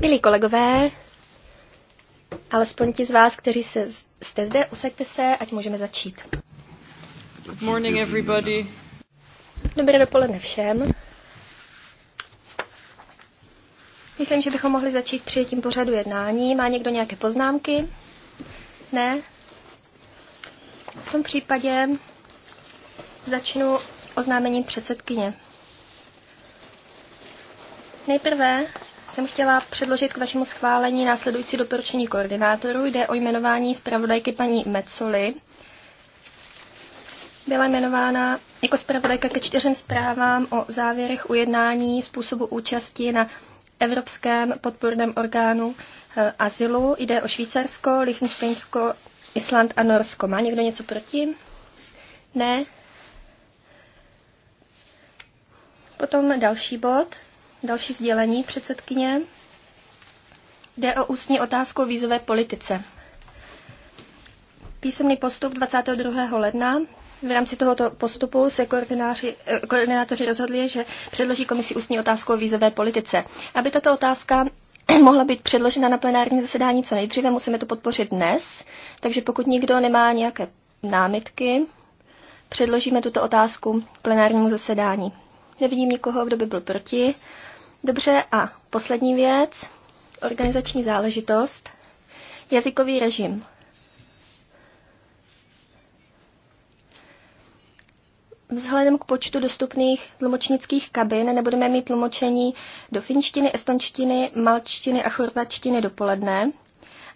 Milí kolegové, alespoň ti z vás, kteří se, jste zde, usaďte se, ať můžeme začít. Good morning, everybody. Dobré dopoledne všem. Myslím, že bychom mohli začít přijetím pořadu jednání. Má někdo nějaké poznámky? Ne? V tom případě začnu oznámení předsedkyně. Nejprve jsem chtěla předložit k vašemu schválení následující doporučení koordinátorů. Jde o jmenování zpravodajky paní Mecoli. Byla jmenována jako zpravodajka ke čtyřem zprávám o závěrech ujednání způsobu účasti na Evropském podporném orgánu e, azylu. Jde o Švýcarsko, Lichtensteinsko, Island a Norsko. Má někdo něco proti? Ne, Potom další bod, další sdělení předsedkyně. Jde o ústní otázku o vízové politice. Písemný postup 22. ledna. V rámci tohoto postupu se eh, koordinátoři rozhodli, že předloží komisi ústní otázku o vízové politice. Aby tato otázka mohla být předložena na plenární zasedání co nejdříve, musíme to podpořit dnes, takže pokud nikdo nemá nějaké námitky, předložíme tuto otázku plenárnímu zasedání. Nevidím nikoho, kdo by byl proti. Dobře, a poslední věc, organizační záležitost, jazykový režim. Vzhledem k počtu dostupných tlumočnických kabin nebudeme mít tlumočení do finštiny, estonštiny, malčtiny a chorvačtiny dopoledne.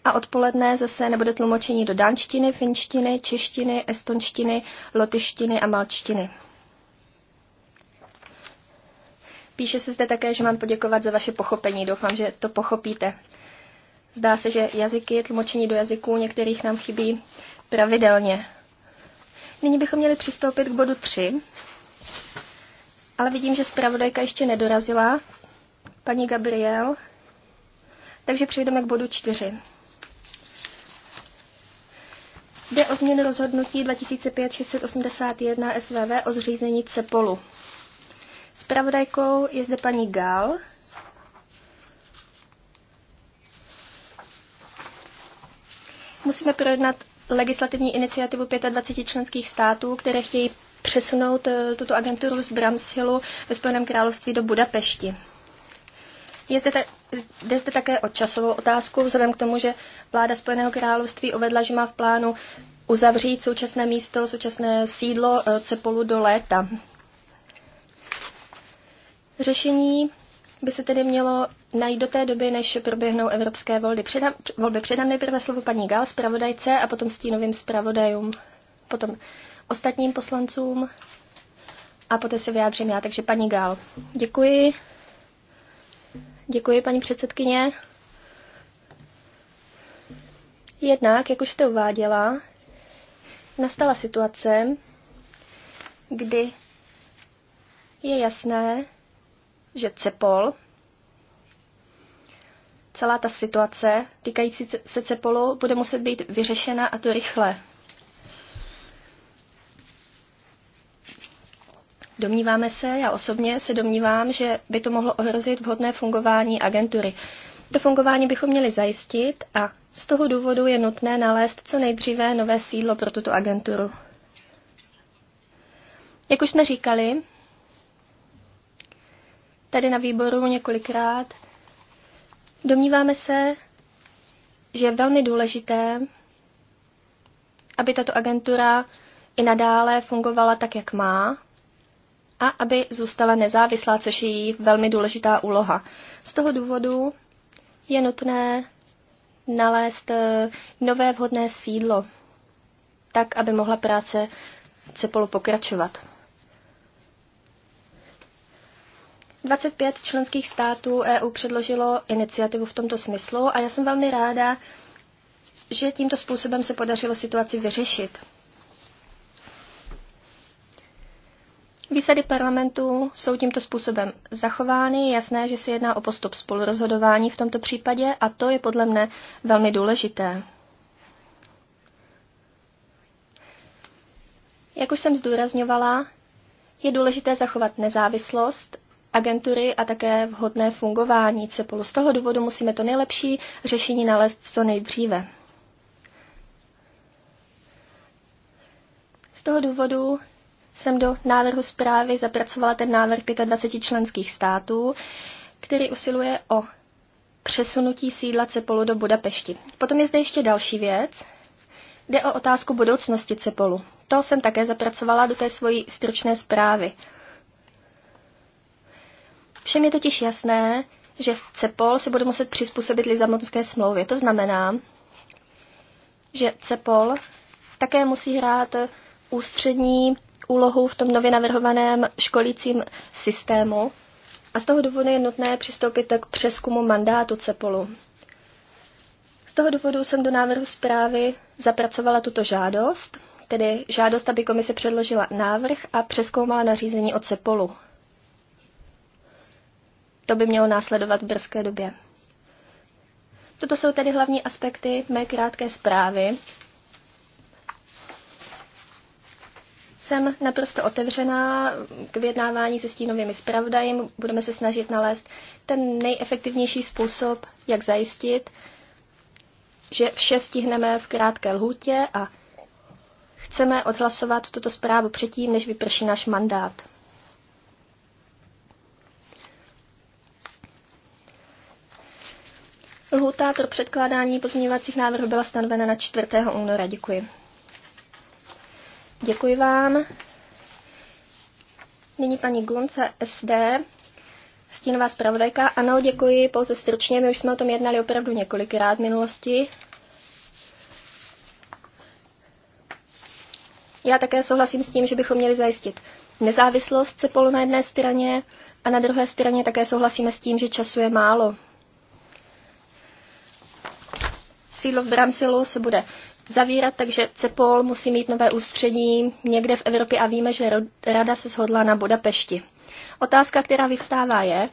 A odpoledne zase nebude tlumočení do dánštiny, finštiny, češtiny, estonštiny, lotyštiny a malčtiny. Píše se zde také, že mám poděkovat za vaše pochopení. Doufám, že to pochopíte. Zdá se, že jazyky, tlumočení do jazyků některých nám chybí pravidelně. Nyní bychom měli přistoupit k bodu 3, ale vidím, že zpravodajka ještě nedorazila, paní Gabriel, takže přejdeme k bodu 4. Jde o změnu rozhodnutí 2005-681 SVV o zřízení CEPOLu. Spravodajkou je zde paní Gal. Musíme projednat legislativní iniciativu 25 členských států, které chtějí přesunout eh, tuto agenturu z Bramshillu ve Spojeném království do Budapešti. Je zde, ta, jde zde také o časovou otázku, vzhledem k tomu, že vláda Spojeného království uvedla, že má v plánu uzavřít současné místo, současné sídlo eh, Cepolu do léta. Řešení by se tedy mělo najít do té doby, než proběhnou evropské volby. Předám, volby předám nejprve slovo paní Gál, zpravodajce, a potom stínovým zpravodajům, potom ostatním poslancům a poté se vyjádřím já. Takže paní Gál, děkuji. Děkuji, paní předsedkyně. Jednak, jak už jste uváděla, nastala situace, kdy je jasné, že CEPOL, celá ta situace týkající se CEPOLu, bude muset být vyřešena a to rychle. Domníváme se, já osobně se domnívám, že by to mohlo ohrozit vhodné fungování agentury. To fungování bychom měli zajistit a z toho důvodu je nutné nalézt co nejdříve nové sídlo pro tuto agenturu. Jak už jsme říkali, tady na výboru několikrát. Domníváme se, že je velmi důležité, aby tato agentura i nadále fungovala tak, jak má, a aby zůstala nezávislá, což je její velmi důležitá úloha. Z toho důvodu je nutné nalézt eh, nové vhodné sídlo, tak, aby mohla práce Cepolu pokračovat. 25 členských států EU předložilo iniciativu v tomto smyslu a já jsem velmi ráda, že tímto způsobem se podařilo situaci vyřešit. Výsady parlamentu jsou tímto způsobem zachovány. Jasné, že se jedná o postup spolurozhodování v tomto případě a to je podle mne velmi důležité. Jak už jsem zdůrazňovala, je důležité zachovat nezávislost agentury a také vhodné fungování CEPOLu. Z toho důvodu musíme to nejlepší řešení nalézt co nejdříve. Z toho důvodu jsem do návrhu zprávy zapracovala ten návrh 25 členských států, který usiluje o přesunutí sídla Cepolu do Budapešti. Potom je zde ještě další věc. Jde o otázku budoucnosti Cepolu. To jsem také zapracovala do té svojí stručné zprávy. Všem je totiž jasné, že CEPOL se bude muset přizpůsobit Lizabonské smlouvě. To znamená, že CEPOL také musí hrát ústřední úlohu v tom nově navrhovaném školícím systému a z toho důvodu je nutné přistoupit k přeskumu mandátu CEPOLu. Z toho důvodu jsem do návrhu zprávy zapracovala tuto žádost, tedy žádost, aby komise předložila návrh a přeskoumala nařízení o CEPOLu. To by mělo následovat v brzké době. Toto jsou tedy hlavní aspekty mé krátké zprávy. Jsem naprosto otevřená k vyjednávání se stínovými zpravodajem. Budeme se snažit nalézt ten nejefektivnější způsob, jak zajistit, že vše stihneme v krátké lhůtě a chceme odhlasovat tuto zprávu předtím, než vyprší náš mandát. Lhůta pro předkládání pozměňovacích návrhů byla stanovena na 4. února. Děkuji. Děkuji vám. Nyní paní Glunce SD, stínová zpravodajka. Ano, děkuji, pouze stručně, my už jsme o tom jednali opravdu několikrát v minulosti. Já také souhlasím s tím, že bychom měli zajistit nezávislost polu na jedné straně a na druhé straně také souhlasíme s tím, že času je málo. sídlo v Bramsilu se bude zavírat, takže CEPOL musí mít nové ústředí někde v Evropě a víme, že rada se shodla na Budapešti. Otázka, která vyvstává je,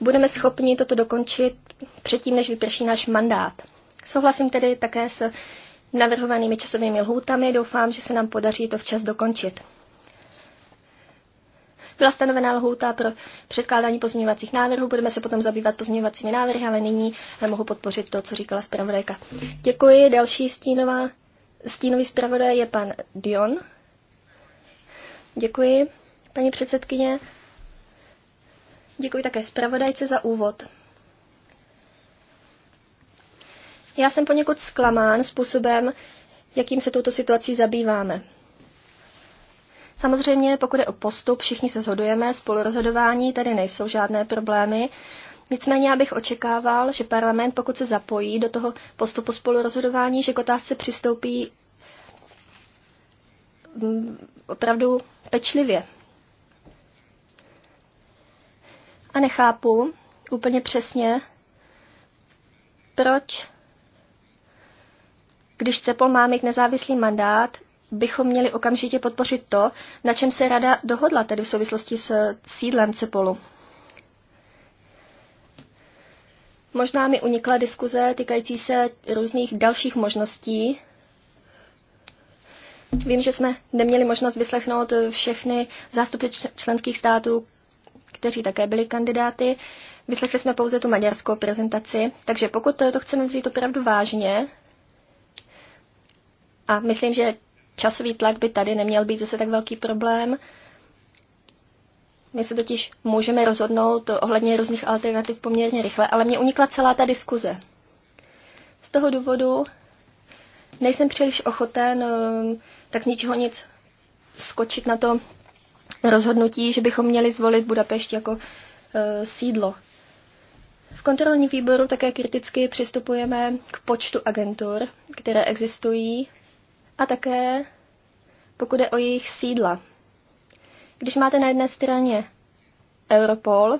budeme schopni toto dokončit předtím, než vyprší náš mandát. Souhlasím tedy také s navrhovanými časovými lhůtami, doufám, že se nám podaří to včas dokončit. Byla stanovená lhůta pro předkládání pozměňovacích návrhů, budeme se potom zabývat pozměňovacími návrhy, ale nyní nemohu eh, podpořit to, co říkala zpravodajka. Děkuji. Další stínová, stínový zpravodaj je pan Dion. Děkuji, paní předsedkyně. Děkuji také zpravodajce za úvod. Já jsem poněkud zklamán způsobem, jakým se touto situací zabýváme. Samozřejmě, pokud je o postup, všichni se shodujeme, spolurozhodování tady nejsou žádné problémy. Nicméně já bych očekával, že parlament, pokud se zapojí do toho postupu spolurozhodování, že k otázce přistoupí mm, opravdu pečlivě. A nechápu úplně přesně, proč, když CEPOL má mít nezávislý mandát, bychom měli okamžitě podpořit to, na čem se rada dohodla, tedy v souvislosti s sídlem Cepolu. Možná mi unikla diskuze týkající se různých dalších možností. Vím, že jsme neměli možnost vyslechnout všechny zástupy členských států, kteří také byli kandidáty. Vyslechli jsme pouze tu maďarskou prezentaci, takže pokud to chceme vzít opravdu vážně, a myslím, že časový tlak by tady neměl být zase tak velký problém. My se totiž můžeme rozhodnout ohledně různých alternativ poměrně rychle, ale mě unikla celá ta diskuze. Z toho důvodu nejsem příliš ochoten eh, tak z ničeho nic skočit na to rozhodnutí, že bychom měli zvolit Budapešť jako e, sídlo. V kontrolním výboru také kriticky přistupujeme k počtu agentur, které existují a také pokud je o jejich sídla. Když máte na jedné straně Europol,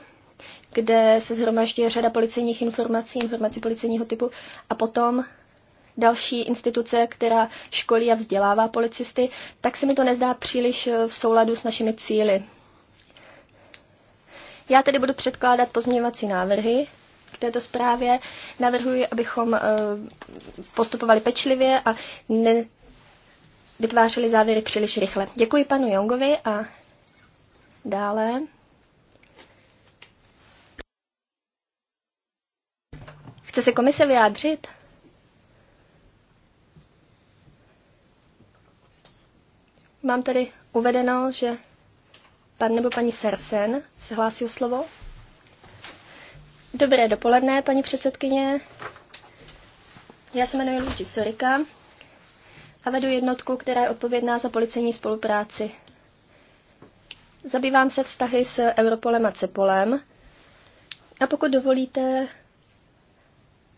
kde se zhromažďuje řada policejních informací, informací policejního typu, a potom další instituce, která školí a vzdělává policisty, tak se mi to nezdá příliš eh, v souladu s našimi cíly. Já tedy budu předkládat pozměňovací návrhy k této zprávě. Navrhuji, abychom eh, postupovali pečlivě a ne, vytvářeli závěry příliš rychle. Děkuji panu Jongovi a dále. Chce se komise vyjádřit? Mám tady uvedeno, že pan nebo paní Sersen se hlásí o slovo. Dobré dopoledne, paní předsedkyně. Já se jmenuji Luči Sorika a vedu jednotku, která je odpovědná za policejní spolupráci. Zabývám se vztahy s Europolem a Cepolem a pokud dovolíte,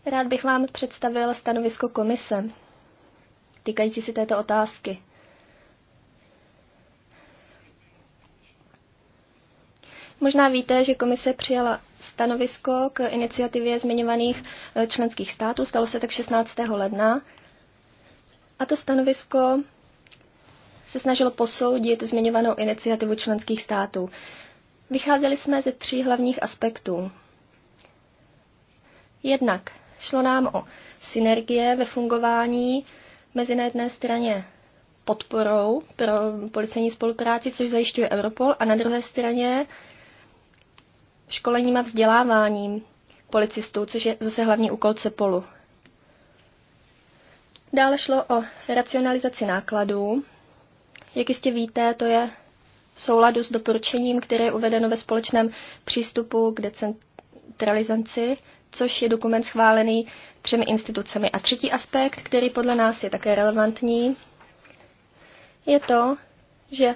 rád bych vám představil stanovisko komise týkající se této otázky. Možná víte, že komise přijala stanovisko k iniciativě zmiňovaných eh, členských států, stalo se tak 16. ledna. A to stanovisko se snažilo posoudit zmiňovanou iniciativu členských států. Vycházeli jsme ze tří hlavních aspektů. Jednak šlo nám o synergie ve fungování mezi na jedné straně podporou pro policejní spolupráci, což zajišťuje Europol, a na druhé straně školením a vzděláváním policistů, což je zase hlavní úkol CEPOLu. Dále šlo o racionalizaci nákladů. Jak jistě víte, to je v souladu s doporučením, které je uvedeno ve společném přístupu k decentralizaci, což je dokument schválený třemi institucemi. A třetí aspekt, který podle nás je také relevantní, je to, že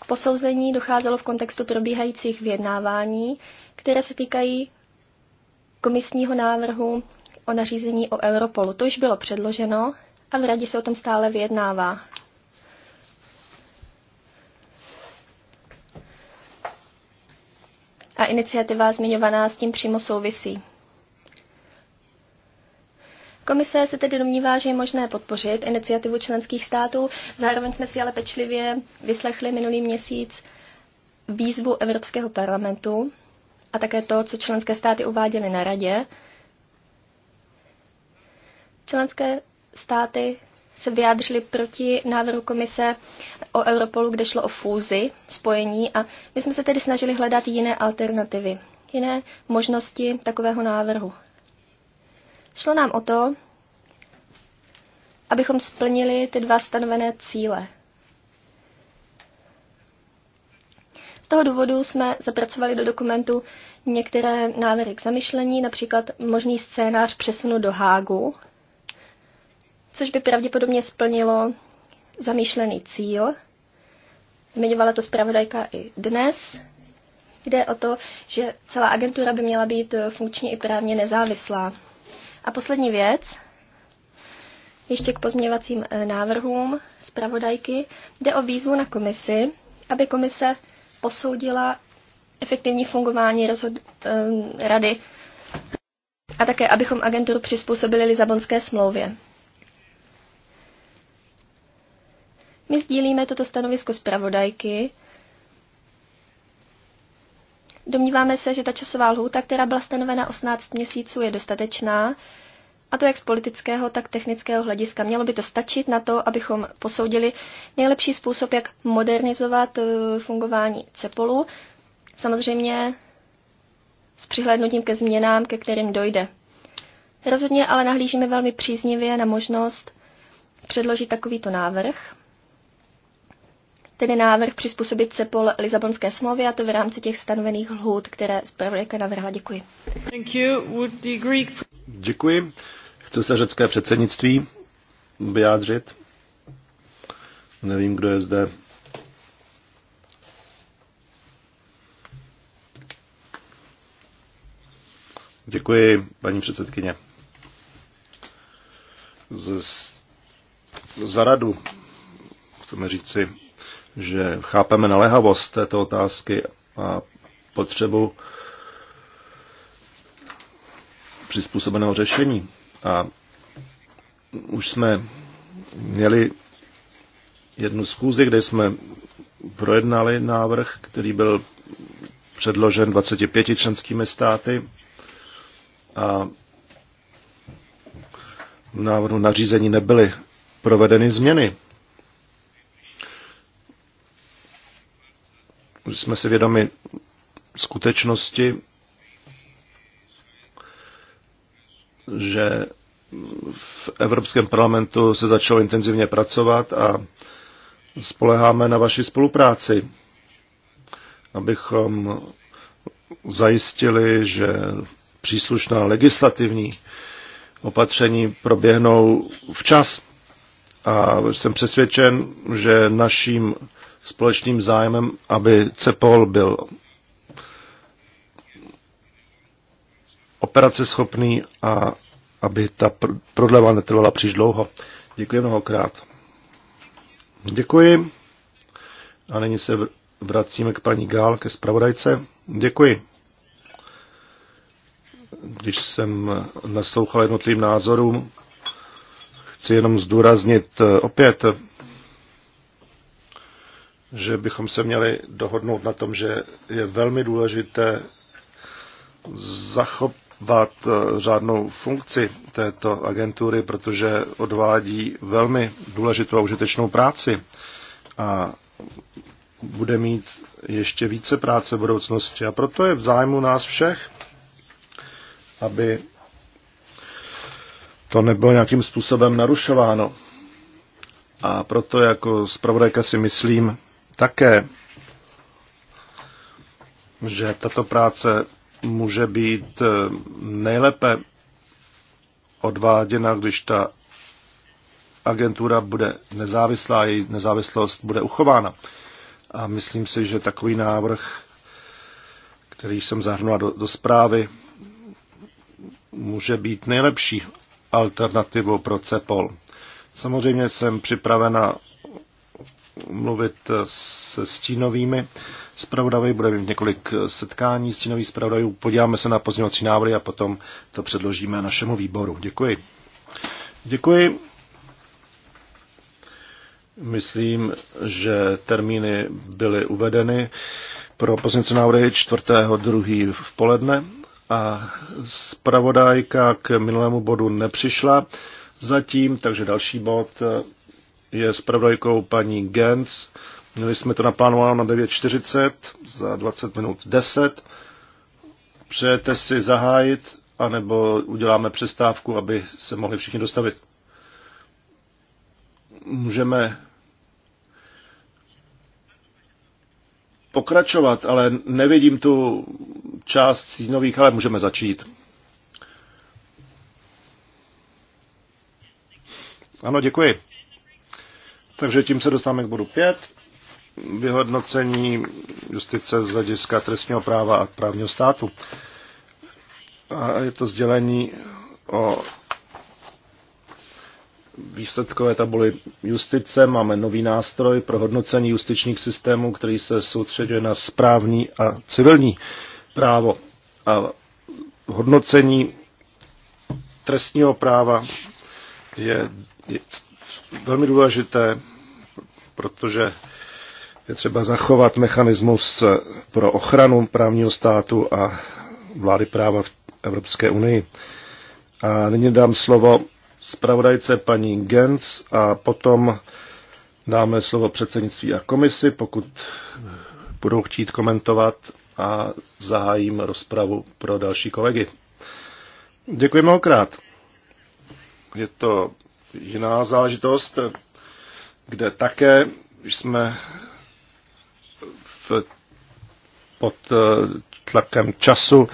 k posouzení docházelo v kontextu probíhajících vyjednávání, které se týkají komisního návrhu o nařízení o Europolu. To už bylo předloženo a v radě se o tom stále vyjednává. A iniciativa zmiňovaná s tím přímo souvisí. Komise se tedy domnívá, že je možné podpořit iniciativu členských států. Zároveň jsme si ale pečlivě vyslechli minulý měsíc výzvu Evropského parlamentu a také to, co členské státy uváděly na radě, Členské státy se vyjádřili proti návrhu komise o Europolu, kde šlo o fúzi, spojení a my jsme se tedy snažili hledat jiné alternativy, jiné možnosti takového návrhu. Šlo nám o to, abychom splnili ty dva stanovené cíle. Z toho důvodu jsme zapracovali do dokumentu některé návrhy k zamyšlení, například možný scénář přesunu do Hágu, což by pravděpodobně splnilo zamýšlený cíl. Zmiňovala to zpravodajka i dnes. Jde o to, že celá agentura by měla být eh, funkčně i právně nezávislá. A poslední věc, ještě k pozměvacím eh, návrhům zpravodajky, jde o výzvu na komisi, aby komise posoudila efektivní fungování rozhod- eh, rady a také, abychom agenturu přizpůsobili Lizabonské smlouvě. My sdílíme toto stanovisko zpravodajky. Domníváme se, že ta časová lhůta, která byla stanovena 18 měsíců, je dostatečná, a to jak z politického, tak technického hlediska. Mělo by to stačit na to, abychom posoudili nejlepší způsob, jak modernizovat eh, fungování CEPOLu, samozřejmě s přihlédnutím ke změnám, ke kterým dojde. Rozhodně ale nahlížíme velmi příznivě na možnost předložit takovýto návrh tedy návrh přizpůsobit se pol Lisabonské smlouvy a to v rámci těch stanovených lhůt, které zpravodajka navrhla. Děkuji. Thank you. Would the Greek... Děkuji. Chce se řecké předsednictví vyjádřit? Nevím, kdo je zde. Děkuji, paní předsedkyně. Z, za radu chceme říci, že chápeme naléhavost této otázky a potřebu přizpůsobeného řešení. A už jsme měli jednu schůzi, kde jsme projednali návrh, který byl předložen 25 členskými státy a v návrhu nařízení nebyly provedeny změny. jsme si vědomi skutečnosti, že v Evropském parlamentu se začalo intenzivně pracovat a spoleháme na vaši spolupráci, abychom zajistili, že příslušná legislativní opatření proběhnou včas. A jsem přesvědčen, že naším společným zájmem, aby CEPOL byl operace schopný a aby ta prodleva netrvala příliš dlouho. Děkuji mnohokrát. Děkuji. A nyní se vracíme k paní Gál, ke zpravodajce. Děkuji. Když jsem naslouchal jednotlivým názorům, chci jenom zdůraznit eh, opět, že bychom se měli dohodnout na tom, že je velmi důležité zachovat eh, řádnou funkci této agentury, protože odvádí velmi důležitou a užitečnou práci a bude mít ještě více práce v budoucnosti. A proto je v zájmu nás všech, aby to nebylo nějakým způsobem narušováno. A proto jako zpravodajka si myslím, také, že tato práce může být eh, nejlépe odváděna, když ta agentura bude nezávislá, její nezávislost bude uchována. A myslím si, že takový návrh, který jsem zahrnula do, do zprávy, může být nejlepší alternativou pro CEPOL. Samozřejmě jsem připravena mluvit se stínovými zpravodaji, budeme mít několik setkání stínových zpravodajů, podíváme se na pozměňovací návrhy a potom to předložíme našemu výboru. Děkuji. Děkuji. Myslím, že termíny byly uvedeny pro pozměňovací návrhy 4.2. v poledne a zpravodajka k minulému bodu nepřišla zatím, takže další bod je zpravodajkou paní Gens. Měli jsme to naplánováno na 9.40 za 20 minut 10. Přejete si zahájit, anebo uděláme přestávku, aby se mohli všichni dostavit? Můžeme pokračovat, ale nevidím tu část nových, ale můžeme začít. Ano, děkuji. Takže tím se dostáváme k bodu 5. Vyhodnocení justice z hlediska trestního práva a právního státu. A je to sdělení o výsledkové tabuli justice. Máme nový nástroj pro hodnocení justičních systémů, který se soustředuje na správní a civilní právo. A hodnocení trestního práva je, je velmi důležité, protože je třeba zachovat mechanismus pro ochranu právního státu a vlády práva v Evropské unii. A nyní dám slovo zpravodajce paní Gens a potom dáme slovo předsednictví a komisi, pokud budou chtít komentovat a zahájím rozpravu pro další kolegy. Děkuji mnohokrát. Je to jiná záležitost, kde také jsme v, pod eh, tlakem času.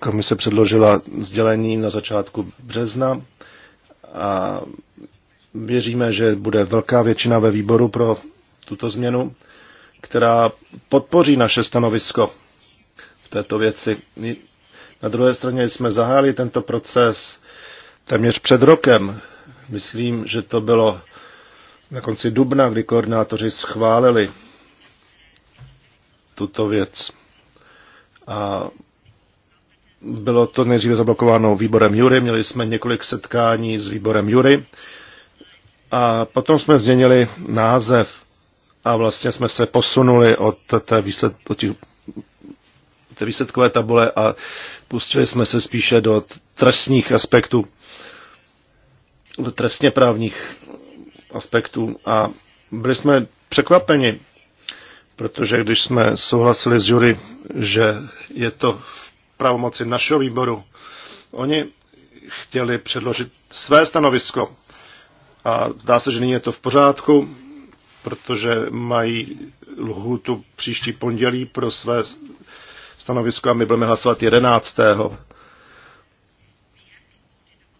Komise předložila sdělení na začátku března a věříme, že bude velká většina ve výboru pro tuto změnu, která podpoří naše stanovisko v této věci. Na druhé straně jsme zahájili tento proces téměř před rokem, Myslím, že to bylo na konci dubna, kdy koordinátoři schválili tuto věc. A bylo to nejdříve zablokováno výborem Jury, měli jsme několik setkání s výborem Jury a potom jsme změnili název a vlastně jsme se posunuli od té, výsled, od těch, té výsledkové tabule a pustili jsme se spíše do trestních aspektů trestně právních aspektů a byli jsme překvapeni, protože když jsme souhlasili s jury, že je to v pravomoci našeho výboru, oni chtěli předložit své stanovisko a zdá se, že nyní je to v pořádku, protože mají lhůtu příští pondělí pro své stanovisko a my budeme hlasovat 11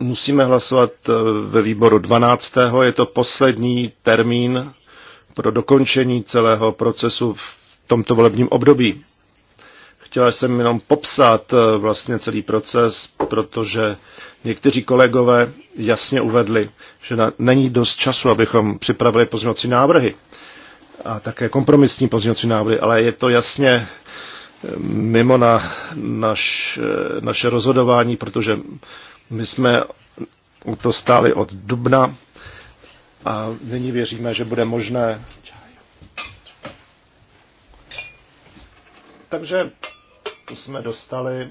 musíme hlasovat eh, ve výboru 12. Je to poslední termín pro dokončení celého procesu v tomto volebním období. Chtěla jsem jenom popsat eh, vlastně celý proces, protože někteří kolegové jasně uvedli, že na, není dost času, abychom připravili pozměňovací návrhy a také kompromisní pozměňovací návrhy, ale je to jasně eh, mimo na naš, naše rozhodování, protože my jsme u to stáli od dubna a nyní věříme, že bude možné. Takže jsme dostali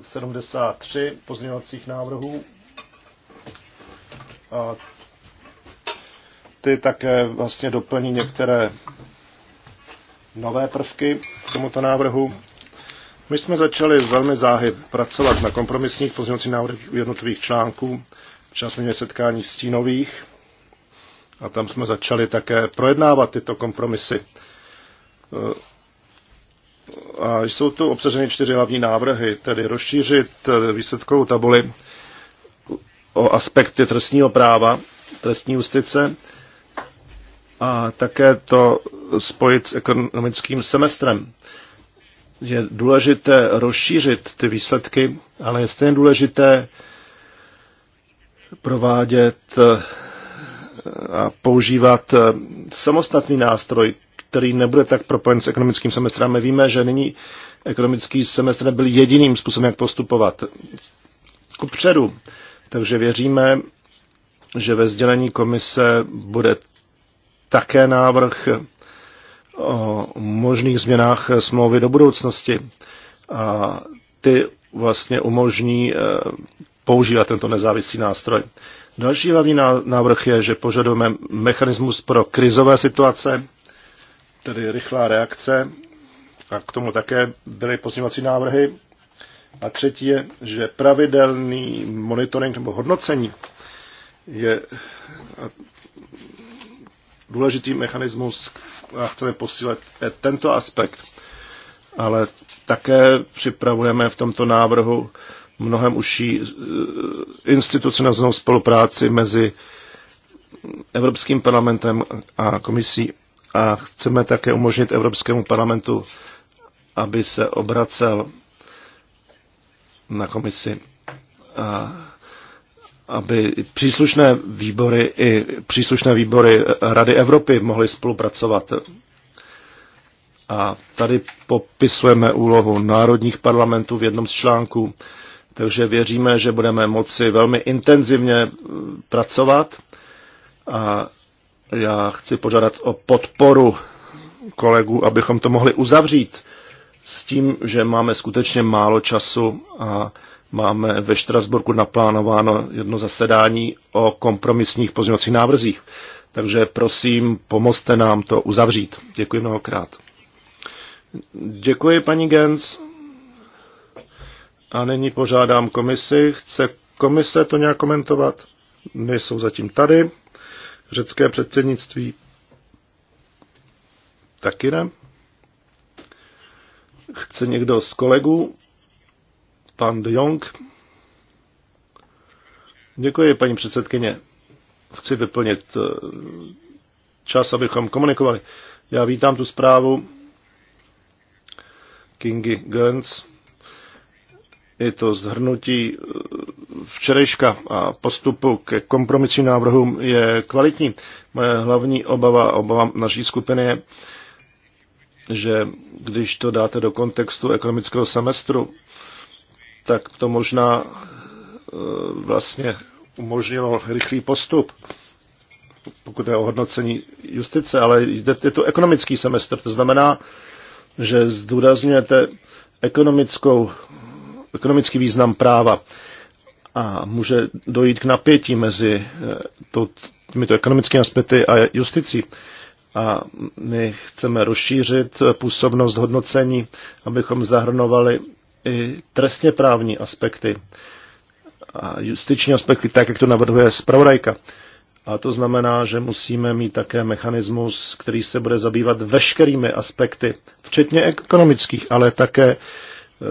73 pozměňovacích návrhů a ty také vlastně doplní některé nové prvky k tomuto návrhu. My jsme začali velmi záhy pracovat na kompromisních pozměňovacích návrhech jednotlivých článků. Včas měli setkání stínových a tam jsme začali také projednávat tyto kompromisy. E, a jsou tu obsaženy čtyři hlavní návrhy, tedy rozšířit e, výsledkovou tabuli o aspekty trestního práva, trestní justice a také to spojit s ekonomickým semestrem je důležité rozšířit ty výsledky, ale je stejně důležité provádět eh, a používat eh, samostatný nástroj, který nebude tak propojen s ekonomickým semestrem. My víme, že nyní ekonomický semestr nebyl jediným způsobem, jak postupovat. Ku předu. Takže věříme, že ve sdělení komise bude také návrh o možných změnách eh, smlouvy do budoucnosti. A ty vlastně umožní eh, používat tento nezávislý nástroj. Další hlavní návrh je, že požadujeme mechanismus pro krizové situace, tedy rychlá reakce, a k tomu také byly pozměňovací návrhy. A třetí je, že pravidelný monitoring nebo hodnocení je důležitý mechanismus a chceme posílit tento aspekt. Ale také připravujeme v tomto návrhu mnohem užší eh, institucionalizovanou spolupráci mezi Evropským parlamentem a komisí a chceme také umožnit Evropskému parlamentu, aby se obracel na komisi a aby příslušné výbory i příslušné výbory Rady Evropy mohly spolupracovat. A tady popisujeme úlohu národních parlamentů v jednom z článků, takže věříme, že budeme moci velmi intenzivně eh, pracovat a já chci požádat o podporu kolegů, abychom to mohli uzavřít s tím, že máme skutečně málo času a Máme ve Štrasburku naplánováno jedno zasedání o kompromisních pozměňovacích návrzích. Takže prosím, pomozte nám to uzavřít. Děkuji mnohokrát. Děkuji, paní Gens. A nyní požádám komisi. Chce komise to nějak komentovat? Nejsou zatím tady. Řecké předsednictví taky ne. Chce někdo z kolegů Pan de Jong. Děkuji, paní předsedkyně. Chci vyplnit eh, čas, abychom komunikovali. Já vítám tu zprávu Kingy Guns. Je to zhrnutí eh, včerejška a postupu ke kompromisním návrhům je kvalitní. Moje hlavní obava, obava naší skupiny je, že když to dáte do kontextu ekonomického semestru, tak to možná eh, vlastně umožnilo rychlý postup, pokud je o hodnocení justice, ale je to ekonomický semestr. To znamená, že zdůrazňujete ekonomickou, ekonomický význam práva a může dojít k napětí mezi eh, těmito ekonomickými aspekty a justicí. A my chceme rozšířit působnost hodnocení, abychom zahrnovali i trestně právní aspekty a justiční aspekty, tak jak to navrhuje zpravodajka. A to znamená, že musíme mít také mechanismus, který se bude zabývat veškerými aspekty, včetně ekonomických, ale také e,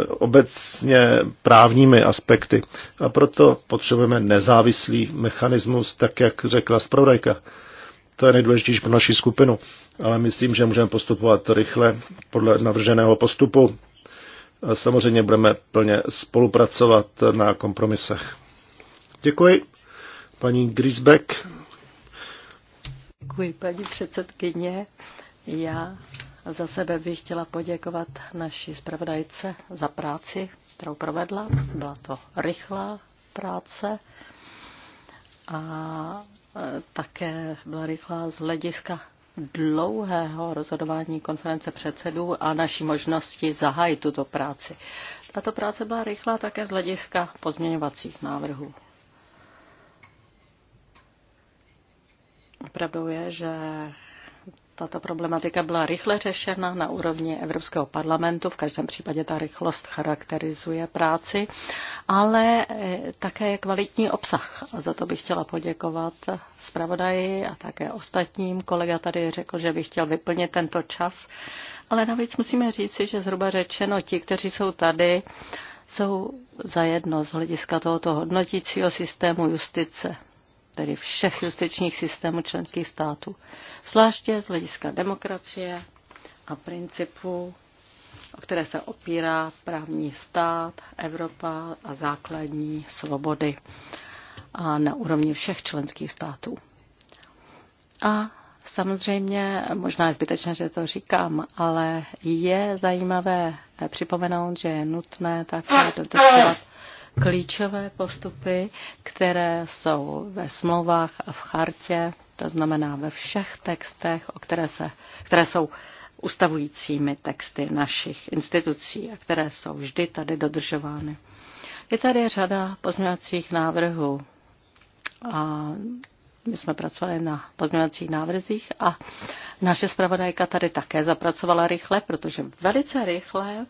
obecně právními aspekty. A proto potřebujeme nezávislý mechanismus, tak jak řekla zpravodajka. To je nejdůležitější pro naši skupinu, ale myslím, že můžeme postupovat rychle podle navrženého postupu Samozřejmě budeme plně spolupracovat na kompromisech. Děkuji. Paní Grisbeck. Děkuji, paní předsedkyně. Já za sebe bych chtěla poděkovat naší zpravodajce za práci, kterou provedla. Byla to rychlá práce a e, také byla rychlá z hlediska dlouhého rozhodování konference předsedů a naší možnosti zahájit tuto práci. Tato práce byla rychlá také z hlediska pozměňovacích návrhů. Pravdou je, že tato problematika byla rychle řešena na úrovni Evropského parlamentu, v každém případě ta rychlost charakterizuje práci, ale eh, také je kvalitní obsah. A za to bych chtěla poděkovat zpravodaji a také ostatním. Kolega tady řekl, že by chtěl vyplnit tento čas, ale navíc musíme říci, že zhruba řečeno ti, kteří jsou tady, jsou zajedno z hlediska tohoto hodnotícího systému justice tedy všech justičních systémů členských států, zvláště z hlediska demokracie a principů, o které se opírá právní stát, Evropa a základní svobody a na úrovni všech členských států. A samozřejmě, možná je zbytečné, že to říkám, ale je zajímavé připomenout, že je nutné také dodržovat Klíčové postupy, které jsou ve smlouvách a v chartě, to znamená ve všech textech, o které, se, které jsou ustavujícími texty našich institucí a které jsou vždy tady dodržovány. Je tady řada pozměňovacích návrhů a my jsme pracovali na pozměňovacích návrzích a naše zpravodajka tady také zapracovala rychle, protože velice rychle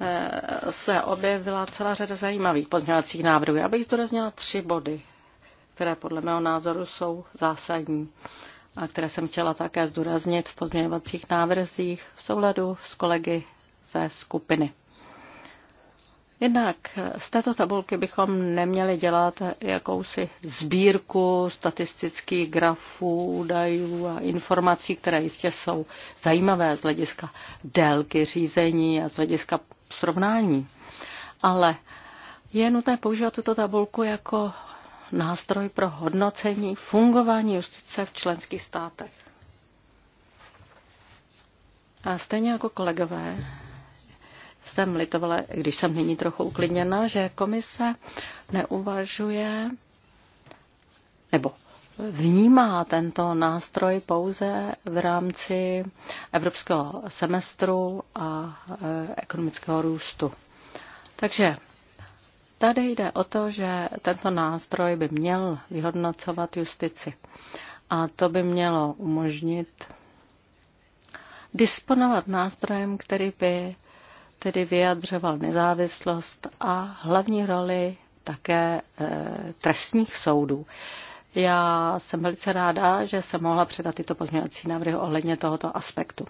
eh, se objevila celá řada zajímavých pozměňovacích návrhů. Já bych zdůraznila tři body, které podle mého názoru jsou zásadní a které jsem chtěla také zdůraznit v pozměňovacích návrzích v souladu s kolegy ze skupiny. Jednak z této tabulky bychom neměli dělat jakousi sbírku statistických grafů, údajů a informací, které jistě jsou zajímavé z hlediska délky řízení a z hlediska srovnání. Ale je nutné používat tuto tabulku jako nástroj pro hodnocení fungování justice v členských státech. A stejně jako kolegové jsem litovala, když jsem nyní trochu uklidněna, že komise neuvažuje nebo vnímá tento nástroj pouze v rámci evropského semestru a e, ekonomického růstu. Takže tady jde o to, že tento nástroj by měl vyhodnocovat justici. A to by mělo umožnit disponovat nástrojem, který by tedy vyjadřoval nezávislost a hlavní roli také e, trestních soudů. Já jsem velice ráda, že jsem mohla předat tyto pozměňovací návrhy ohledně tohoto aspektu.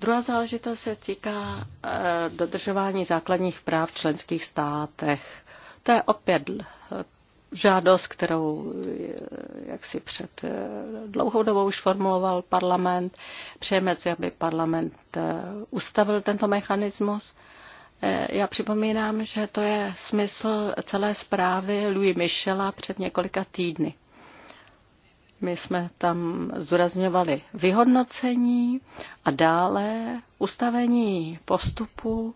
Druhá záležitost se týká e, dodržování základních práv v členských státech. To je opět žádost, kterou eh, jak si před eh, dlouhou dobou už formuloval parlament. Přejeme si, aby parlament eh, ustavil tento mechanismus. Já připomínám, že to je smysl celé zprávy Louis Michela před několika týdny. My jsme tam zdůrazňovali vyhodnocení a dále ustavení postupu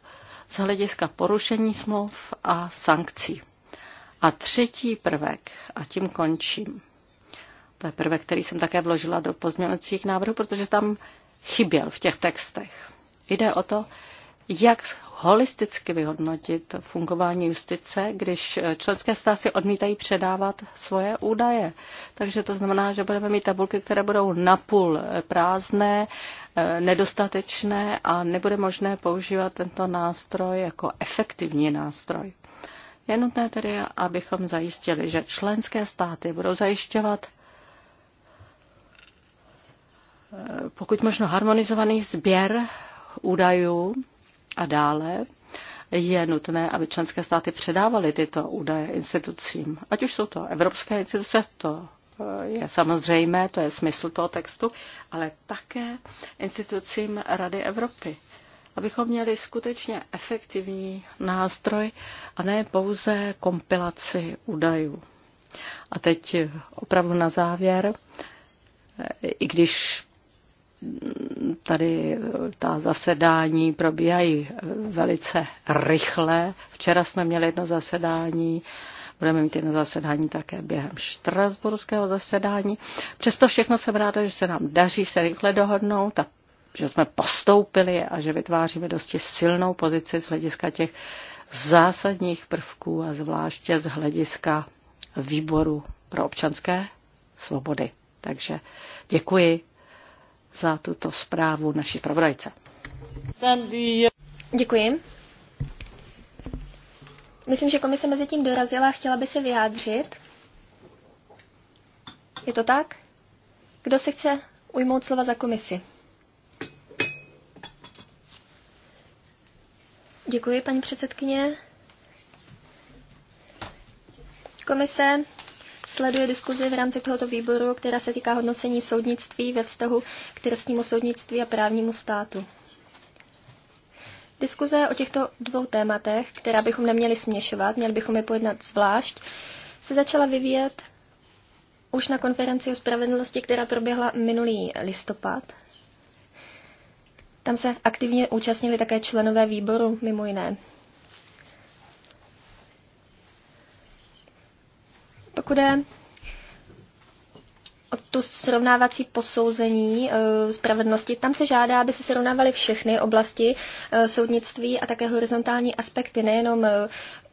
z hlediska porušení smluv a sankcí. A třetí prvek, a tím končím, to je prvek, který jsem také vložila do pozměňovacích návrhů, protože tam chyběl v těch textech. Jde o to, jak holisticky vyhodnotit fungování justice, když členské státy odmítají předávat svoje údaje. Takže to znamená, že budeme mít tabulky, které budou napůl prázdné, nedostatečné a nebude možné používat tento nástroj jako efektivní nástroj. Je nutné tedy, abychom zajistili, že členské státy budou zajišťovat eh, pokud možno harmonizovaný sběr údajů a dále je nutné, aby členské státy předávaly tyto údaje institucím. Ať už jsou to evropské instituce, to eh, je samozřejmé, to je smysl toho textu, ale také institucím Rady Evropy abychom měli skutečně efektivní nástroj a ne pouze kompilaci údajů. A teď opravdu na závěr, i když tady ta zasedání probíhají velice rychle. Včera jsme měli jedno zasedání, budeme mít jedno zasedání také během štrasburského zasedání. Přesto všechno jsem ráda, že se nám daří se rychle dohodnout a že jsme postoupili a že vytváříme dosti silnou pozici z hlediska těch zásadních prvků a zvláště z hlediska výboru pro občanské svobody. Takže děkuji za tuto zprávu naší zpravodajce. Děkuji. Myslím, že komise mezi tím dorazila a chtěla by se vyjádřit. Je to tak? Kdo se chce ujmout slova za komisi? Děkuji, paní předsedkyně. Komise sleduje diskuzi v rámci tohoto výboru, která se týká hodnocení soudnictví ve vztahu k trestnímu soudnictví a právnímu státu. Diskuze o těchto dvou tématech, která bychom neměli směšovat, měli bychom je pojednat zvlášť, se začala vyvíjet už na konferenci o spravedlnosti, která proběhla minulý listopad. Tam se aktivně účastnili také členové výboru, mimo jiné. Pokud je o to srovnávací posouzení e, spravedlnosti, tam se žádá, aby se srovnávaly všechny oblasti e, soudnictví a také horizontální aspekty, nejenom e,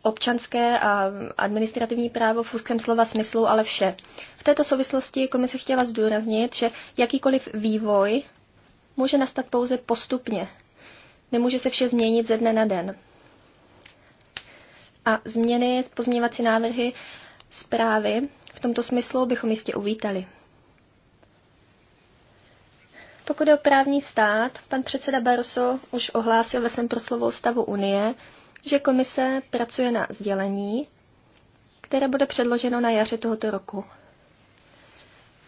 občanské a administrativní právo v úzkém slova smyslu, ale vše. V této souvislosti komise chtěla zdůraznit, že jakýkoliv vývoj může nastat pouze postupně. Nemůže se vše změnit ze dne na den. A změny z pozměňovací návrhy zprávy v tomto smyslu bychom jistě uvítali. Pokud je o právní stát, pan předseda Barroso už ohlásil ve svém proslovou stavu Unie, že komise pracuje na sdělení, které bude předloženo na jaře tohoto roku.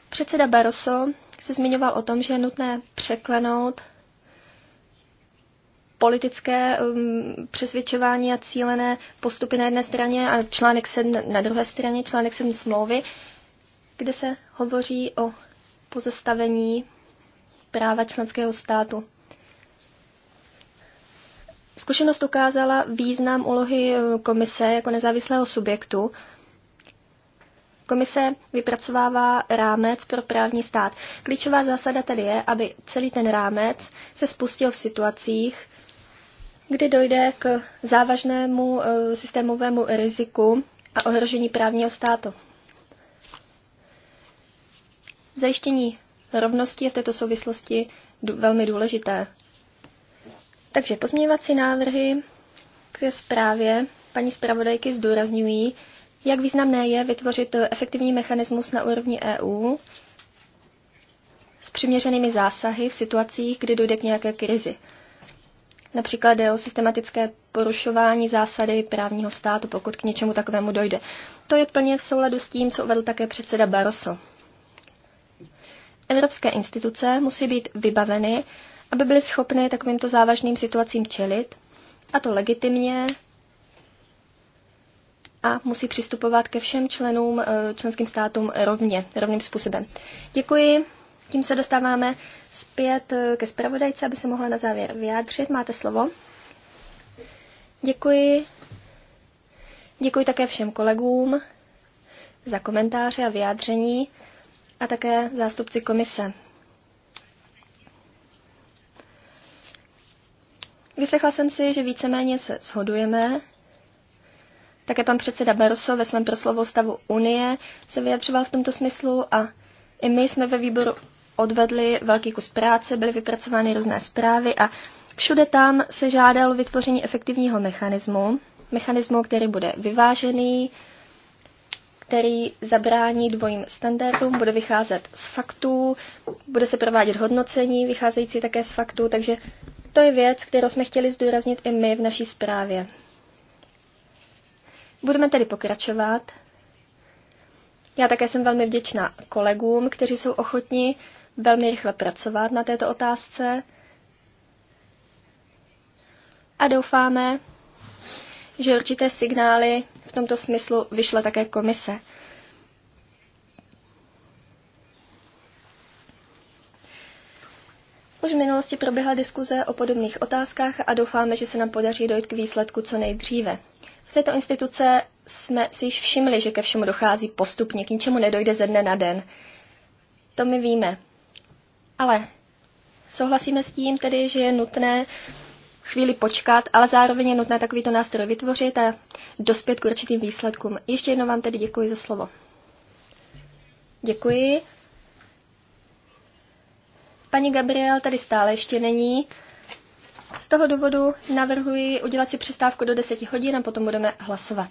Předseda Barroso se zmiňoval o tom, že je nutné překlenout politické um, přesvědčování a cílené postupy na jedné straně a článek 7 na druhé straně, článek 7 smlouvy, kde se hovoří o pozastavení práva členského státu. Zkušenost ukázala význam úlohy eh, komise jako nezávislého subjektu Komise vypracovává rámec pro právní stát. Klíčová zásada tedy je, aby celý ten rámec se spustil v situacích, kdy dojde k závažnému eh, systémovému riziku a ohrožení právního státu. Zajištění rovnosti je v této souvislosti velmi důležité. Takže pozměňovací návrhy ke zprávě paní zpravodajky zdůrazňují, jak významné je vytvořit efektivní mechanismus na úrovni EU s přiměřenými zásahy v situacích, kdy dojde k nějaké krizi. Například jde o systematické porušování zásady právního státu, pokud k něčemu takovému dojde. To je plně v souladu s tím, co uvedl také předseda Barroso. Evropské instituce musí být vybaveny, aby byly schopny takovýmto závažným situacím čelit, a to legitimně, a musí přistupovat ke všem členům, eh, členským státům rovně, rovným způsobem. Děkuji. Tím se dostáváme zpět eh, ke zpravodajce, aby se mohla na závěr vyjádřit. Máte slovo. Děkuji. Děkuji také všem kolegům za komentáře a vyjádření a také zástupci komise. Vyslechla jsem si, že víceméně se shodujeme také pan předseda Barroso ve svém proslovu stavu Unie se vyjadřoval v tomto smyslu a i my jsme ve výboru odvedli velký kus práce, byly vypracovány různé zprávy a všude tam se žádalo vytvoření efektivního mechanismu, mechanismu, který bude vyvážený, který zabrání dvojím standardům, bude vycházet z faktů, bude se provádět hodnocení vycházející také z faktů, takže to je věc, kterou jsme chtěli zdůraznit i my v naší zprávě. Budeme tedy pokračovat. Já také jsem velmi vděčná kolegům, kteří jsou ochotní velmi rychle pracovat na této otázce. A doufáme, že určité signály v tomto smyslu vyšla také komise. Už v minulosti proběhla diskuze o podobných otázkách a doufáme, že se nám podaří dojít k výsledku co nejdříve. V této instituce jsme si již všimli, že ke všemu dochází postupně, k ničemu nedojde ze dne na den. To my víme. Ale souhlasíme s tím tedy, že je nutné chvíli počkat, ale zároveň je nutné takovýto nástroj vytvořit a dospět k určitým výsledkům. Ještě jednou vám tedy děkuji za slovo. Děkuji. Paní Gabriel tady stále ještě není. Z toho důvodu navrhuji udělat si přestávku do 10 hodin a potom budeme hlasovat.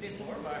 did more, Mark.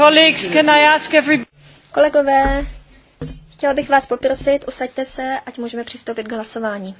Colleagues, can I ask every... Kolegové, chtěla bych vás poprosit, usaďte se, ať můžeme přistoupit k hlasování.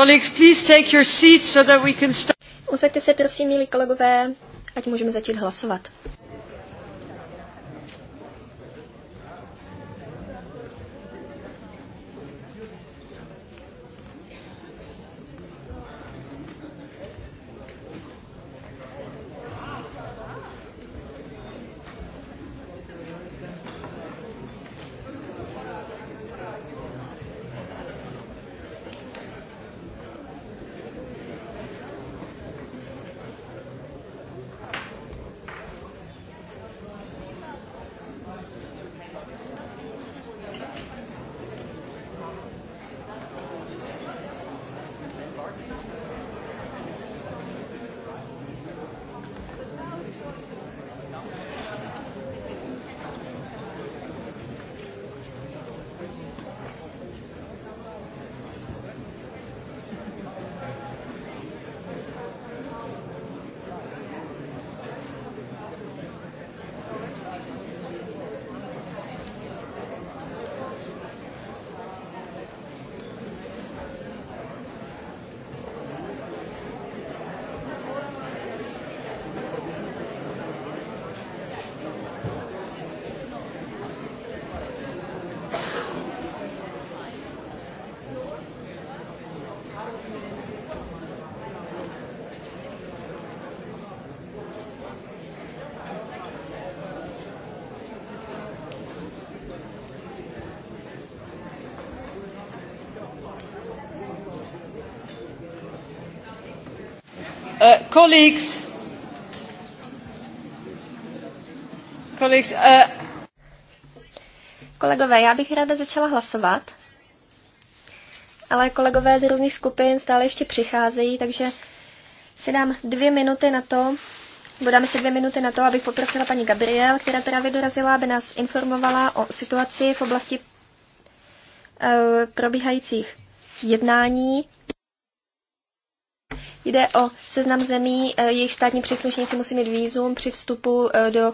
Colleagues, please take your seats so that we can start. Usaďte se prosím, milí kolegové, ať můžeme začít hlasovat. Colleagues, colleagues, uh... Kolegové, já bych ráda začala hlasovat, ale kolegové z různých skupin stále ještě přicházejí, takže si dám dvě minuty na to, Budeme si dvě minuty na to, abych poprosila paní Gabriel, která právě dorazila, aby nás informovala o situaci v oblasti uh, probíhajících jednání Jde o seznam zemí, eh, jejich státní příslušníci musí mít výzum při vstupu eh, do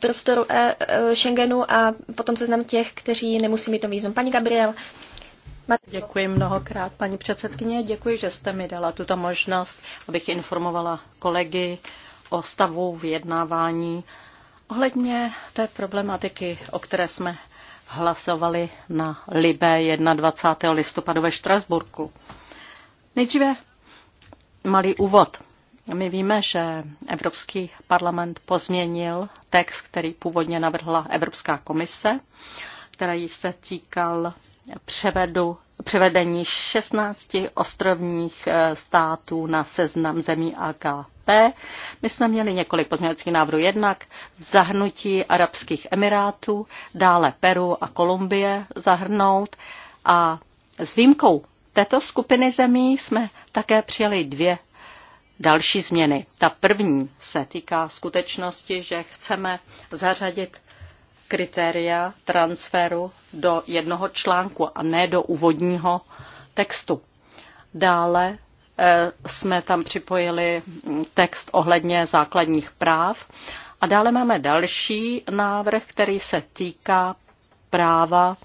prostoru eh, Schengenu a potom seznam těch, kteří nemusí mít to výzum. Paní Gabriel, Děkuji mnohokrát, paní předsedkyně. Děkuji, že jste mi dala tuto možnost, abych informovala kolegy o stavu vyjednávání ohledně té problematiky, o které jsme hlasovali na Libé 21. listopadu ve Štrasburku. Nejdříve malý úvod. My víme, že Evropský parlament pozměnil text, který původně navrhla Evropská komise, který se týkal převedu, převedení 16 ostrovních eh, států na seznam zemí AKP. My jsme měli několik pozměňovacích návrhů, jednak zahrnutí Arabských Emirátů, dále Peru a Kolumbie zahrnout a s výjimkou této skupiny zemí jsme také přijali dvě další změny. Ta první se týká skutečnosti, že chceme zařadit kritéria transferu do jednoho článku a ne do úvodního textu. Dále eh, jsme tam připojili text ohledně základních práv a dále máme další návrh, který se týká práva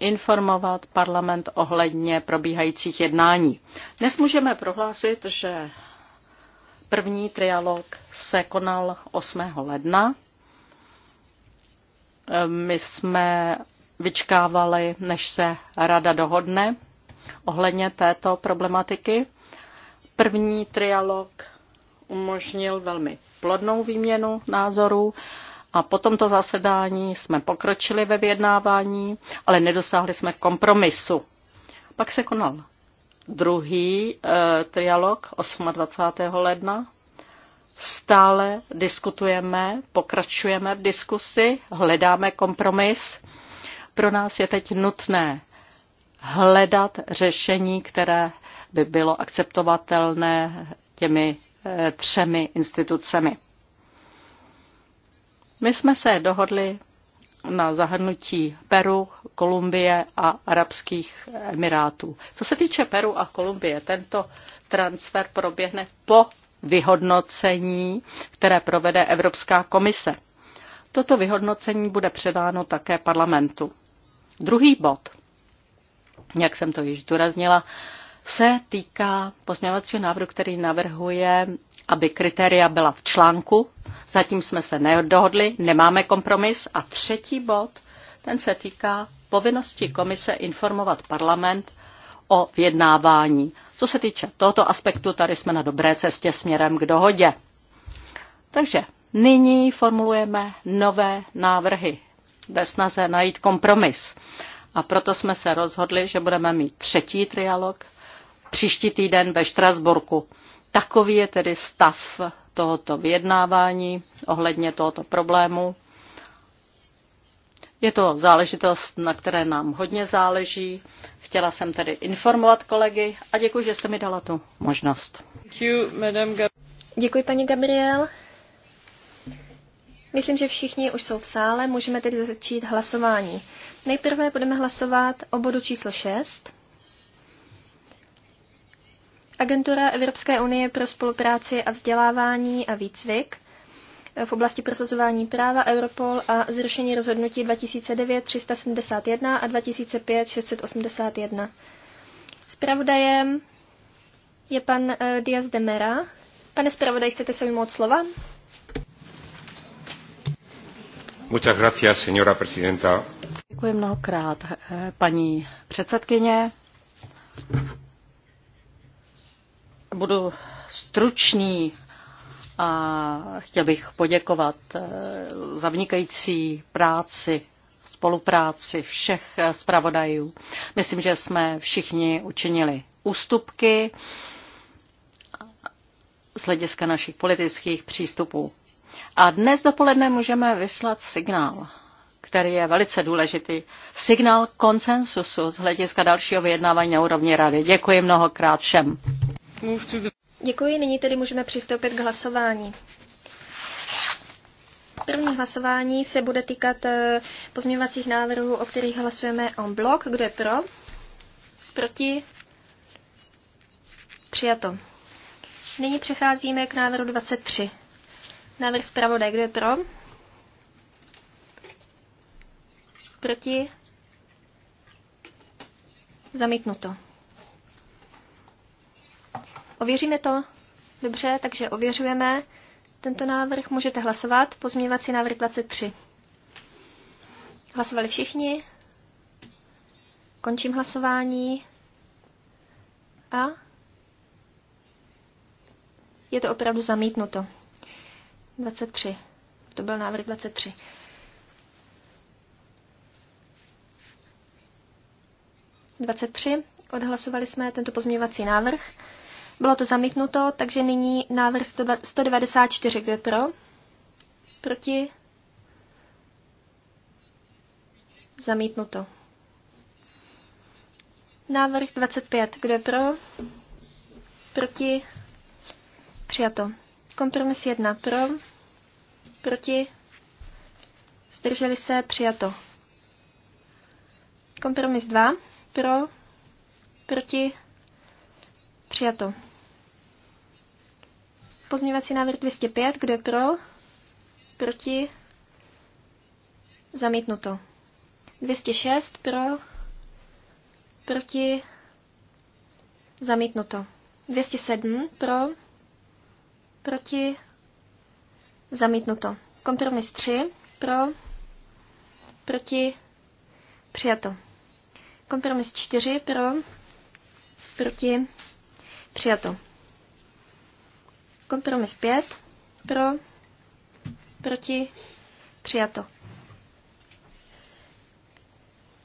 informovat parlament ohledně probíhajících jednání. Dnes můžeme prohlásit, že první trialog se konal 8. ledna. My jsme vyčkávali, než se rada dohodne ohledně této problematiky. První trialog umožnil velmi plodnou výměnu názorů a po tomto zasedání jsme pokročili ve vyjednávání, ale nedosáhli jsme kompromisu. Pak se konal druhý e, trialog 28. ledna. Stále diskutujeme, pokračujeme v diskusi, hledáme kompromis. Pro nás je teď nutné hledat řešení, které by bylo akceptovatelné těmi eh, třemi institucemi. My jsme se dohodli na zahrnutí Peru, Kolumbie a Arabských Emirátů. Co se týče Peru a Kolumbie, tento transfer proběhne po vyhodnocení, které provede Evropská komise. Toto vyhodnocení bude předáno také parlamentu. Druhý bod, jak jsem to již zdůraznila, se týká pozměňovacího návrhu, který navrhuje, aby kritéria byla v článku. Zatím jsme se nedohodli, nemáme kompromis. A třetí bod, ten se týká povinnosti komise informovat parlament o vyjednávání. Co se týče tohoto aspektu, tady jsme na dobré cestě směrem k dohodě. Takže nyní formulujeme nové návrhy ve snaze najít kompromis. A proto jsme se rozhodli, že budeme mít třetí trialog příští týden ve Štrasburku. Takový je tedy stav tohoto vyjednávání ohledně tohoto problému. Je to záležitost, na které nám hodně záleží. Chtěla jsem tedy informovat kolegy a děkuji, že jste mi dala tu možnost. Děkuji, paní Gabriel. Myslím, že všichni už jsou v sále, můžeme tedy začít hlasování. Nejprve budeme hlasovat o bodu číslo 6. Agentura Evropské unie pro spolupráci a vzdělávání a výcvik v oblasti prosazování práva Europol a zrušení rozhodnutí 2009-371 a 2005-681. Spravodajem je pan eh, Diaz de Mera. Pane zpravodaj, chcete se ujmout slova? Muchas gracias, señora presidenta. Děkuji mnohokrát, eh, paní předsedkyně. Budu stručný a chtěl bych poděkovat eh, za vnikající práci, spolupráci všech eh, zpravodajů. Myslím, že jsme všichni učinili ústupky z hlediska našich politických přístupů. A dnes dopoledne můžeme vyslat signál, který je velice důležitý. Signál konsensusu z hlediska dalšího vyjednávání na úrovni rady. Děkuji mnohokrát všem. Děkuji, nyní tedy můžeme přistoupit k hlasování. První hlasování se bude týkat eh, pozměňovacích návrhů, o kterých hlasujeme en blok. Kdo je pro? Proti? Přijato. Nyní přecházíme k návrhu 23. Návrh zpravodaj, kdo je pro? Proti? Zamítnuto. Ověříme to? Dobře, takže ověřujeme tento návrh. Můžete hlasovat. Pozměňovací návrh 23. Hlasovali všichni. Končím hlasování. A je to opravdu zamítnuto. 23. To byl návrh 23. Dvacet tři. Odhlasovali jsme tento pozměňovací návrh. Bylo to zamítnuto, takže nyní návrh 194, kdo je pro? Proti? Zamítnuto. Návrh 25, kdo je pro? Proti? Přijato. Kompromis 1 pro? Proti? Zdrželi se? Přijato. Kompromis 2 pro? Proti? Přijato. Pozměňovací návrh 205, kdo je pro? Proti? Zamítnuto. 206 pro? Proti? Zamítnuto. 207 pro? Proti? Zamítnuto. Kompromis 3 pro? Proti? Přijato. Kompromis 4 pro? Proti? Přijato. Kompromis 5. Pro. Proti. Přijato.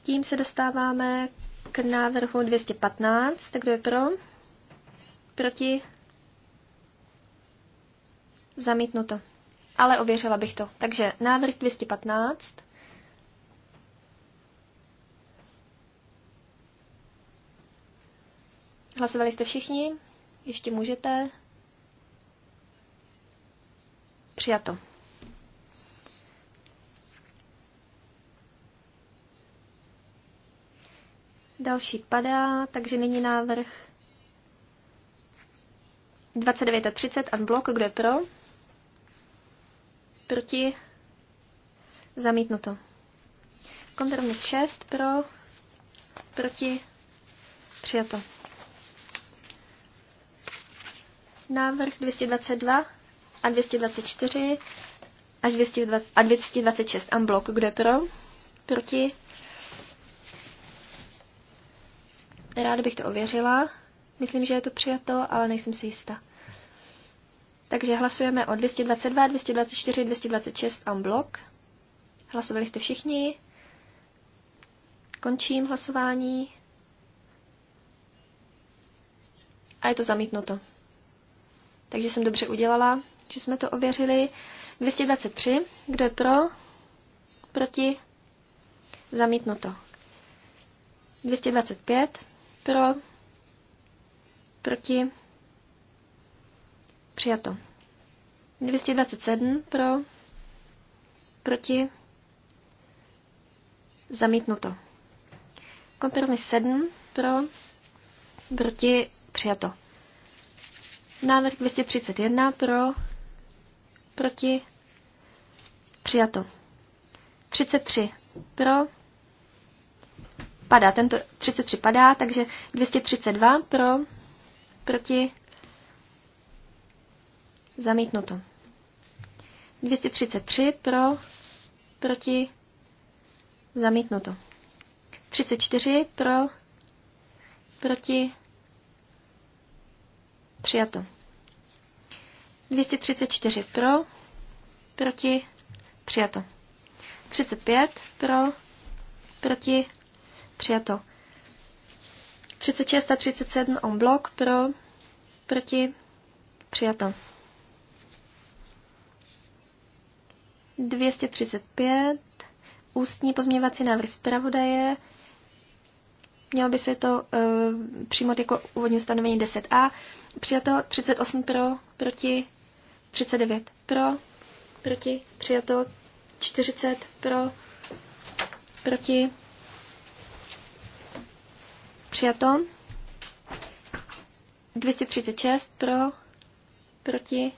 Tím se dostáváme k návrhu 215. Kdo je pro? Proti? Zamítnuto. Ale ověřila bych to. Takže návrh 215. Hlasovali jste všichni? Ještě můžete. Přijato. Další padá, takže nyní návrh 29 a 30 a blok, kdo je pro? Proti? Zamítnuto. Kompromis 6 pro, proti, přijato. Návrh 222 a 224 až 220, a 226 unblock. Kdo je pro? Proti? Ráda bych to ověřila. Myslím, že je to přijato, ale nejsem si jistá. Takže hlasujeme o 222, 224, 226 unblock. Hlasovali jste všichni. Končím hlasování. A je to zamítnuto. Takže jsem dobře udělala že jsme to ověřili. 223, kdo je pro, proti, zamítnuto. 225, pro, proti, přijato. 227, pro, proti, zamítnuto. Kompromis 7, pro, proti, přijato. Návrh 231 pro, proti, přijato. 33 pro, padá, tento 33 padá, takže 232 pro, proti, zamítnuto. 233 pro, proti, zamítnuto. 34 pro, proti, přijato. 234 pro, proti, přijato. 35 pro, proti, přijato. 36 a 37 on blok pro, proti, přijato. 235, ústní pozměňovací návrh zpravodaje, mělo by se to e, přijmout jako úvodní stanovení 10a, přijato 38 pro, proti, 39 pro, proti, přijato 40 pro, proti, přijato 236 pro, proti,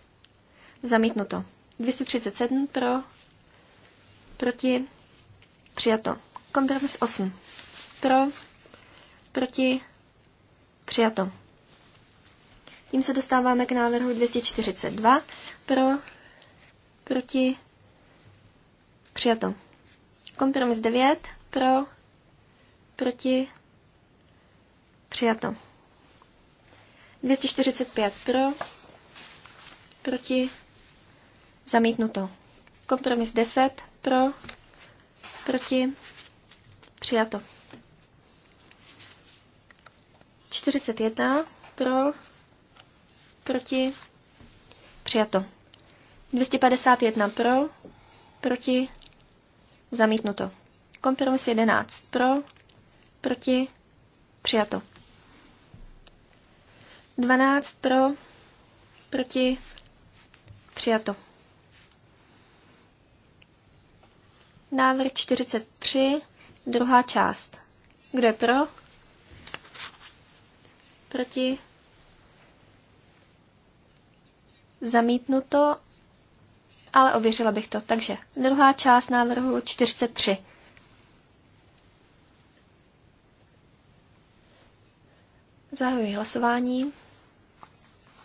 zamítnuto 237 pro, proti, přijato kompromis 8 pro, proti, přijato tím se dostáváme k návrhu 242 pro, proti, přijato. Kompromis 9 pro, proti, přijato. 245 pro, proti, zamítnuto. Kompromis 10 pro, proti, přijato. 41 pro, proti, přijato. 251 pro, proti, zamítnuto. Kompromis 11 pro, proti, přijato. 12 pro, proti, přijato. Návrh 43, druhá část. Kdo je pro? Proti, Zamítnuto, ale ověřila bych to. Takže druhá část návrhu 43. Zahajuji hlasování.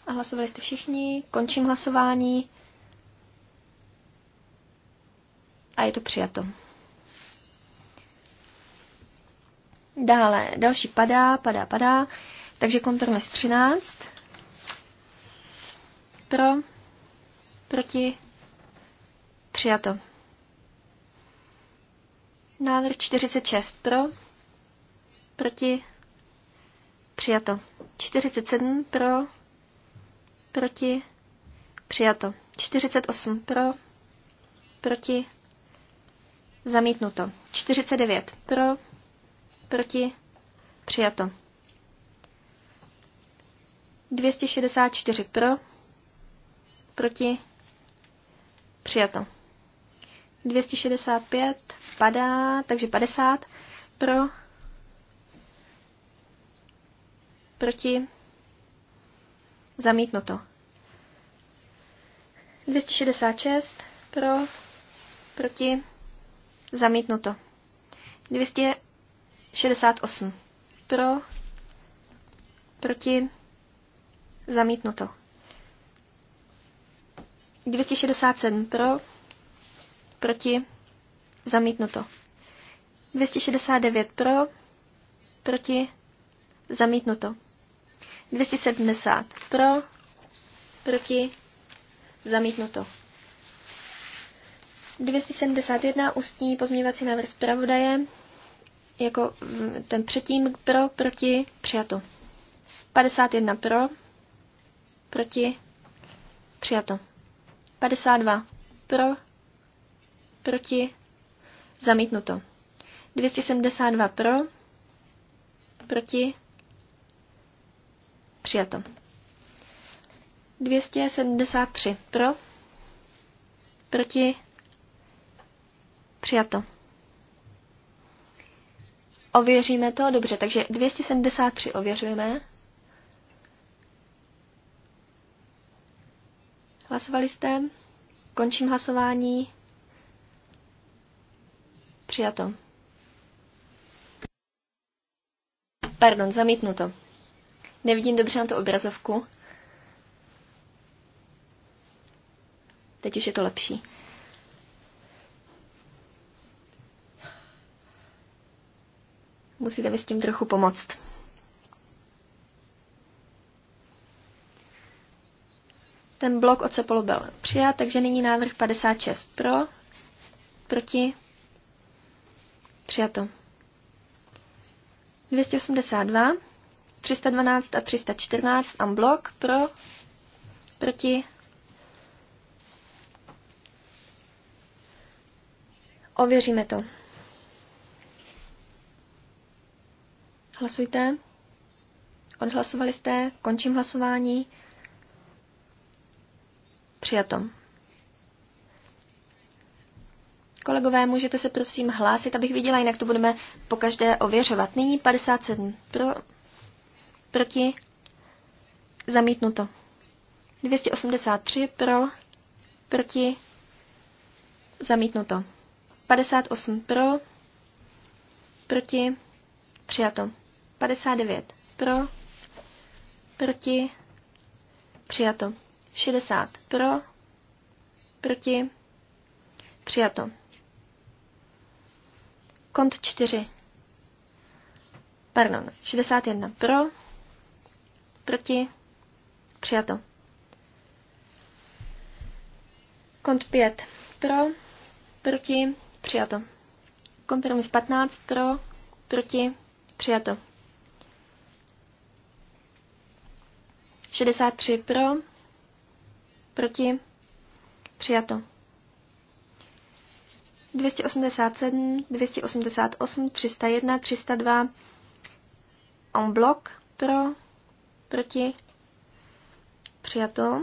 A hlasovali jste všichni. Končím hlasování. A je to přijato. Dále, další padá, padá, padá. Takže kompromis 13. Pro? Proti? Přijato. Návrh 46 pro, proti, přijato. 47 pro, proti, přijato. 48 pro, proti, zamítnuto. 49 pro, proti, přijato. 264 pro, proti, přijato. 265 padá, takže 50 pro, proti, zamítnuto. 266 pro, proti, zamítnuto. 268 pro, proti, zamítnuto. 267 pro, proti, zamítnuto. 269 pro, proti, zamítnuto. 270 pro, proti, zamítnuto. 271 ústní pozměňovací návrh zpravodaje, jako ten předtím pro, proti, přijato. 51 pro, proti, přijato. 52 pro, proti, zamítnuto. 272 pro, proti, přijato. 273 pro, proti, přijato. Ověříme to, dobře, takže 273 ověřujeme. Hlasovali jste? Končím hlasování. Přijato. Pardon, zamítnuto. Nevidím dobře na tu obrazovku. Teď už je to lepší. Musíte mi s tím trochu pomoct. Ten blok od Cepolu byl přijat, takže nyní návrh 56 pro, proti, přijato. 282, 312 a 314 a blok pro, proti, ověříme to. Hlasujte. Odhlasovali jste, končím hlasování. Přijato. Kolegové, můžete se prosím hlásit, abych viděla, jinak to budeme po každé ověřovat. Nyní 57 pro, proti zamítnuto. 283 pro, proti zamítnuto. 58 pro, proti přijato. 59 pro, proti přijato. 60 pro, proti, přijato. Kont 4, pardon, 61 pro, proti, přijato. Kont 5 pro, proti, přijato. Kompromis 15 pro, proti, přijato. 63 pro, Proti? Přijato. 287, 288, 301, 302 on blok pro, proti, přijato.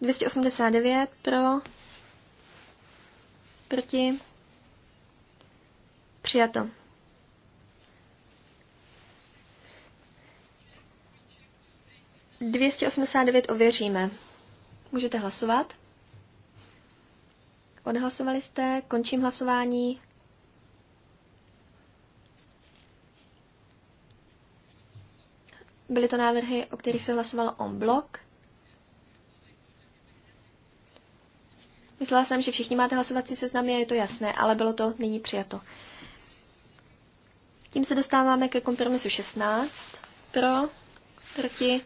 289 pro, proti, přijato. 289 ověříme. Můžete hlasovat. Odhlasovali jste, končím hlasování. Byly to návrhy, o kterých se hlasovalo on blok. Myslela jsem, že všichni máte hlasovací seznamy a je to jasné, ale bylo to nyní přijato. Tím se dostáváme ke kompromisu 16. Pro, proti,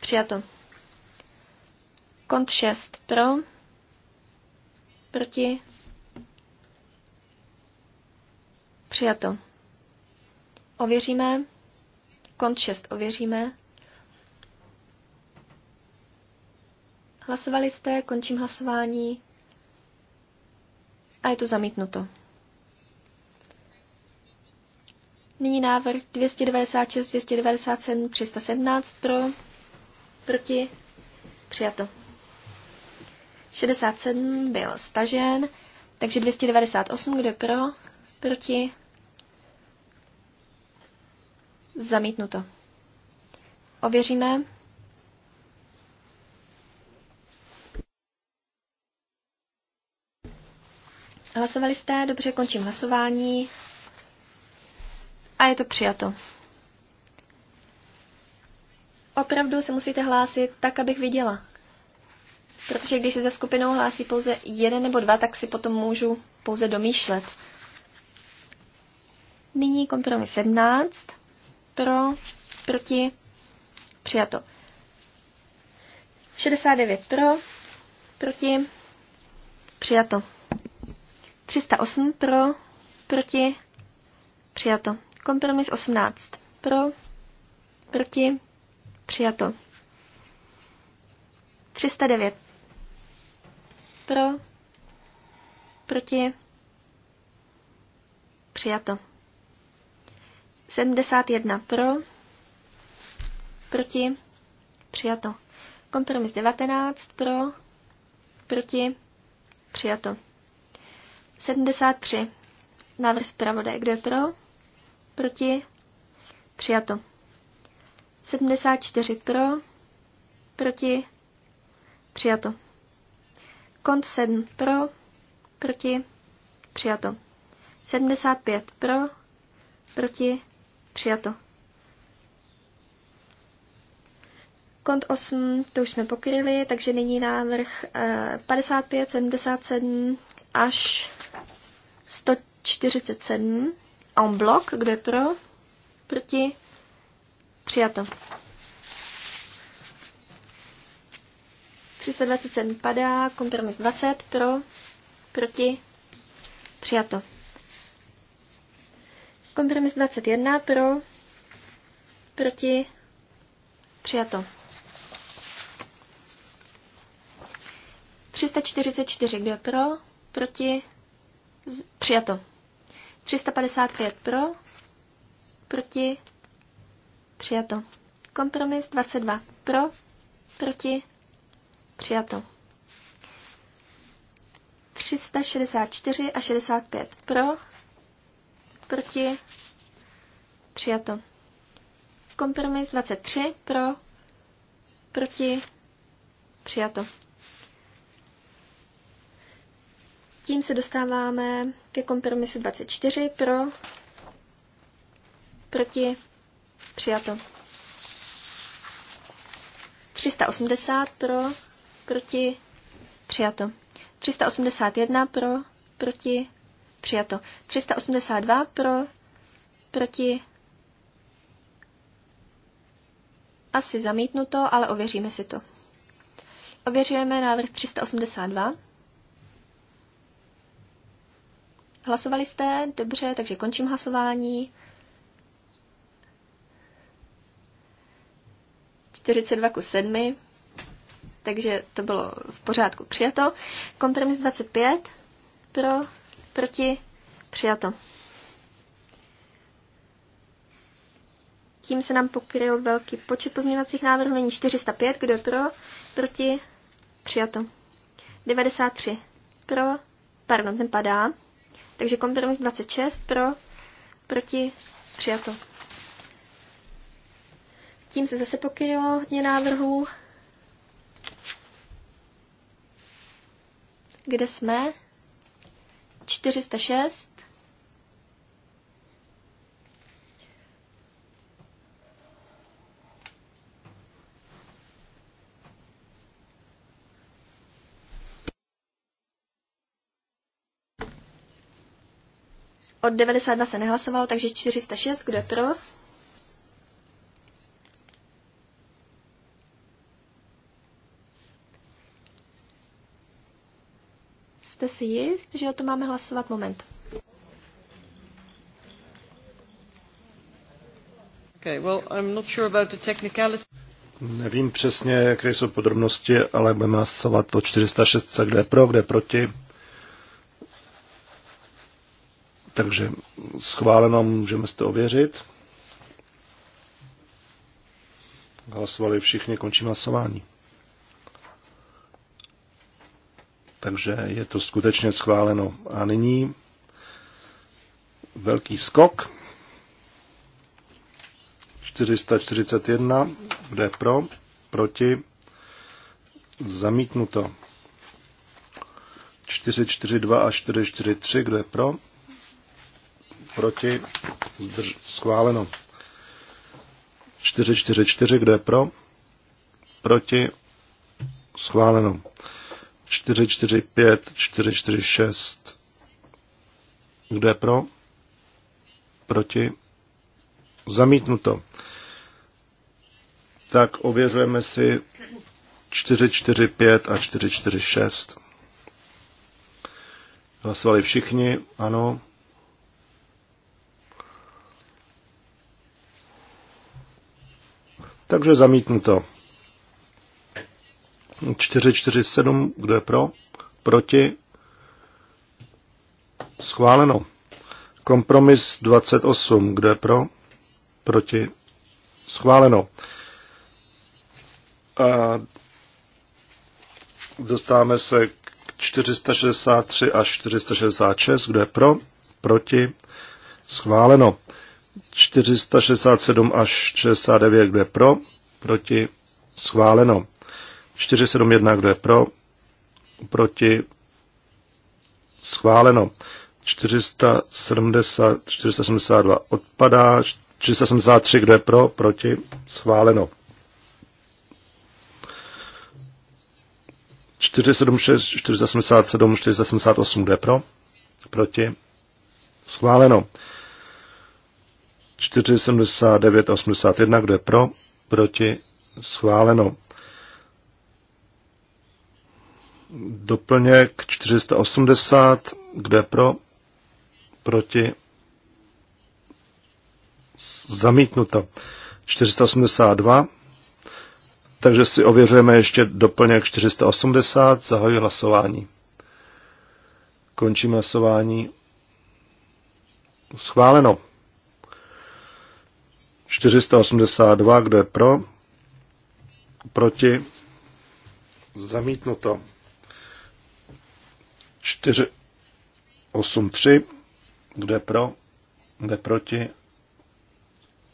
Přijato. Kont 6 pro, proti, přijato. Ověříme, kont 6 ověříme. Hlasovali jste, končím hlasování a je to zamítnuto. Nyní návrh 296, 297, 317 pro, Proti? Přijato. 67 byl stažen, takže 298, kdo pro? Proti? Zamítnuto. Ověříme. Hlasovali jste? Dobře, končím hlasování. A je to přijato opravdu se musíte hlásit tak, abych viděla. Protože když se za skupinou hlásí pouze jeden nebo dva, tak si potom můžu pouze domýšlet. Nyní kompromis 17. Pro, proti, přijato. 69 pro, proti, přijato. 308 pro, proti, přijato. Kompromis 18 pro, proti, Přijato. 309. Pro. Proti. Přijato. 71 pro. Proti. Přijato. Kompromis 19 pro. Proti. Přijato. 73. Návrh zpravodaje. Kdo je pro? Proti? Přijato. 74 pro, proti, přijato. Kont 7 pro, proti, přijato. 75 pro, proti, přijato. Kont 8, to už jsme pokryli, takže nyní návrh 55, eh, 77 až 147 en blok, kdo je pro, proti, Přijato. 327 padá, kompromis 20 pro, proti, přijato. Kompromis 21 pro, proti, přijato. 344, kdo je pro, proti, z, přijato. 355 pro, proti, Přijato. Kompromis 22. Pro, proti, přijato. 364 a 65. Pro, proti, přijato. Kompromis 23. Pro, proti, přijato. Tím se dostáváme ke kompromisu 24 pro, proti, Přijato. 380 pro, proti, přijato. 381 pro, proti, přijato. 382 pro, proti, asi zamítnuto, ale ověříme si to. Ověřujeme návrh 382. Hlasovali jste? Dobře, takže končím hlasování. 42 ku 7, takže to bylo v pořádku přijato. Kompromis 25 pro, proti, přijato. Tím se nám pokryl velký počet pozměňovacích návrhů, není 405, kdo je pro, proti, přijato. 93 pro, pardon, ten padá, takže kompromis 26 pro, proti, přijato. Tím se zase pokynilo hodně návrhů. Kde jsme? 406. Od 92 se nehlasovalo, takže 406, kdo je pro? jste si jist, že o to máme hlasovat? Moment. Okay, well, I'm not sure about the technicality. Nevím přesně, jaké jsou podrobnosti, ale budeme hlasovat o 406, kde je pro, kde je proti. Takže schváleno, můžeme si to ověřit. Hlasovali všichni, končím hlasování. Takže je to skutečně schváleno. A nyní velký skok. 441, kde pro, proti, zamítnuto. 442 a 443, kdo je pro, proti, zdrž, schváleno. 444, kdo je pro, proti, schváleno. 445, 446. Kdo je pro? Proti? Zamítnuto. Tak ověřujeme si 445 a 446. Hlasovali všichni, ano. Takže zamítnuto. 447, kdo je pro, proti, schváleno. Kompromis 28, kdo je pro, proti, schváleno. A dostáváme se k 463 až 466, kdo je pro, proti, schváleno. 467 až 69, kdo je pro, proti, schváleno. 471, kdo je pro, proti, schváleno. 470, 472 odpadá, 473, kdo je pro, proti, schváleno. 476, 477, 478, kdo je pro, proti, schváleno. 479, 81, kdo je pro, proti, schváleno doplněk 480, kde pro, proti, zamítnuto 482. Takže si ověřujeme ještě doplněk 480, zahajuji hlasování. Končím hlasování. Schváleno. 482, kdo je pro? Proti? Zamítnuto. 483, kde pro, kde proti,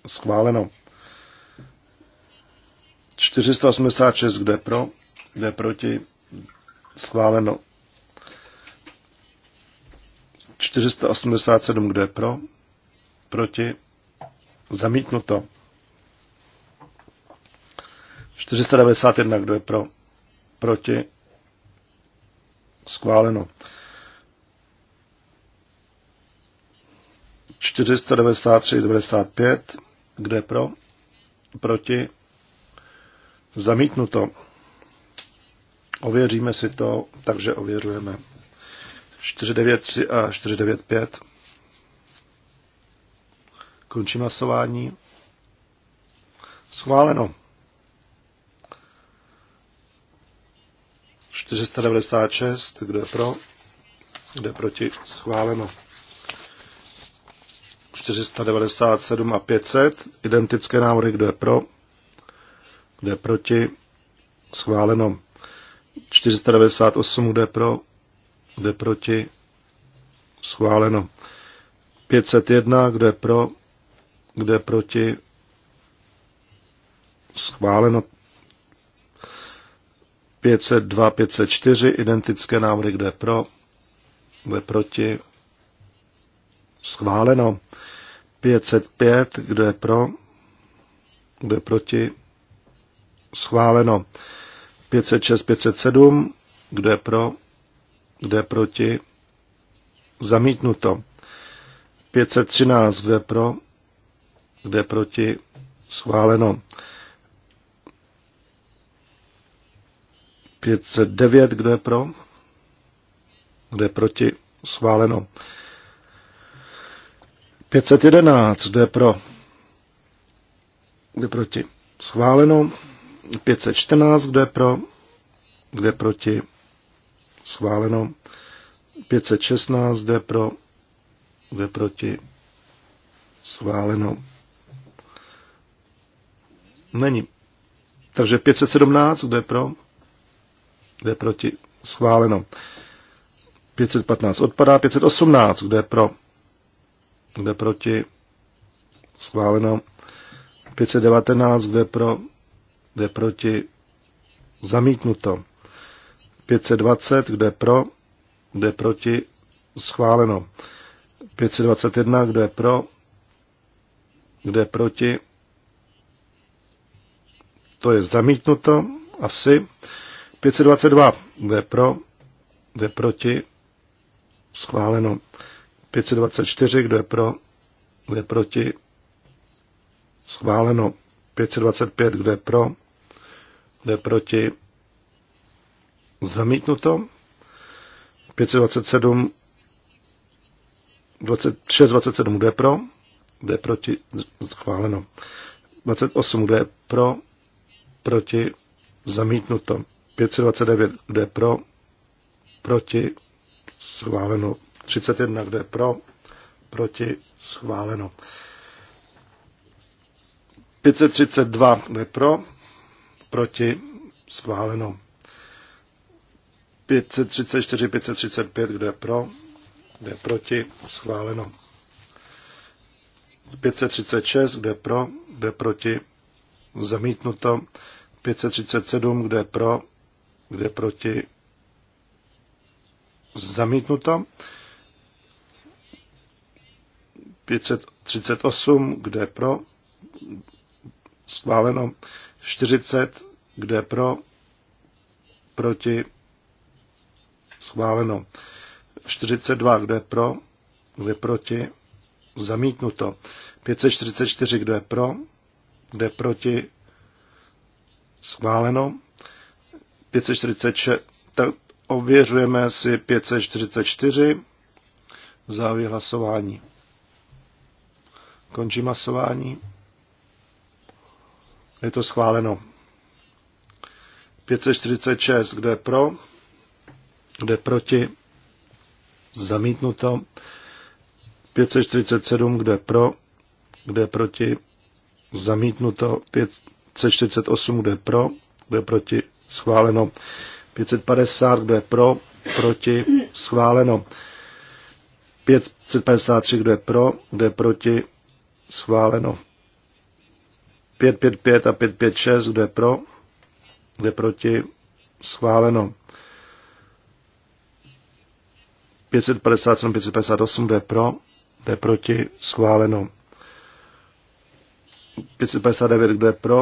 schváleno. 486, kde pro, kde proti, schváleno. 487, kde pro, proti, zamítnuto. 491, kdo je pro, proti, Schváleno. 493-95. Kdo je pro? Proti? Zamítnuto. Ověříme si to, takže ověřujeme. 493 a 495. Končím hlasování. Schváleno. 496, kdo je pro, kdo je proti, schváleno. 497 a 500, identické návrhy, kdo je pro, kdo je proti, schváleno. 498, kdo je pro, kdo je proti, schváleno. 501, kdo je pro, kdo je proti, schváleno. 502, 504, identické návrhy, kde pro, kde proti. Schváleno. 505, kde pro, kde proti. Schváleno. 506, 507, kde je pro, kde je proti. Zamítnuto. 513, kde je pro, kde je proti. Schváleno. 509, kdo je pro? Kdo je proti? Schváleno. 511, kdo je pro? Kdo je proti? Schváleno. 514, kdo je pro? Kdo je proti? Schváleno. 516, kdo je pro? Kdo je proti? Schváleno. Není. Takže 517, kdo je pro? kde proti? Schváleno. 515 odpadá. 518. kde pro? kde proti? Schváleno. 519. kde pro? kde proti? Zamítnuto. 520. kde pro? kde proti? Schváleno. 521. kde je pro? kde je proti? To je zamítnuto asi. 522. Kdo pro? Kdo proti? Schváleno. 524. Kdo je pro? Kdo je proti? Schváleno. 525. Kdo je pro? Kdo je proti? Zamítnuto. 527. 26, 27, kdo je pro, kdo je proti, schváleno. 28, kdo je pro, proti, zamítnuto. 529, kdo je pro, proti, schváleno. 31, kdo je pro, proti, schváleno. 532, kdo je pro, proti, schváleno. 534, 535, kdo je pro, kdo je proti, schváleno. 536, kdo je pro, kdo je proti, zamítnuto. 537, kdo je pro, kde proti zamítnuto. 538, kde pro, schváleno 40, kde pro, proti, schváleno 42, kde pro, kde proti, zamítnuto 544, kde pro, kde proti, schváleno 546, tak ověřujeme si 544, závěr hlasování. Končí hlasování. Je to schváleno. 546, kde je pro, kde je proti, zamítnuto. 547, kde je pro, kde je proti, zamítnuto. 548, kde je pro, kde je proti, schváleno. 550, kdo je pro, proti, schváleno. 553, kdo je pro, kdo je proti, schváleno. 555 a 556, kdo je pro, kdo je proti, schváleno. 557, 558, kdo je pro, kdo je proti, schváleno. 559, kdo je pro,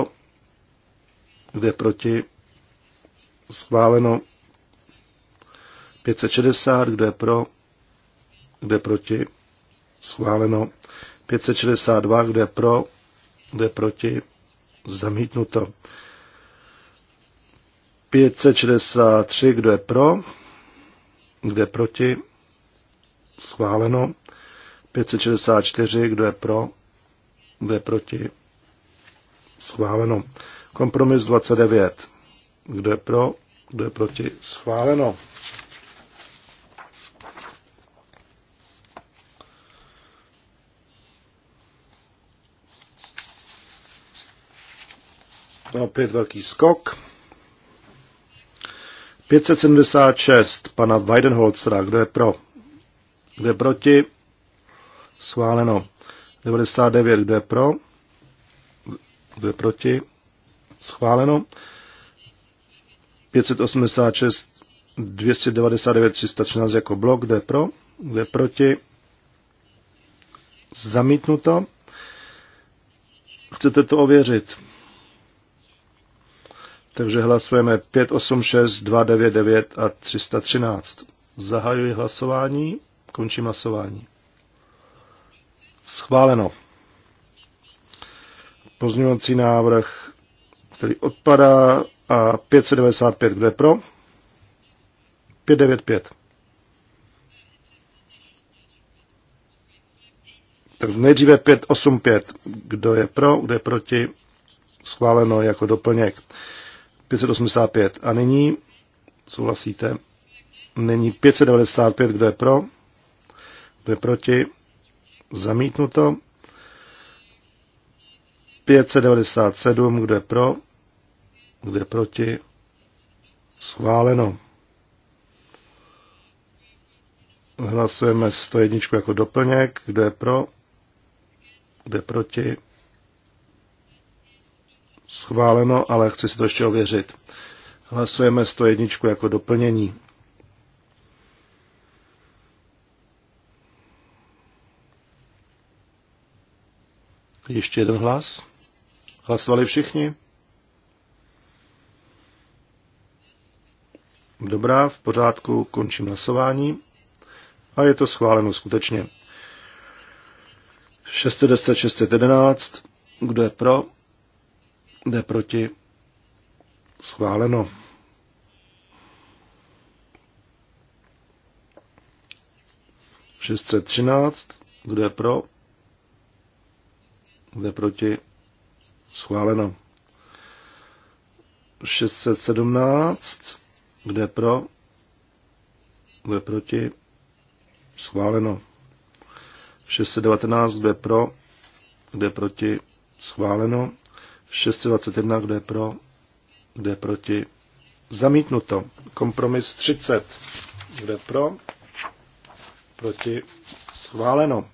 kdo je proti, schváleno 560, kdo je pro, kdo je proti, schváleno 562, kdo je pro, kdo je proti, zamítnuto 563, kdo je pro, kdo je proti, schváleno 564, kdo je pro, kdo je proti, schváleno. Kompromis 29. Kdo je pro? Kdo je proti? Schváleno. Opět velký skok. 576 pana Weidenholzera. Kdo je pro? Kdo je proti? Schváleno. 99. Kdo je pro? Kdo je proti? Schváleno. 586, 299, 313 jako blok, kde pro, kde proti, zamítnuto. Chcete to ověřit? Takže hlasujeme 586, 299 a 313. Zahajuji hlasování, končím hlasování. Schváleno. Pozměňovací návrh, který odpadá, a 595, kdo je pro? 595. Tak nejdříve 585, kdo je pro, kdo je proti, schváleno jako doplněk. 585. A nyní, souhlasíte, není 595, kdo je pro, kdo je proti, zamítnuto. 597, kdo je pro, kdo je proti? Schváleno. Hlasujeme 101 jako doplněk. Kdo je pro? Kdo je proti? Schváleno, ale chci si to ještě ověřit. Hlasujeme 101 jako doplnění. Ještě jeden hlas. Hlasovali všichni? Dobrá, v pořádku, končím hlasování. A je to schváleno skutečně. 610, 611, kdo je pro, kdo je proti, schváleno. Šestce třináct, kdo je pro, kdo je proti, schváleno. 617, kde pro? Kde proti? Schváleno. 619, kde pro? Kde proti? Schváleno. 621, kde pro? Kde proti? Zamítnuto. Kompromis 30. Kde pro? Proti? Schváleno.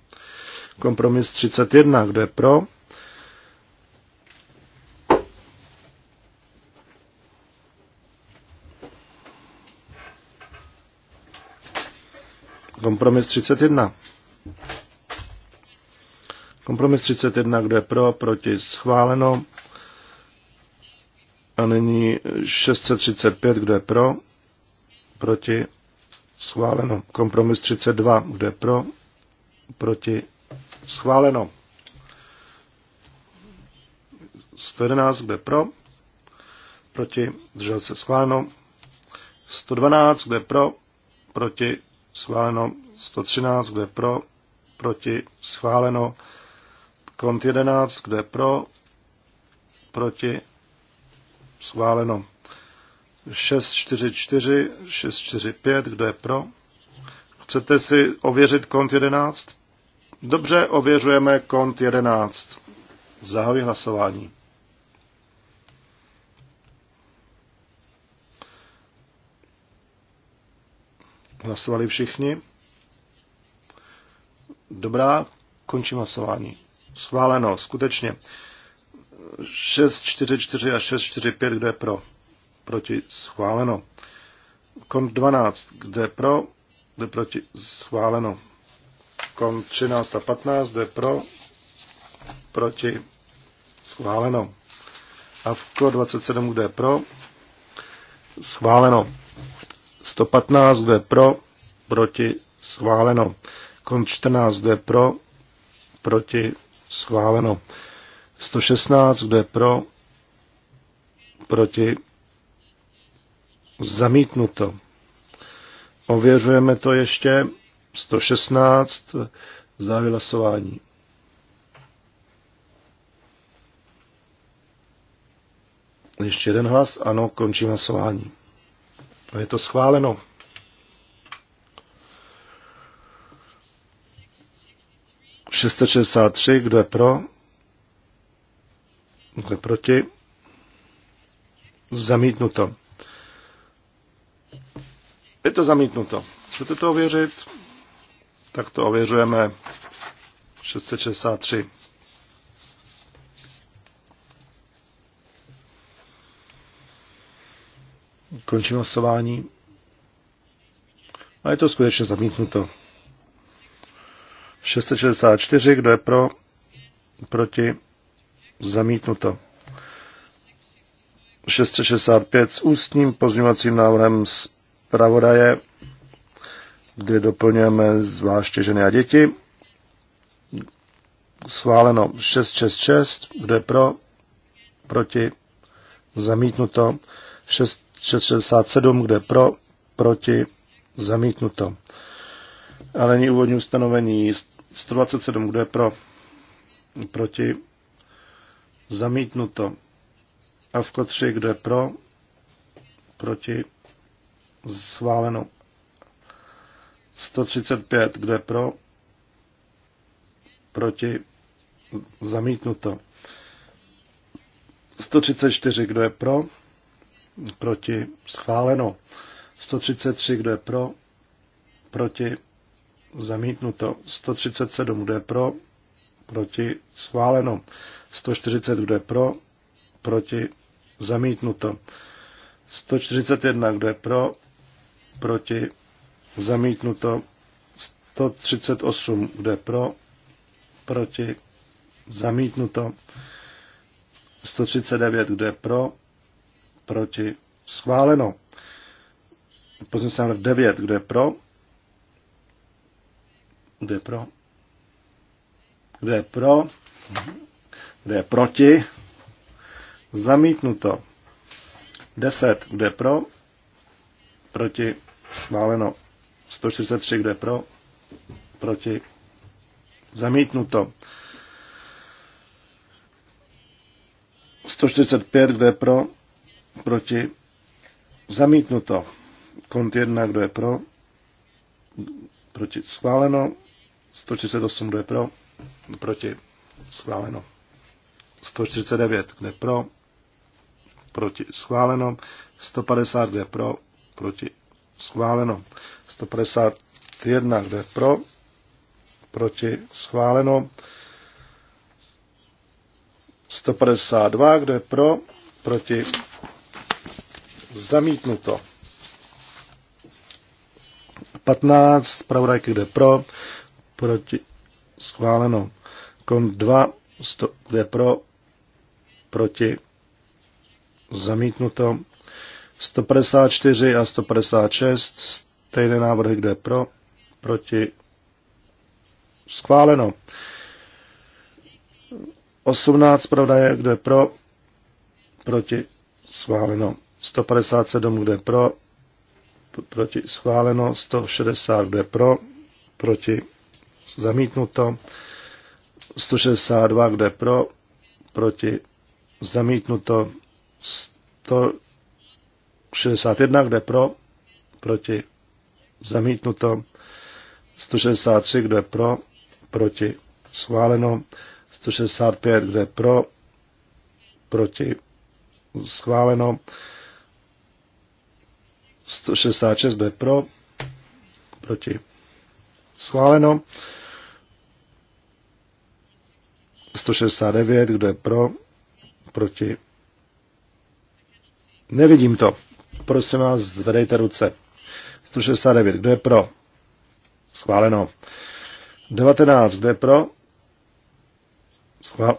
Kompromis 31. kde pro? Kompromis 31. Kompromis 31, kdo je pro, proti, schváleno. A nyní 635, kdo je pro, proti, schváleno. Kompromis 32, kdo je pro, proti, schváleno. 111, kdo je pro, proti, držel se schváleno. 112, kdo je pro, proti, schváleno 113, kdo je pro, proti, schváleno kont 11, kdo je pro, proti, schváleno 644, 645, kdo je pro. Chcete si ověřit kont 11? Dobře, ověřujeme kont 11. Zahajuji hlasování. Hlasovali všichni? Dobrá, končím hlasování. Schváleno, skutečně. 644 a 645, kdo je pro? Proti, schváleno. Kont 12, kde je pro? Kde je proti, schváleno. Kont 13 a 15, kde je pro? Proti, schváleno. A v 27, kde je pro? Schváleno. 115, kdo je pro, proti, schváleno. Kont 14, kdo je pro, proti, schváleno. 116, kdo je pro, proti, zamítnuto. Ověřujeme to ještě. 116, závěr hlasování. Ještě jeden hlas, ano, končím hlasování. A je to schváleno. Šestset tři, kdo je pro? Kdo je proti? Zamítnuto. Je to zamítnuto. Chcete to ověřit? Tak to ověřujeme. 663. Končím hlasování. A je to skutečně zamítnuto. 664, kdo je pro, proti, zamítnuto. 665 s ústním pozměňovacím návrhem zpravodaje, kde doplňujeme zvláště ženy a děti. Schváleno 666, kdo je pro, proti, zamítnuto. 667, kde pro, proti, zamítnuto. A není úvodní ustanovení 127, kde pro, proti, zamítnuto. A v 3, kde pro, proti, schváleno. 135, kde pro, proti, zamítnuto. 134, kdo je pro, proti, schváleno. 133, kdo je pro, proti, zamítnuto. 137, kdo je pro, proti, schváleno. 140, kdo je pro, proti, zamítnuto. 141, kdo je pro, proti, zamítnuto. 138, kdo je pro, proti, zamítnuto. 139, kdo je pro, proti, schváleno. Pozměňovací návrh 9, kdo je pro, kdo je pro, kdo je pro, kdo je proti, zamítnuto. 10, kdo je pro, proti, schváleno. 143, kdo je pro, proti, zamítnuto. 145, kdo je pro, proti, zamítnuto. Kont 1, kdo je pro, proti, schváleno. 138, kdo je pro, proti, schváleno. 149, je pro, proti, schváleno. 150, je pro, proti, schváleno. 151, je pro, proti, schváleno. 152, je pro, proti, Zamítnuto. 15, zpravodajky kde pro, proti, schváleno. Kon 2, 100, kde pro, proti, zamítnuto. 154 a 156, stejné návrhy, kde pro, proti, schváleno. 18 pravda je, pro, proti, schváleno. 157, kdo je pro, proti schváleno, 160, kdo je pro, proti zamítnuto, 162, kdo je pro, proti zamítnuto, 161, kdo je pro, proti zamítnuto, 163, kdo je pro, proti schváleno, 165, kdo je pro, proti schváleno, 166 B pro, proti. Schváleno. 169, kdo je pro, proti. Nevidím to. Prosím vás, zvedejte ruce. 169, kdo je pro? Schváleno. 19, kdo je pro? Schvál...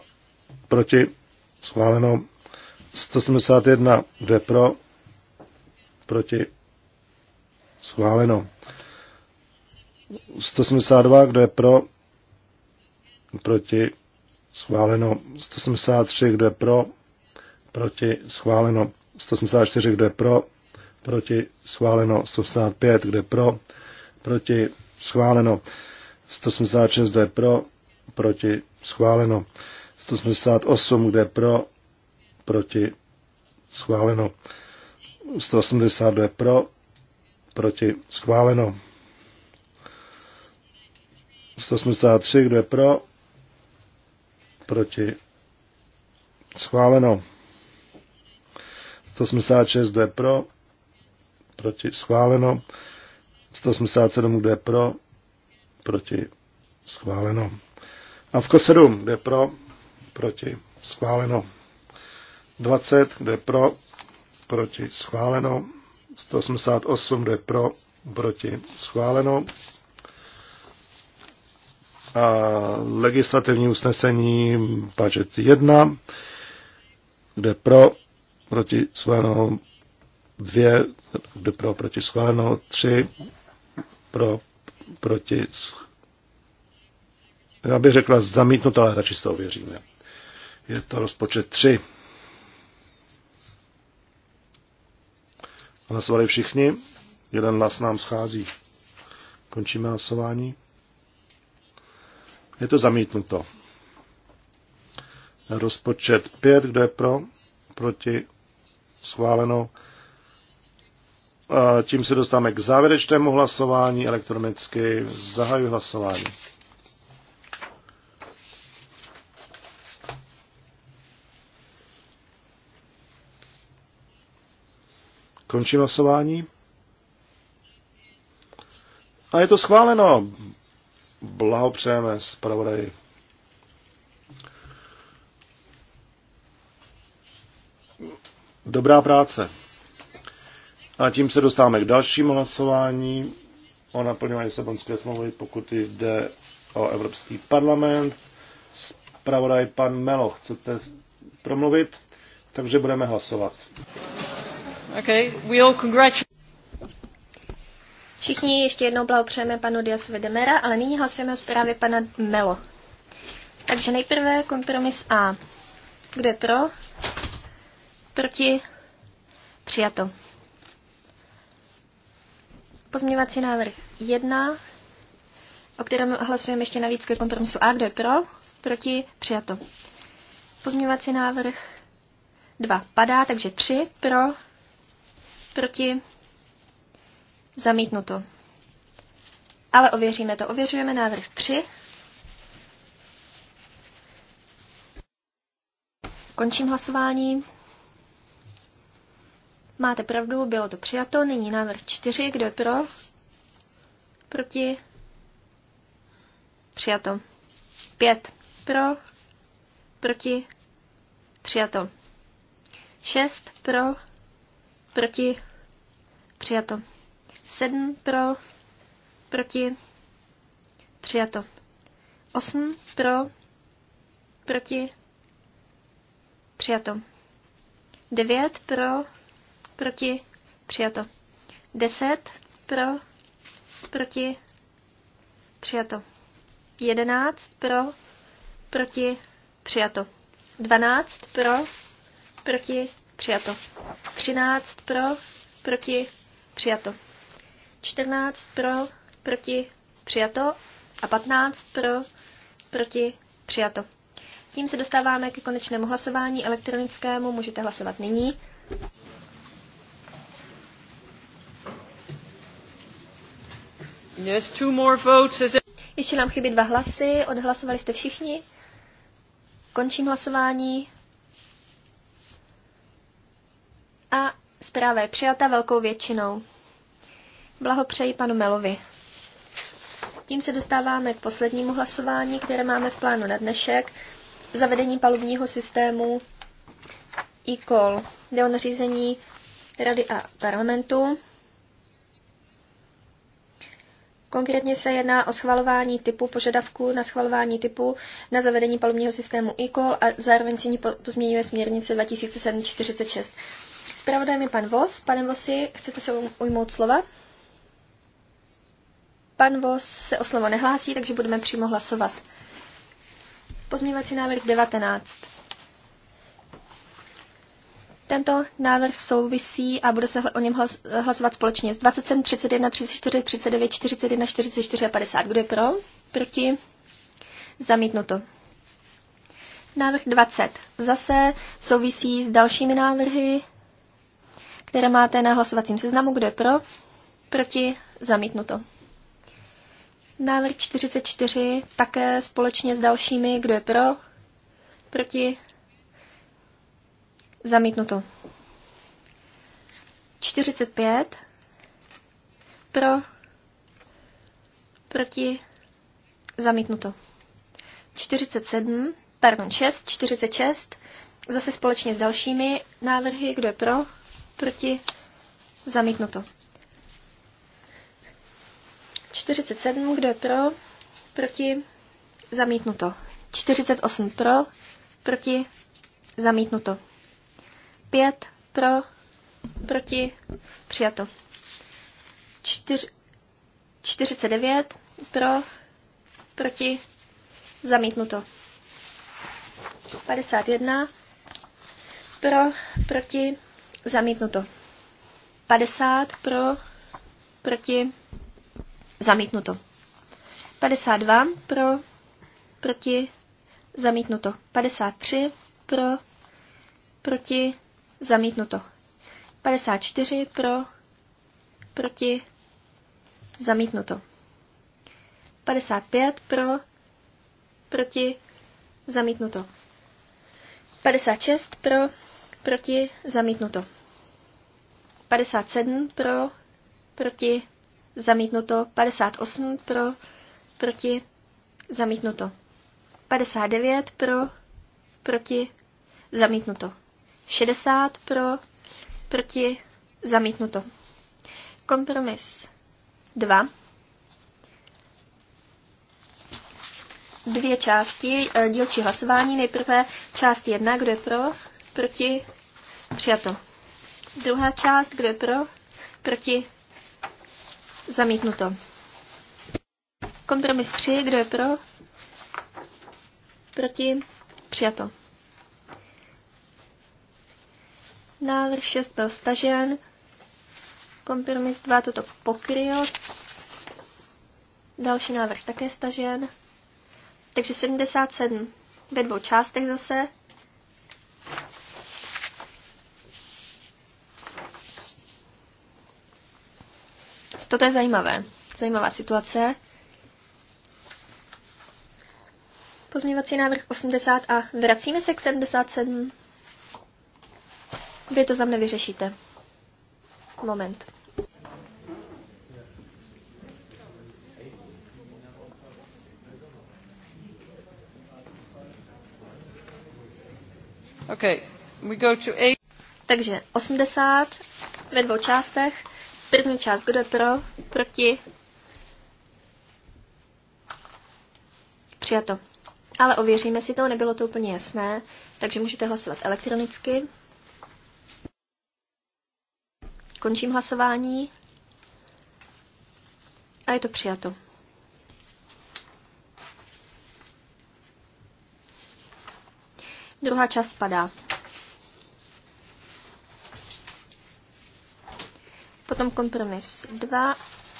Proti? Schváleno. 171, kdo je pro? Proti? Schváleno. 172, kdo je pro? Proti? Schváleno. 173, kdo je pro? Proti? Schváleno. 184, kdo je pro? Proti? Schváleno. 185, kdo je pro? Proti? Schváleno. 186, kdo je pro? Proti? Schváleno. 188, kdo je pro? Proti? Schváleno. kdo je pro, proti, schváleno. 183, kdo je pro, proti, schváleno. 186, kdo je pro, proti, schváleno. 187, kdo je pro, proti, schváleno. a v 7, je pro, proti, schváleno. 20, je pro, proti, schváleno. 188, jde pro, proti, schváleno. A legislativní usnesení budget 1, jde pro, proti schváleno 2, jde pro, proti schváleno 3, pro, proti schváleno. já bych řekla zamítnuto, ale radši z to ověříme. Je to rozpočet 3. Hlasovali všichni? Jeden hlas nám schází. Končíme hlasování. Je to zamítnuto. Rozpočet 5, kdo je pro? Proti? Schváleno. A tím se dostáváme k závěrečnému hlasování elektronicky. Zahajuji hlasování. Končím hlasování. A je to schváleno. Blahopřejeme zpravodaji. Dobrá práce. A tím se dostáváme k dalšímu hlasování o naplňování Lisabonské smlouvy, pokud jde o Evropský parlament. Spravodaj pan Melo, chcete promluvit? Takže budeme hlasovat. Okay, we all congratulate. Všichni ještě jednou blahopřejeme panu Diasovi Demera, ale nyní hlasujeme o zprávě pana Melo. Takže nejprve kompromis A. Kdo je pro? Proti? Přijato. Pozměňovací návrh 1, o kterém hlasujeme ještě navíc ke kompromisu A. Kdo je pro? Proti? Přijato. Pozměňovací návrh 2 padá, takže 3 pro, Proti? Zamítnuto. Ale ověříme to. Ověřujeme návrh 3. Končím hlasování. Máte pravdu, bylo to přijato. Nyní návrh 4. Kdo je pro? Proti? Přijato. 5. Pro? Proti? Přijato. 6. Pro? Proti? Přijato. 7 pro, proti, přijato. 8 pro, proti, přijato. 9 pro, proti, přijato. 10 pro, proti, přijato. 11 pro, proti, přijato. 12 pro, proti, přijato. 13 pro, proti, Přijato. 14 pro, proti, přijato. A 15 pro, proti, přijato. Tím se dostáváme ke konečnému hlasování elektronickému. Můžete hlasovat nyní. Yes, two more votes. Ještě nám chybí dva hlasy. Odhlasovali jste všichni. Končím hlasování. Zpráva je přijata velkou většinou. Blahopřeji panu Melovi. Tím se dostáváme k poslednímu hlasování, které máme v plánu na dnešek. Zavedení palubního systému e-call. Jde o nařízení Rady a parlamentu. Konkrétně se jedná o schvalování typu, požadavku na schvalování typu na zavedení palubního systému e a zároveň se ní pozměňuje směrnice 2746. Spravodajem je pan Vos. Pane Vosi, chcete se ujmout slova? Pan Vos se o slovo nehlásí, takže budeme přímo hlasovat. Pozměňovací návrh 19. Tento návrh souvisí a bude se o něm hlasovat společně s 27, 31, 34, 39, 41, 44 a 50. Kdo je pro? Proti? Zamítnuto. Návrh 20. Zase souvisí s dalšími návrhy které máte na hlasovacím seznamu. Kdo je pro? Proti? Zamítnuto. Návrh 44 také společně s dalšími. Kdo je pro? Proti? Zamítnuto. 45. Pro. Proti. Zamítnuto. 47. Pardon, 6. 46. Zase společně s dalšími návrhy. Kdo je pro? proti, zamítnuto. 47, kdo je pro, proti, zamítnuto. 48 pro, proti, zamítnuto. 5 pro, proti, přijato. 49 pro, proti, zamítnuto. 51 pro, proti, Zamítnuto. 50 pro, proti, zamítnuto. 52 pro, proti, zamítnuto. 53 pro, proti, zamítnuto. 54 pro, proti, zamítnuto. 55 pro, proti, zamítnuto. 56 pro, proti, zamítnuto. 57 pro, proti, zamítnuto. 58 pro, proti, zamítnuto. 59 pro, proti, zamítnuto. 60 pro, proti, zamítnuto. Kompromis 2. Dvě části eh, dílčí hlasování. Nejprve část 1, kdo je pro, proti, přijato. Druhá část, kdo je pro, proti, zamítnuto. Kompromis 3, kdo je pro, proti, přijato. Návrh 6 byl stažen. Kompromis 2 toto pokryl. Další návrh také stažen. Takže 77 ve dvou částech zase. Toto je zajímavé. Zajímavá situace. Pozměňovací návrh 80 a vracíme se k 77. Vy to za mne vyřešíte. Moment. Okay, we go to eight. Takže 80 ve dvou částech. První část, kdo je pro, proti, přijato. Ale ověříme si to, nebylo to úplně jasné, takže můžete hlasovat elektronicky. Končím hlasování a je to přijato. Druhá část padá. Potom kompromis 2.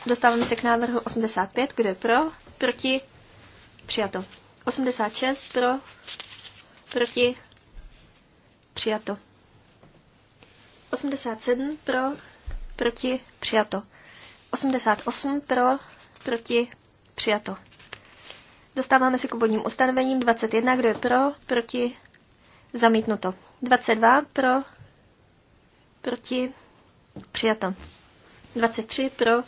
Dostáváme se k návrhu 85. Kdo je pro? Proti? Přijato. 86 pro? Proti? Přijato. 87 pro? Proti? Přijato. 88 pro? Proti? Přijato. Dostáváme se k obodním ustanovením 21. Kdo je pro? Proti? Zamítnuto. 22 pro? Proti? Přijato. 23 pro,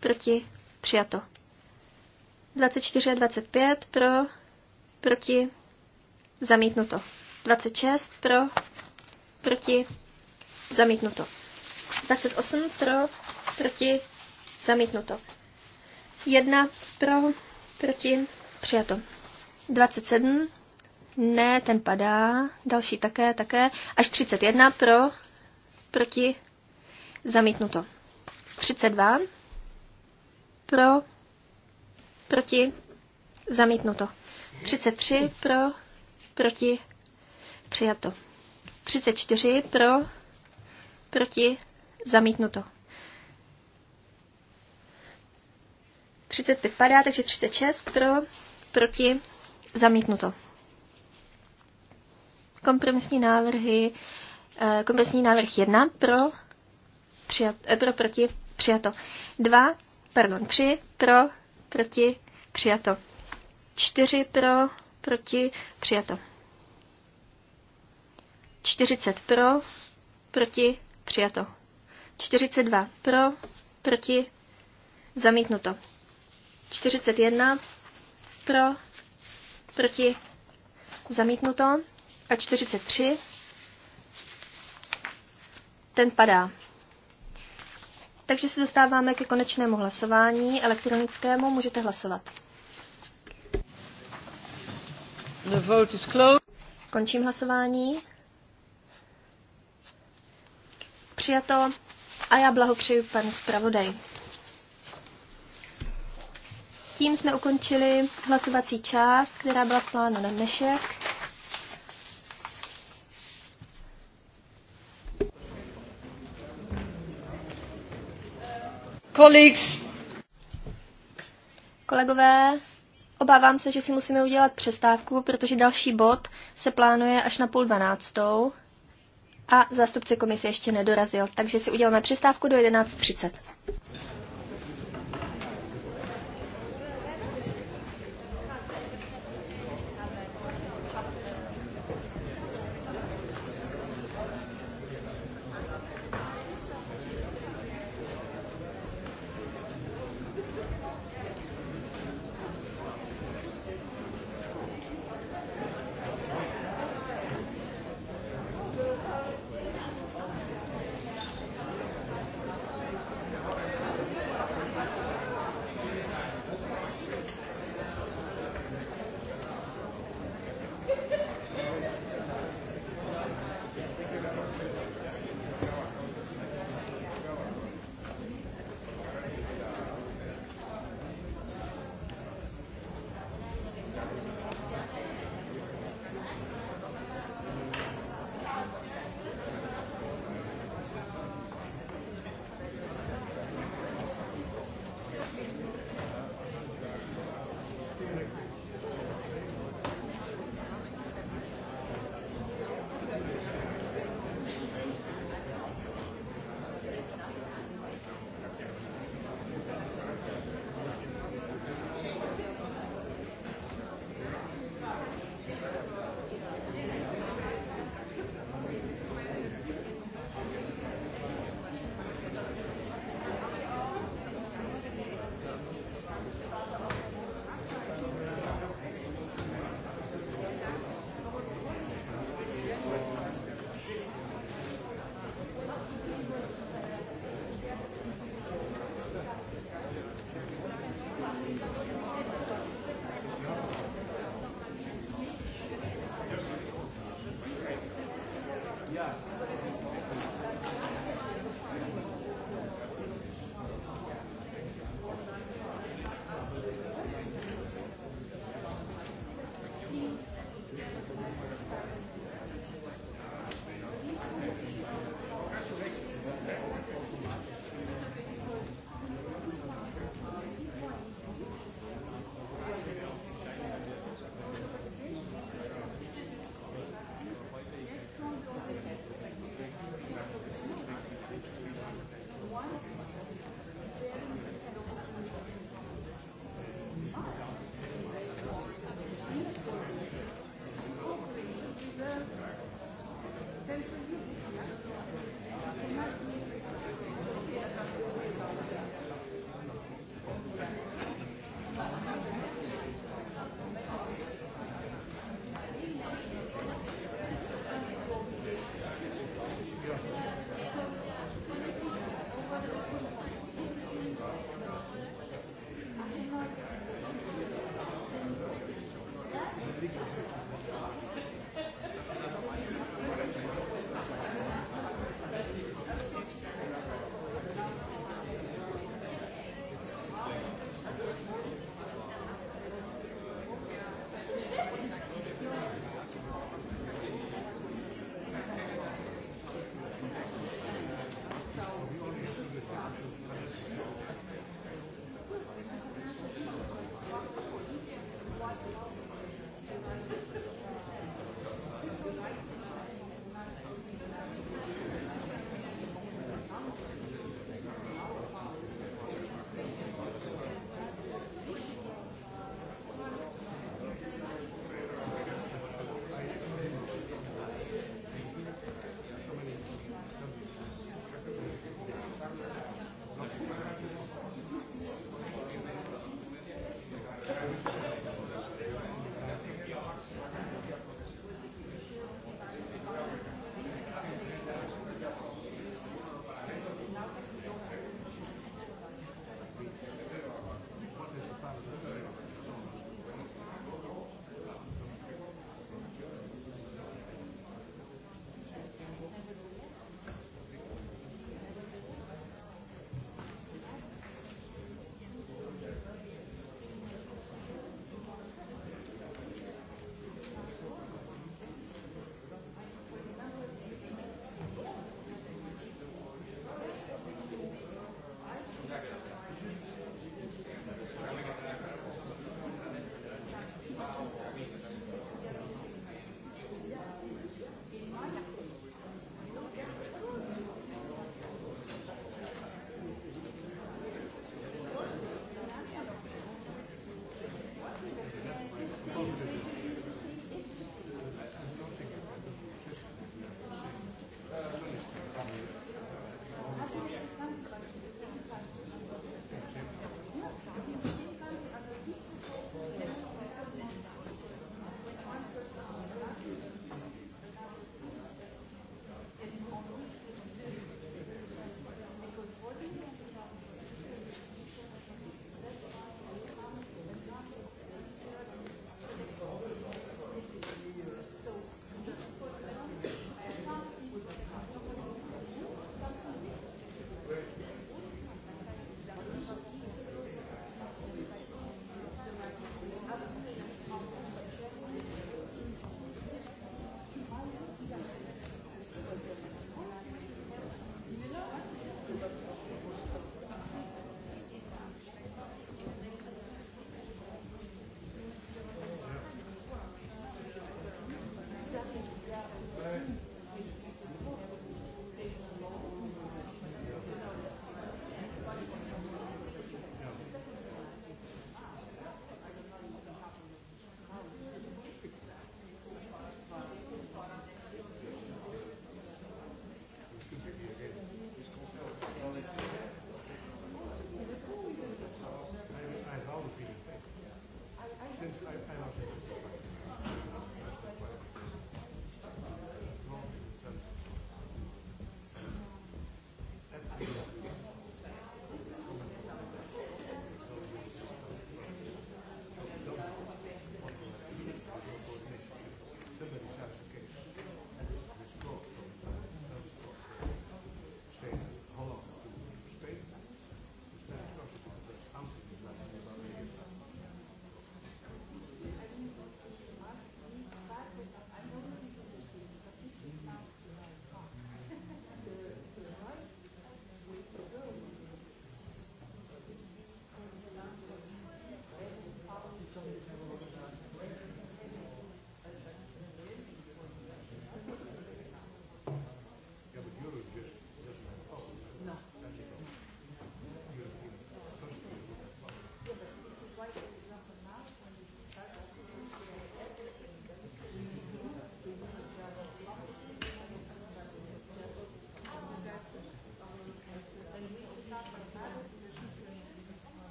proti, přijato. 24 a 25 pro, proti, zamítnuto. 26 pro, proti, zamítnuto. 28 pro, proti, zamítnuto. 1 pro, proti, přijato. 27, ne, ten padá, další také, také, až 31 pro, proti, zamítnuto. 32. Pro. Proti. Zamítnuto. 33. Pro. Proti. Přijato. 34. Pro. Proti. Zamítnuto. 35 padá, takže 36 pro, proti, zamítnuto. Kompromisní návrhy, eh, kompromisní návrh 1 pro, přijat, eh, pro proti, přijato. Dva, pardon, tři, pro, proti, přijato. Čtyři, pro, proti, přijato. Čtyřicet pro, proti, přijato. Čtyřicet dva, pro, proti, zamítnuto. Čtyřicet jedna, pro, proti, zamítnuto. A čtyřicet tři, ten padá. Takže se dostáváme ke konečnému hlasování elektronickému. Můžete hlasovat. The vote is closed. Končím hlasování. Přijato a já blahopřeju panu zpravodaj. Tím jsme ukončili hlasovací část, která byla v plánu na dnešek. Colleagues. Kolegové, obávám se, že si musíme udělat přestávku, protože další bod se plánuje až na půl dvanáctou a zástupce komise ještě nedorazil, takže si uděláme přestávku do 11.30.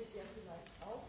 wird ja vielleicht auch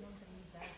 don't need that.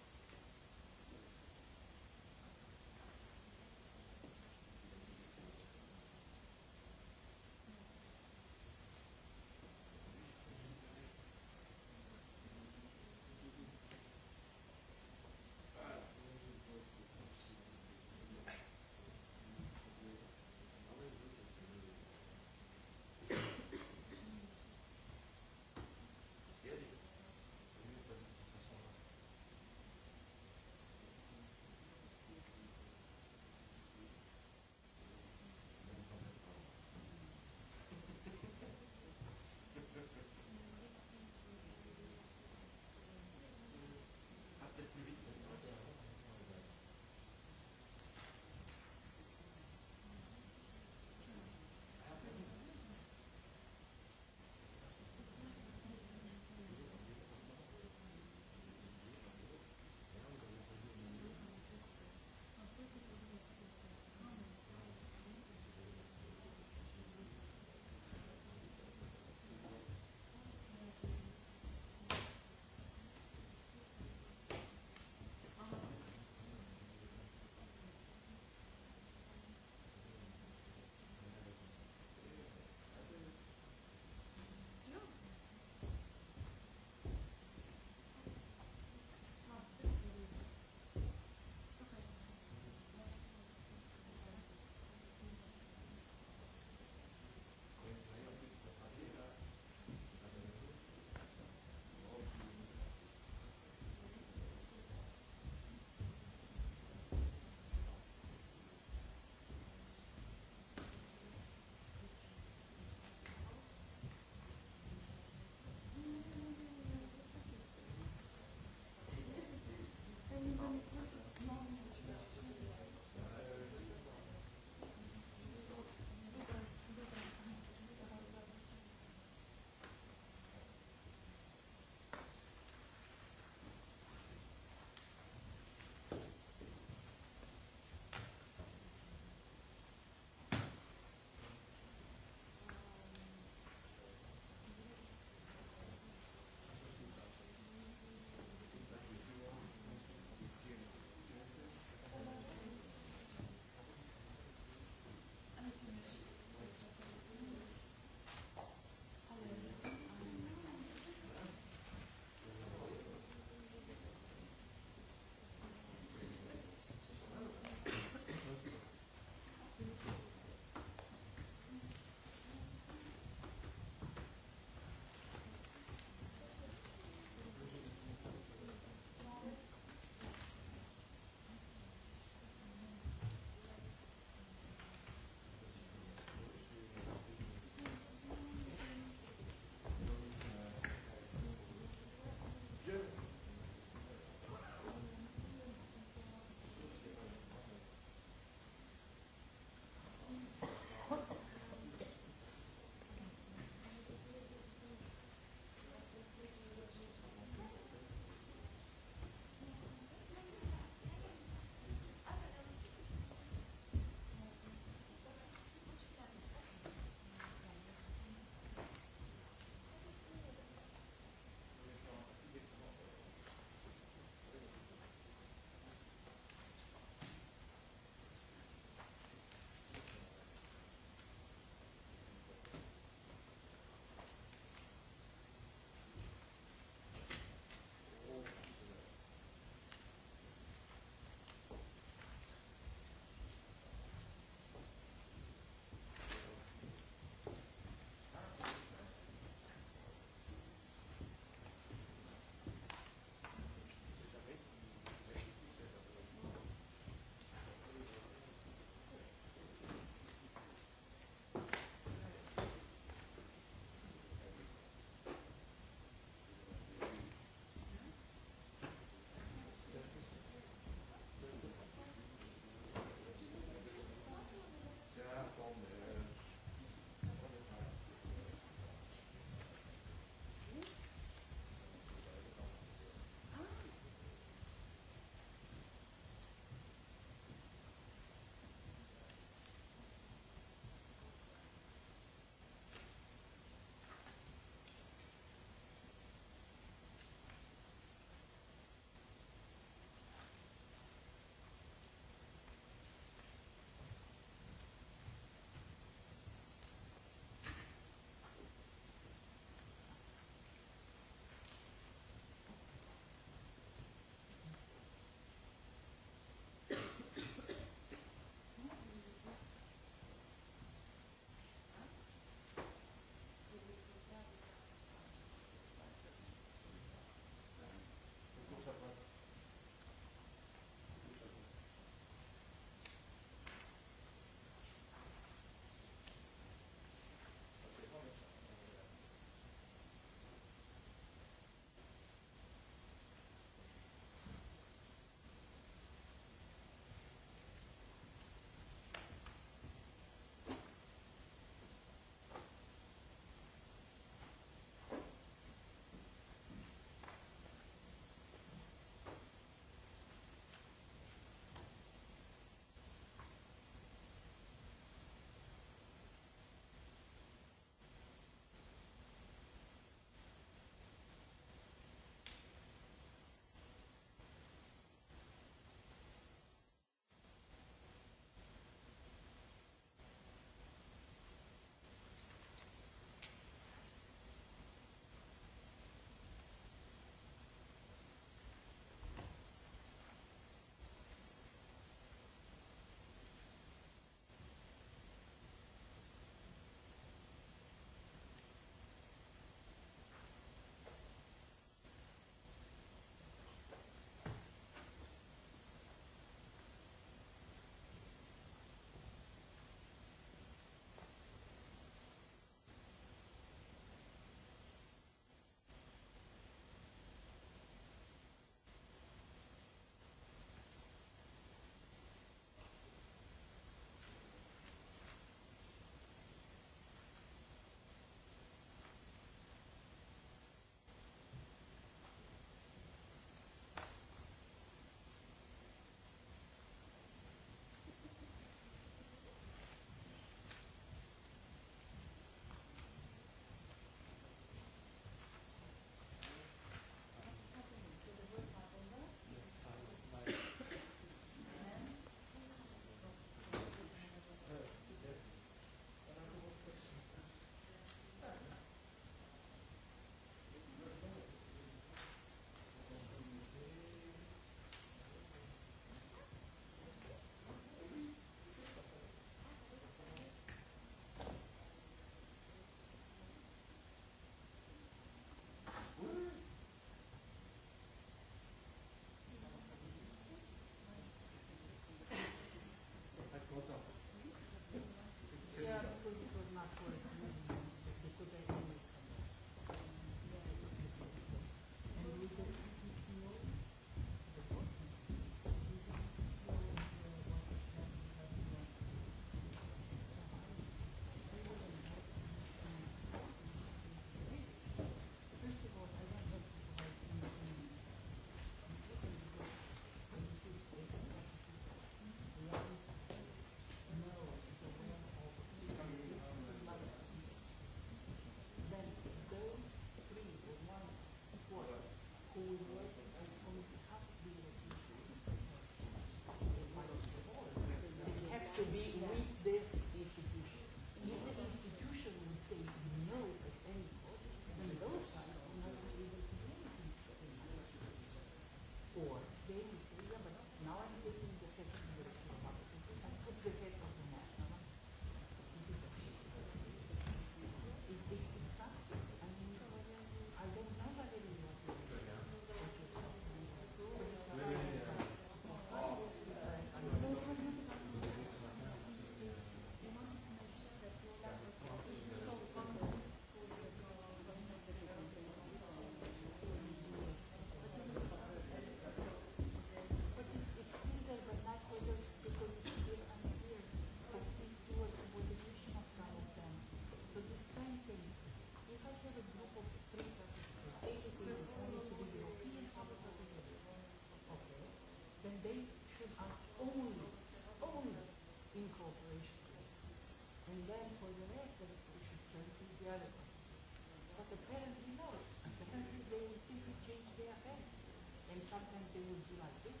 something they would do like this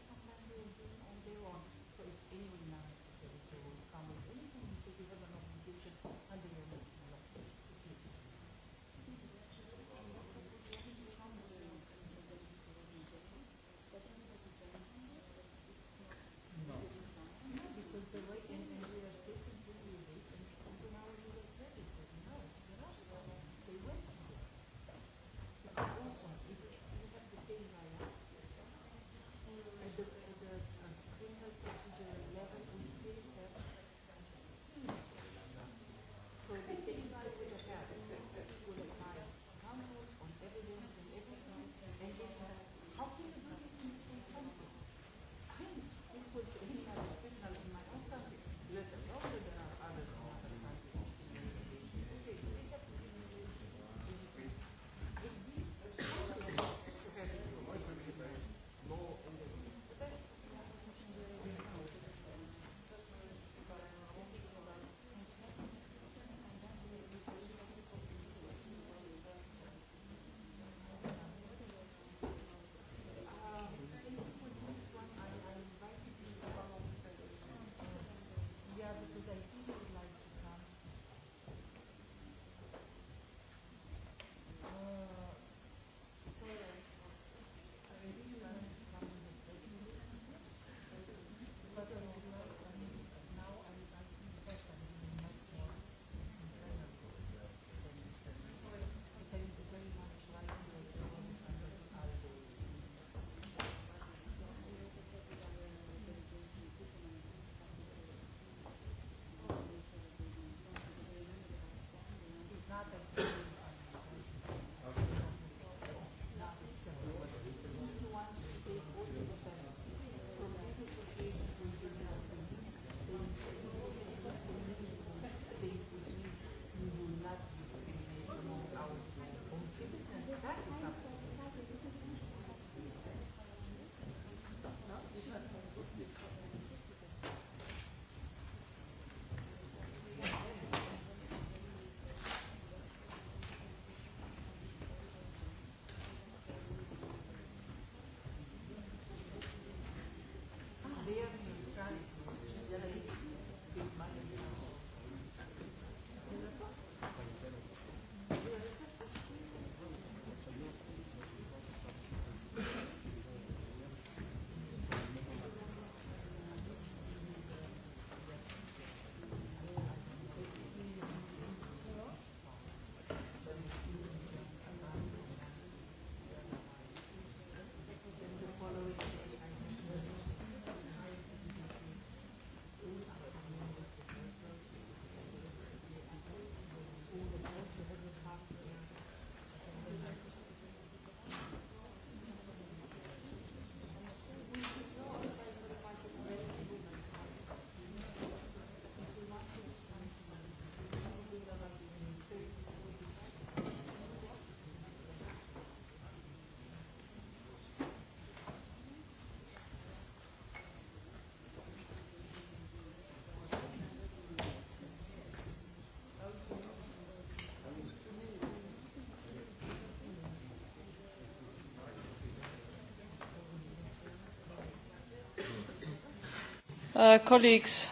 Uh, colleagues,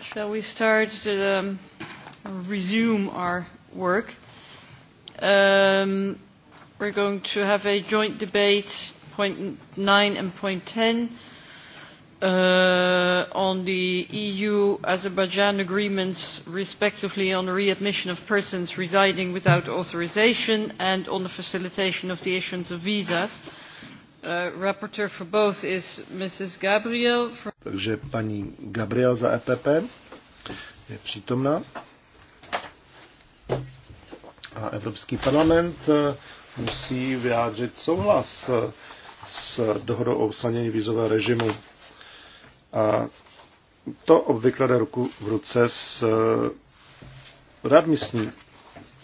shall we start to um, resume our work? Um, we're going to have a joint debate, point 9 and point 10, uh, on the EU-Azerbaijan agreements, respectively, on the readmission of persons residing without authorization and on the facilitation of the issuance of visas. Uh, Takže paní Gabriel za EPP je přítomna A Evropský parlament uh, musí vyjádřit souhlas uh, s dohodou o usnadnění vízového režimu. A to obvykle jde ruku v ruce s radmisní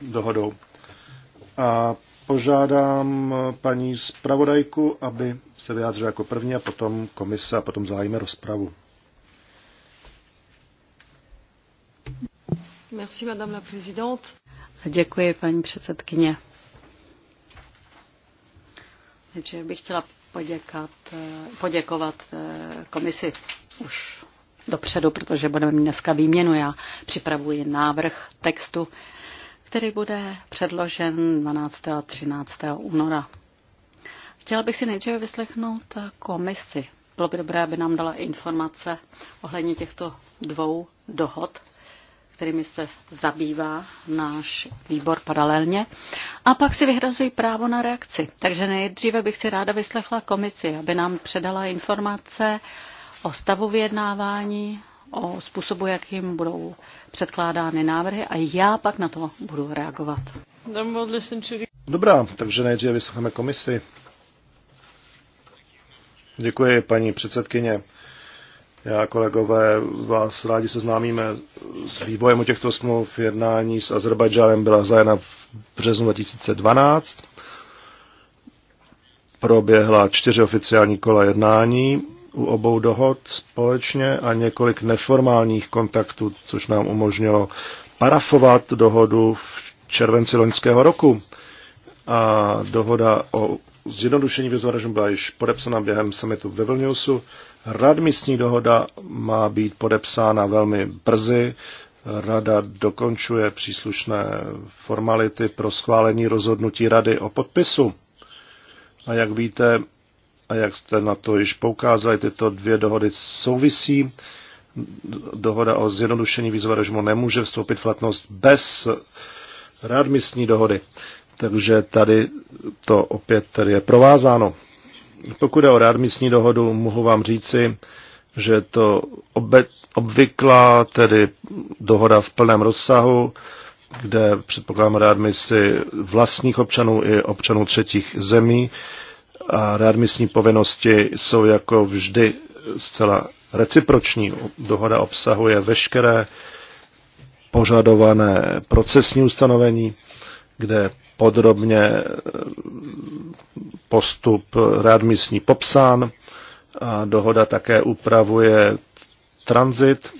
dohodou. A požádám paní zpravodajku, aby se vyjádřila jako první a potom komise a potom zájme rozpravu. Merci, madame la présidente. Děkuji, paní předsedkyně. Takže bych chtěla poděkat, poděkovat eh, komisi už dopředu, protože budeme mít dneska výměnu. Já připravuji návrh textu který bude předložen 12. a 13. února. Chtěla bych si nejdříve vyslechnout eh, komisi. Bylo by dobré, aby nám dala informace ohledně těchto dvou dohod, kterými se zabývá náš výbor paralelně. A pak si vyhrazují právo na reakci. Takže nejdříve bych si ráda vyslechla komisi, aby nám předala informace o stavu vyjednávání o způsobu, jak jim budou předkládány návrhy a já pak na to budu reagovat. Dobrá, takže nejdříve vyslechneme komisi. Děkuji, paní předsedkyně. Já, kolegové, vás rádi seznámíme s vývojem těchto smluv. Jednání s Azerbajdžánem byla zajena v březnu 2012. Proběhla čtyři oficiální kola jednání u obou dohod společně a několik neformálních kontaktů, což nám umožnilo parafovat dohodu v červenci loňského roku. A dohoda o zjednodušení vizvaražů byla již podepsána během summitu ve Vilniusu. Radmístní dohoda má být podepsána velmi brzy. Rada dokončuje příslušné formality pro schválení rozhodnutí Rady o podpisu. A jak víte, a jak jste na to již poukázali, tyto dvě dohody souvisí. Dohoda o zjednodušení vízového režimu nemůže vstoupit v platnost bez readmisní dohody. Takže tady to opět tady je provázáno. Pokud je o readmisní dohodu, mohu vám říci, že to obvyklá, tedy dohoda v plném rozsahu, kde předpokládám readmisi vlastních občanů i občanů třetích zemí, a readmisní povinnosti jsou jako vždy zcela reciproční. Dohoda obsahuje veškeré požadované procesní ustanovení, kde podrobně postup readmisní popsán a dohoda také upravuje tranzit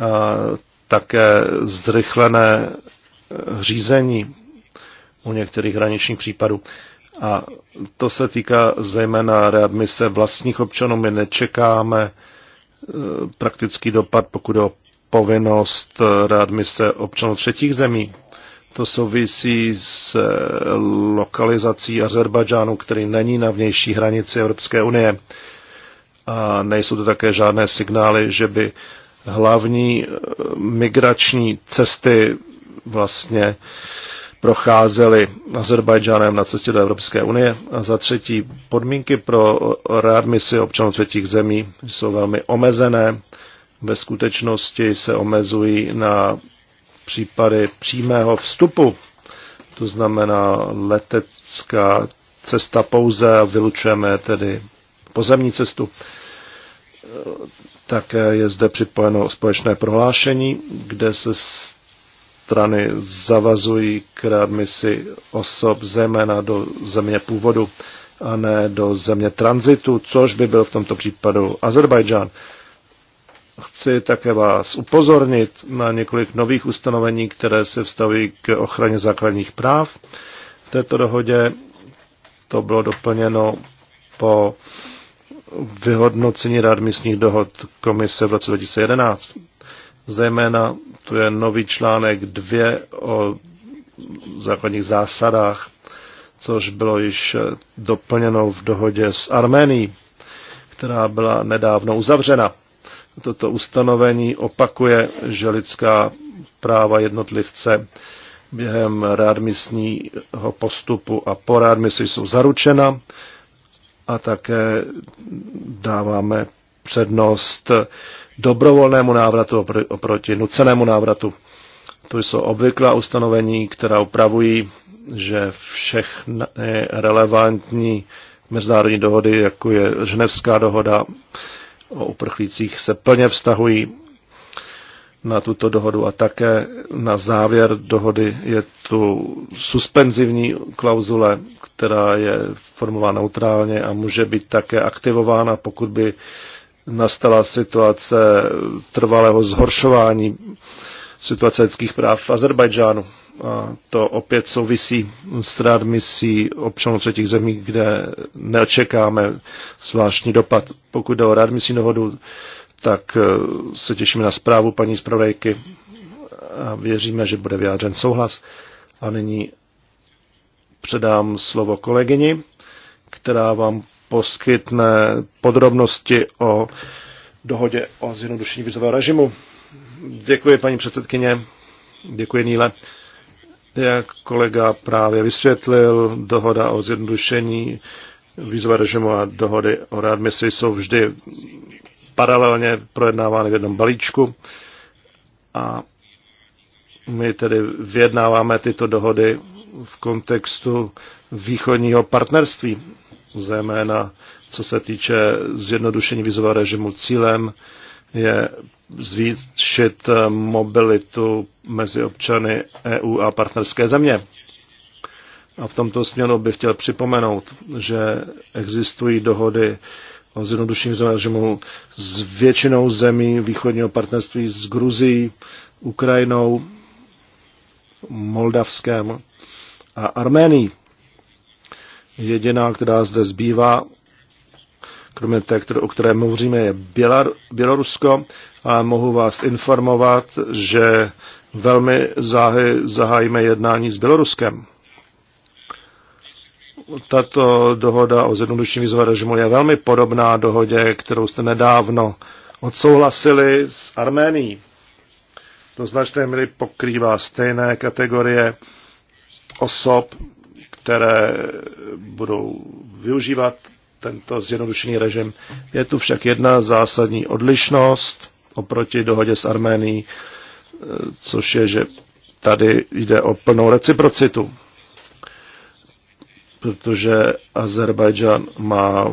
a také zrychlené řízení u některých hraničních případů. A to se týká zejména readmise vlastních občanů. My nečekáme eh, praktický dopad, pokud je o povinnost eh, readmise občanů třetích zemí. To souvisí s eh, lokalizací Azerbajdžánu, který není na vnější hranici Evropské unie. A nejsou to také žádné signály, že by hlavní migrační cesty vlastně uh, procházeli Azerbajdžánem na cestě do Evropské unie. A za třetí, podmínky pro readmisi občanů třetích zemí jsou velmi omezené. Ve skutečnosti se omezují na případy přímého vstupu, to znamená letecká cesta pouze a vylučujeme tedy pozemní cestu. Také je zde připojeno společné prohlášení, kde se strany zavazují k readmisi osob zejména do země původu a ne do země tranzitu, což by byl v tomto případu Azerbajdžán. Chci také vás upozornit na několik nových ustanovení, které se vztahují k ochraně základních práv. V této dohodě to bylo doplněno po vyhodnocení rád místních dohod komise v roce 2011. Zejména tu je nový článek 2 o základních zásadách, což bylo již doplněno v dohodě s Arménií, která byla nedávno uzavřena. Toto ustanovení opakuje, že lidská práva jednotlivce během readmisního postupu a po readmisi jsou zaručena a také dáváme přednost dobrovolnému návratu oproti nucenému návratu. To jsou obvyklá ustanovení, která upravují, že všechny relevantní mezinárodní dohody, jako je Ženevská dohoda o uprchlících, se plně vztahují na tuto dohodu a také na závěr dohody je tu suspenzivní klauzule, která je formována neutrálně a může být také aktivována, pokud by nastala situace trvalého zhoršování situace lidských práv v Azerbajdžánu. A to opět souvisí s misí občanů třetích zemí, kde neočekáme zvláštní dopad. Pokud jde o readmisí dohodu, tak eh, se těšíme na zprávu paní zpravodajky a věříme, že bude vyjádřen souhlas. A nyní předám slovo kolegyni, která vám poskytne podrobnosti o dohodě o zjednodušení vizového režimu. Děkuji, paní předsedkyně. Děkuji, Níle. Jak kolega právě vysvětlil, dohoda o zjednodušení vizového režimu a dohody o readmisi jsou vždy paralelně projednávány v jednom balíčku a my tedy vyjednáváme tyto dohody v kontextu východního partnerství zejména co se týče zjednodušení vizového režimu. Cílem je zvýšit mobilitu mezi občany EU a partnerské země. A v tomto směru bych chtěl připomenout, že existují dohody o zjednodušení vizového režimu s většinou zemí východního partnerství s Gruzií, Ukrajinou, Moldavskem a Arménií. Jediná, která zde zbývá, kromě té, o které mluvíme, je Bělorusko, ale mohu vás informovat, že velmi záhy zahájíme jednání s Běloruskem. Tato dohoda o zjednodušení vízového režimu je velmi podobná dohodě, kterou jste nedávno odsouhlasili s Arménií. Do značné míry pokrývá stejné kategorie osob, které budou využívat tento zjednodušený režim. Je tu však jedna zásadní odlišnost oproti dohodě s Arménií, eh, což je, že tady jde o plnou reciprocitu, protože Azerbajdžan má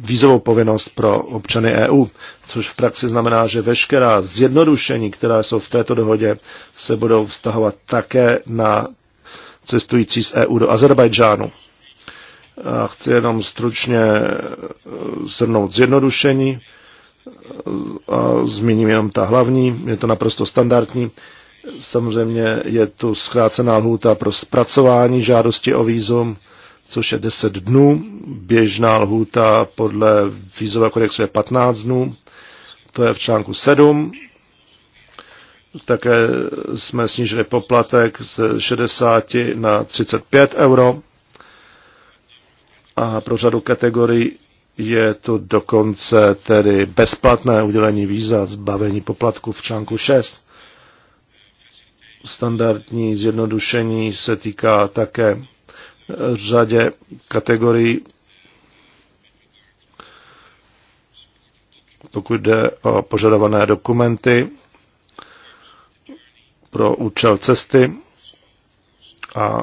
vízovou povinnost pro občany EU, což v praxi znamená, že veškerá zjednodušení, která jsou v této dohodě, se budou vztahovat také na cestující z EU do Azerbajdžánu. A chci jenom stručně zhrnout eh, zjednodušení eh, a zmíním jenom ta hlavní, je to naprosto standardní. Samozřejmě je tu zkrácená lhůta pro zpracování žádosti o výzum, což je 10 dnů. Běžná lhůta podle vízového kodexu je 15 dnů. To je v článku 7 také jsme snížili poplatek z 60 na 35 euro. A pro řadu kategorií je to dokonce tedy bezplatné udělení víza, zbavení poplatku v článku 6. Standardní zjednodušení se týká také řadě kategorií, pokud jde o požadované dokumenty pro účel cesty a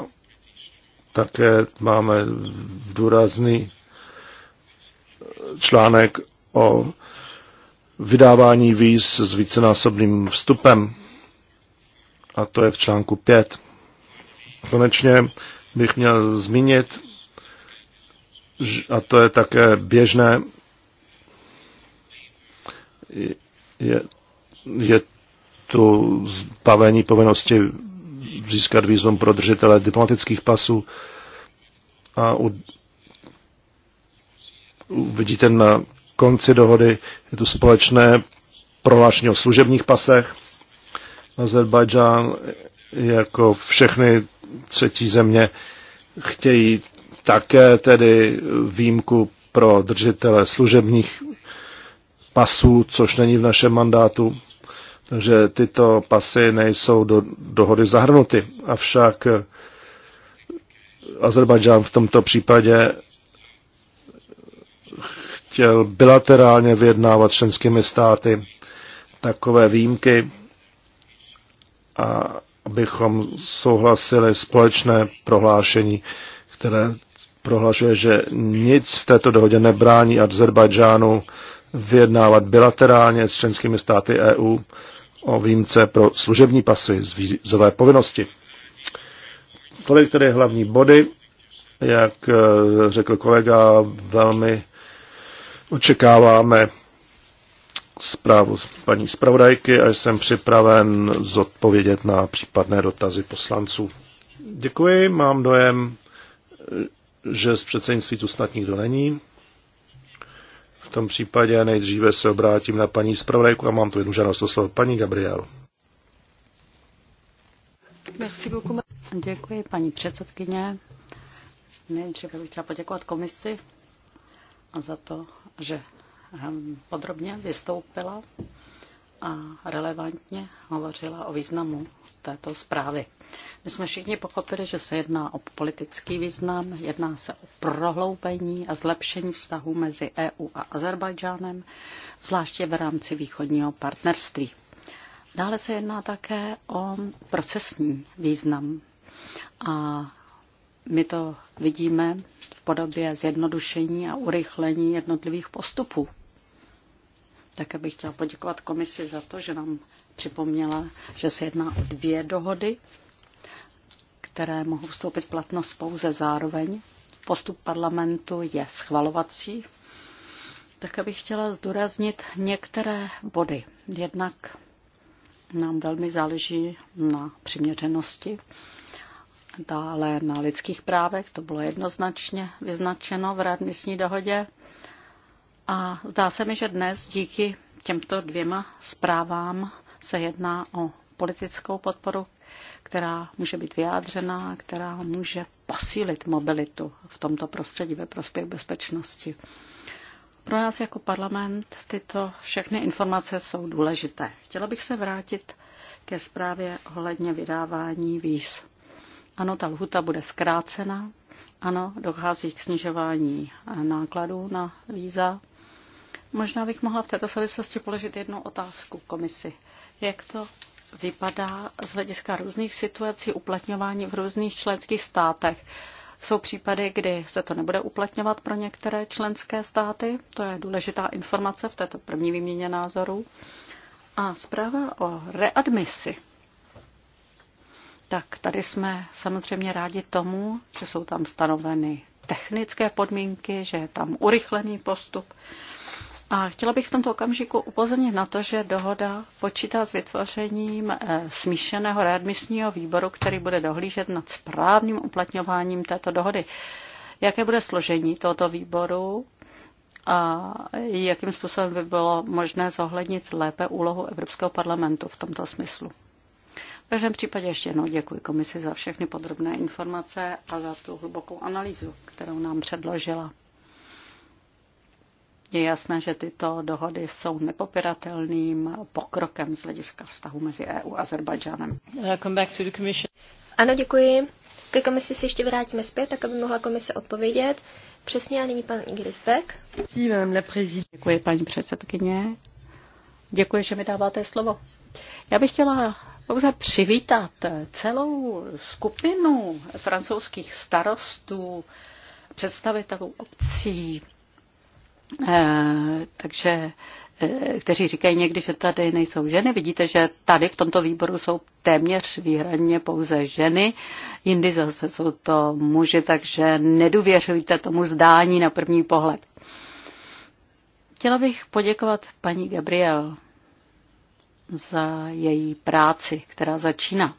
také máme důrazný článek o vydávání víz s vícenásobným vstupem. A to je v článku 5. Konečně bych měl zmínit, a to je také běžné, je, je tu zbavení povinnosti získat výzum pro držitele diplomatických pasů a u, uvidíte na konci dohody, je to společné prohlášení o služebních pasech. Azerbajdžán jako všechny třetí země chtějí také tedy výjimku pro držitele služebních pasů, což není v našem mandátu. Takže tyto pasy nejsou do dohody zahrnuty. Avšak Azerbajdžán v tomto případě chtěl bilaterálně vyjednávat s členskými státy takové výjimky, a abychom souhlasili společné prohlášení, které prohlašuje, že nic v této dohodě nebrání Azerbajdžánu vyjednávat bilaterálně s členskými státy EU o výjimce pro služební pasy z vízové povinnosti. Tolik tedy hlavní body, jak eh, řekl kolega, velmi očekáváme zprávu z paní zpravodajky a jsem připraven zodpovědět na případné dotazy poslanců. Děkuji, mám dojem, eh, že z předsednictví tu snad nikdo není tom případě nejdříve se obrátím na paní zpravodajku a mám tu jednu žádost o slovo. Paní Gabriel. Děkuji, paní předsedkyně. Nejdříve bych chtěla poděkovat komisi za to, že ehm, podrobně vystoupila a relevantně hovořila o významu této zprávy. My jsme všichni pochopili, že se jedná o politický význam, jedná se o prohloubení a zlepšení vztahů mezi EU a Azerbajdžánem, zvláště v rámci východního partnerství. Dále se jedná také o procesní význam. A my to vidíme v podobě zjednodušení a urychlení jednotlivých postupů. Také bych chtěla poděkovat komisi za to, že nám připomněla, že se jedná o dvě dohody které mohou vstoupit v platnost pouze zároveň. Postup parlamentu je schvalovací. Také bych chtěla zdůraznit některé body. Jednak nám velmi záleží na přiměřenosti, dále na lidských právech, to bylo jednoznačně vyznačeno v radnicní dohodě. A zdá se mi, že dnes díky těmto dvěma zprávám se jedná o politickou podporu, která může být vyjádřena, která může posílit mobilitu v tomto prostředí ve prospěch bezpečnosti. Pro nás jako parlament tyto všechny informace jsou důležité. Chtěla bych se vrátit ke zprávě ohledně vydávání víz. Ano, ta lhuta bude zkrácena, ano, dochází k snižování nákladů na víza. Možná bych mohla v této souvislosti položit jednu otázku komisi. Jak to vypadá z hlediska různých situací uplatňování v různých členských státech. Jsou případy, kdy se to nebude uplatňovat pro některé členské státy, to je důležitá informace v této první výměně názorů. A zpráva o readmisi. Tak tady jsme samozřejmě rádi tomu, že jsou tam stanoveny technické podmínky, že je tam urychlený postup. A chtěla bych v tomto okamžiku upozornit na to, že dohoda počítá s vytvořením eh, smíšeného readmisního výboru, který bude dohlížet nad správným uplatňováním této dohody. Jaké bude složení tohoto výboru a jakým způsobem by bylo možné zohlednit lépe úlohu Evropského parlamentu v tomto smyslu? V každém případě ještě jednou děkuji komisi za všechny podrobné informace a za tu hlubokou analýzu, kterou nám předložila. Je jasné, že tyto dohody jsou nepopiratelným pokrokem z hlediska vztahu mezi EU a Azerbajdžánem. Ano, děkuji. Ke komisi se ještě vrátíme zpět, tak aby mohla komise odpovědět. Přesně a nyní pan Ingris Beck. Děkuji, paní předsedkyně. Děkuji, že mi dáváte slovo. Já bych chtěla pouze přivítat celou skupinu francouzských starostů, představitelů obcí, Eh, takže eh, kteří říkají někdy, že tady nejsou ženy. Vidíte, že tady v tomto výboru jsou téměř výhradně pouze ženy, jindy zase jsou to muži, takže nedůvěřujte tomu zdání na první pohled. Chtěla bych poděkovat paní Gabriel za její práci, která začíná.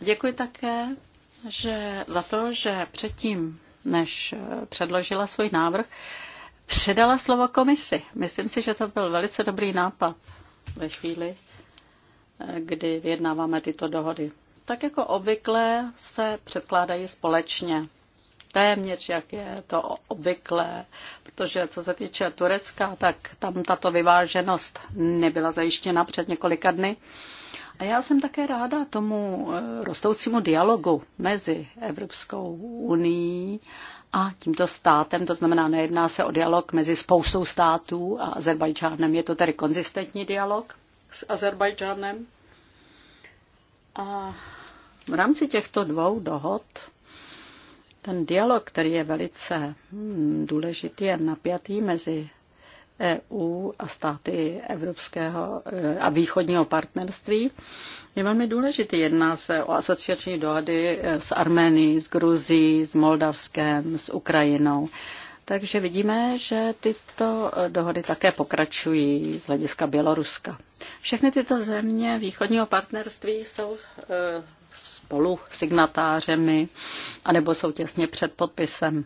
Děkuji také že za to, že předtím, než předložila svůj návrh, předala slovo komisi. Myslím si, že to byl velice dobrý nápad ve chvíli, eh, kdy vyjednáváme tyto dohody. Tak jako obvykle se předkládají společně. Téměř jak je to obvyklé, protože co se týče Turecka, tak tam tato vyváženost nebyla zajištěna před několika dny. A já jsem také ráda tomu eh, rostoucímu dialogu mezi Evropskou unii a tímto státem, to znamená nejedná se o dialog mezi spoustou států a Azerbajdžánem, je to tedy konzistentní dialog s Azerbajdžánem. A v rámci těchto dvou dohod ten dialog, který je velice hmm, důležitý a napjatý mezi EU a státy evropského e, a východního partnerství je velmi důležitý. Jedná se o asociační dohady e, s Arménií, s Gruzií, s Moldavskem, s Ukrajinou. Takže vidíme, že tyto e, dohody také pokračují z hlediska Běloruska. Všechny tyto země východního partnerství jsou spolu signatářemi anebo jsou těsně před podpisem.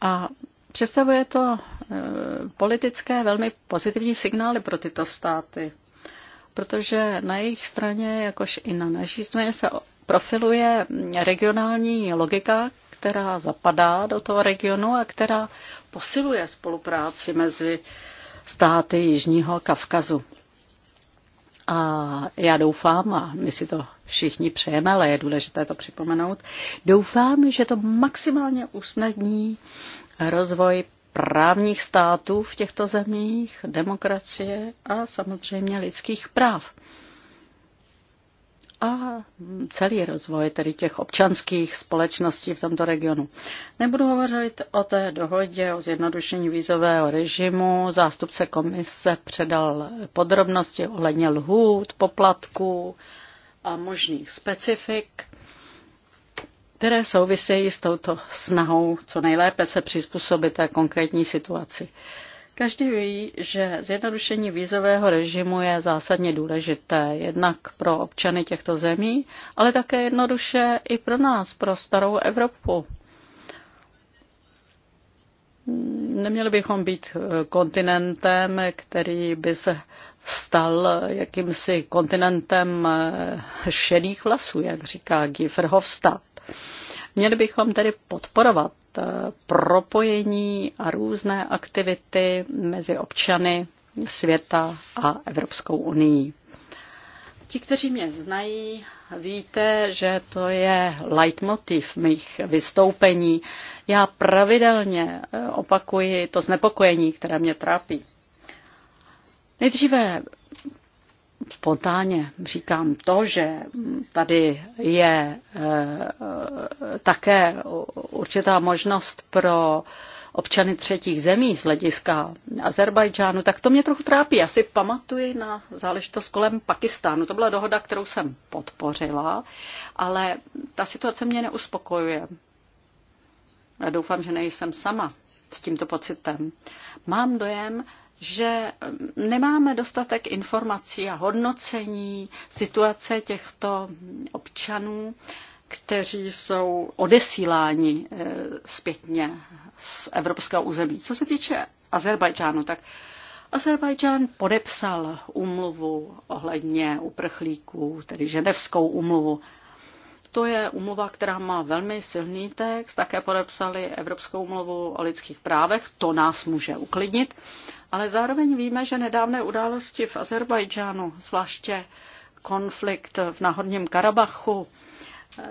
A Představuje to eh, politické velmi pozitivní signály pro tyto státy, protože na jejich straně, jakož i na naší straně, se profiluje regionální logika, která zapadá do toho regionu a která posiluje spolupráci mezi státy Jižního Kavkazu a já doufám, a my si to všichni přejeme, ale je důležité to připomenout, doufám, že to maximálně usnadní rozvoj právních států v těchto zemích, demokracie a samozřejmě lidských práv a celý rozvoj tedy těch občanských společností v tomto regionu. Nebudu hovořit o té dohodě o zjednodušení vízového režimu. Zástupce komise předal podrobnosti ohledně lhůt, poplatků a možných specifik které souvisejí s touto snahou co nejlépe se přizpůsobit té konkrétní situaci. Každý ví, že zjednodušení vízového režimu je zásadně důležité jednak pro občany těchto zemí, ale také jednoduše i pro nás, pro starou Evropu. Neměli bychom být eh, kontinentem, který by se stal jakýmsi kontinentem eh, šedých vlasů, jak říká Giefer Hofstadt. Měli bychom tedy podporovat eh, propojení a různé aktivity mezi občany světa a Evropskou unii. Ti, kteří mě znají, víte, že to je leitmotiv mých vystoupení. Já pravidelně eh, opakuji to znepokojení, které mě trápí. Nejdříve spontánně říkám to, že tady je eh, také určitá možnost pro občany třetích zemí z hlediska Azerbajdžánu, tak to mě trochu trápí. Já si pamatuji na záležitost kolem Pakistánu. To byla dohoda, kterou jsem podpořila, ale ta situace mě neuspokojuje. Já doufám, že nejsem sama s tímto pocitem. Mám dojem, že mm, nemáme dostatek informací a hodnocení situace těchto občanů, kteří jsou odesíláni e, zpětně z evropského území. Co se týče Azerbajdžánu, tak Azerbajdžán podepsal úmluvu ohledně uprchlíků, tedy ženevskou úmluvu. To je úmluva, která má velmi silný text, také podepsali Evropskou úmluvu o lidských právech, to nás může uklidnit. Ale zároveň víme, že nedávné události v Azerbajdžánu, zvláště konflikt v Náhodním Karabachu, eh,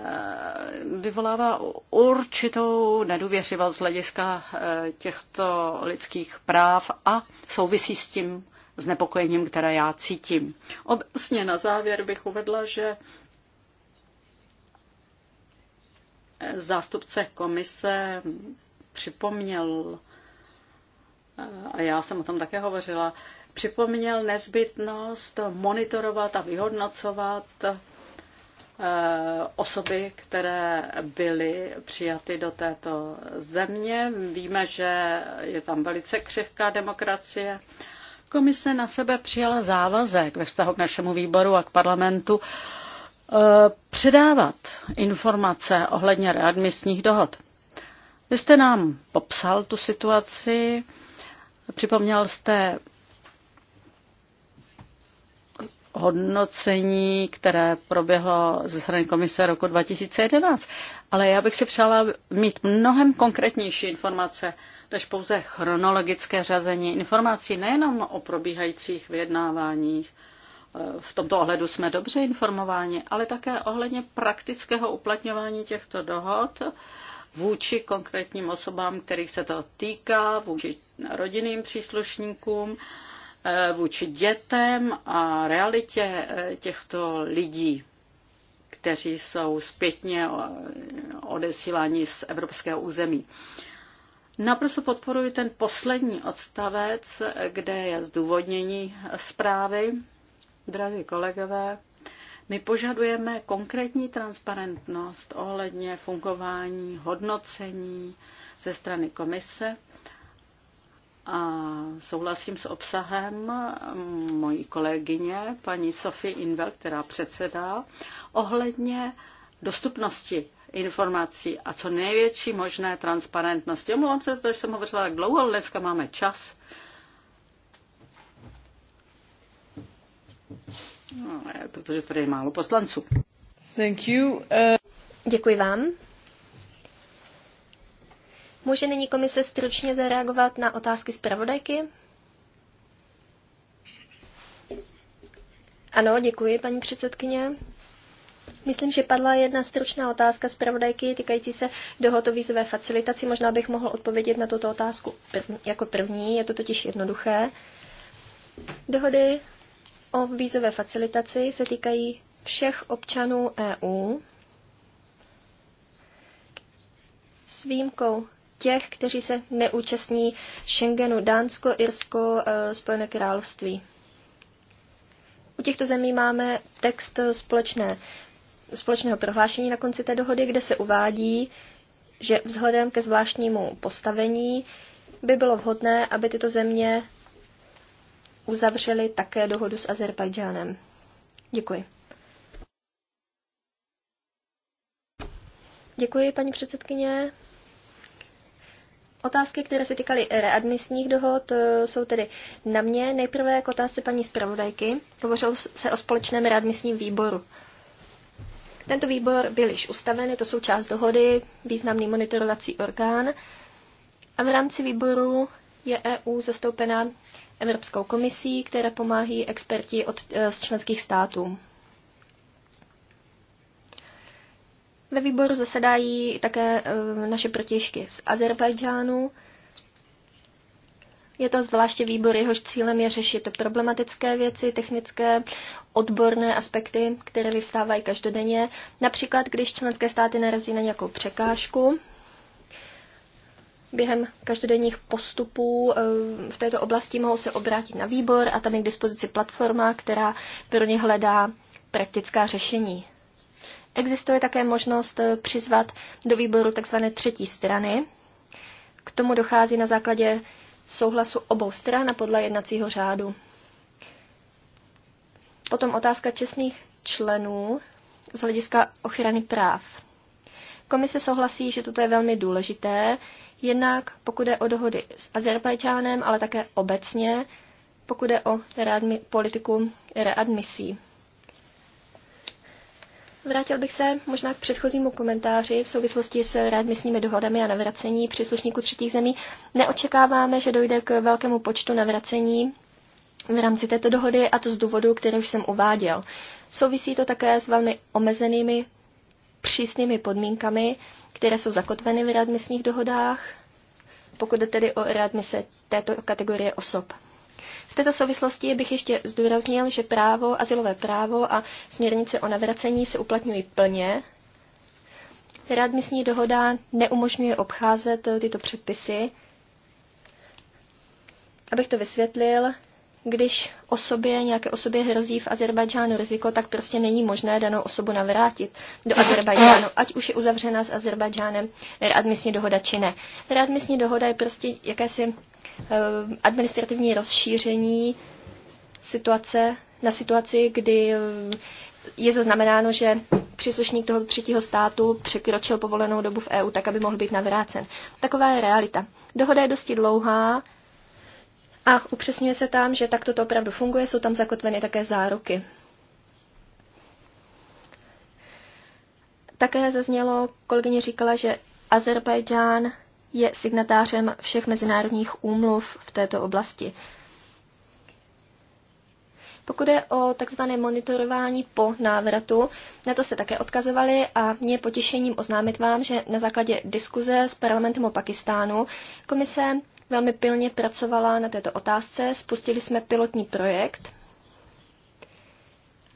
vyvolává určitou nedůvěřivost z hlediska eh, těchto lidských práv a souvisí s tím znepokojením, které já cítím. Obecně na závěr bych uvedla, že zástupce komise připomněl a já jsem o tom také hovořila, připomněl nezbytnost monitorovat a vyhodnocovat eh, osoby, které byly přijaty do této země. Víme, že je tam velice křehká demokracie. Komise na sebe přijala závazek ve vztahu k našemu výboru a k parlamentu eh, předávat informace ohledně readmisních dohod. Vy jste nám popsal tu situaci, Připomněl jste hodnocení, které proběhlo ze strany komise roku 2011, ale já bych si přála mít mnohem konkrétnější informace než pouze chronologické řazení informací nejenom o probíhajících vyjednáváních. V tomto ohledu jsme dobře informováni, ale také ohledně praktického uplatňování těchto dohod vůči konkrétním osobám, kterých se to týká, vůči rodinným příslušníkům, eh, vůči dětem a realitě eh, těchto lidí, kteří jsou zpětně eh, odesíláni z evropského území. Naprosto podporuji ten poslední odstavec, kde je zdůvodnění zprávy. Drazí kolegové, my požadujeme konkrétní transparentnost ohledně fungování hodnocení ze strany komise a souhlasím s obsahem mm, mojí kolegyně, paní Sofie Invel, která předsedá, ohledně dostupnosti informací a co největší možné transparentnosti. Omlouvám se, že jsem hovořila tak dlouho, ale dneska máme čas. No, eh, protože tady je málo poslanců. Thank you. Uh... Děkuji vám. Může nyní komise stručně zareagovat na otázky zpravodajky? Ano, děkuji, paní předsedkyně. Myslím, že padla jedna stručná otázka z pravodajky. týkající se dohod facilitaci. Možná bych mohl odpovědět na tuto otázku první, jako první, je to totiž jednoduché. Dohody o vízové facilitaci se týkají všech občanů EU s výjimkou těch, kteří se neúčastní Schengenu Dánsko, Irsko, eh, Spojené království. U těchto zemí máme text společné, společného prohlášení na konci té dohody, kde se uvádí, že vzhledem ke zvláštnímu postavení by bylo vhodné, aby tyto země uzavřely také dohodu s Azerbajdžánem. Děkuji. Děkuji, paní předsedkyně. Otázky, které se týkaly readmisních dohod, eh, jsou tedy na mě. Nejprve k otázce paní zpravodajky. Hovořil se o společném readmisním výboru. Tento výbor byl již ustaven, je to součást dohody, významný monitorovací orgán. A v rámci výboru je EU zastoupena Evropskou komisí, které pomáhají experti od, eh, z členských států. Ve výboru zasedají také e, naše protěžky z Azerbajdžánu. Je to zvláště výbor, jehož cílem je řešit problematické věci, technické, odborné aspekty, které vyvstávají každodenně. Například, když členské státy narazí na nějakou překážku během každodenních postupů e, v této oblasti, mohou se obrátit na výbor a tam je k dispozici platforma, která pro ně hledá praktická řešení. Existuje také možnost eh, přizvat do výboru tzv. třetí strany. K tomu dochází na základě souhlasu obou stran a podle jednacího řádu. Potom otázka čestných členů z hlediska ochrany práv. Komise souhlasí, že toto je velmi důležité, jednak pokud je o dohody s Azerbajdžánem, ale také obecně, pokud je o politiku readmisí. Vrátil bych se možná k předchozímu komentáři v souvislosti s readmisními dohodami a navracení příslušníků třetích zemí. Neočekáváme, že dojde k velkému počtu navracení v rámci této dohody a to z důvodu, který už jsem uváděl. Souvisí to také s velmi omezenými přísnými podmínkami, které jsou zakotveny v readmisních dohodách, pokud jde tedy o readmise této kategorie osob. V této souvislosti bych ještě zdůraznil, že právo, asilové právo a směrnice o navracení se uplatňují plně. Readmisní dohoda neumožňuje obcházet tyto předpisy. Abych to vysvětlil, když osobě, nějaké osobě hrozí v Azerbajdžánu riziko, tak prostě není možné danou osobu navrátit do Azerbajdžánu, ať už je uzavřena s Azerbajdžánem readmisní dohoda či ne. Readmisní dohoda je prostě jakési eh, administrativní rozšíření situace na situaci, kdy eh, je zaznamenáno, že příslušník toho třetího státu překročil povolenou dobu v EU tak, aby mohl být navrácen. Taková je realita. Dohoda je dosti dlouhá, a upřesňuje se tam, že takto to opravdu funguje, jsou tam zakotveny také záruky. Také zaznělo, kolegyně říkala, že Azerbajdžán je signatářem všech mezinárodních úmluv v této oblasti. Pokud je o tzv. monitorování po návratu, na to se také odkazovali a mě potěšením oznámit vám, že na základě diskuze s parlamentem o Pakistánu komise velmi pilně pracovala na této otázce. Spustili jsme pilotní projekt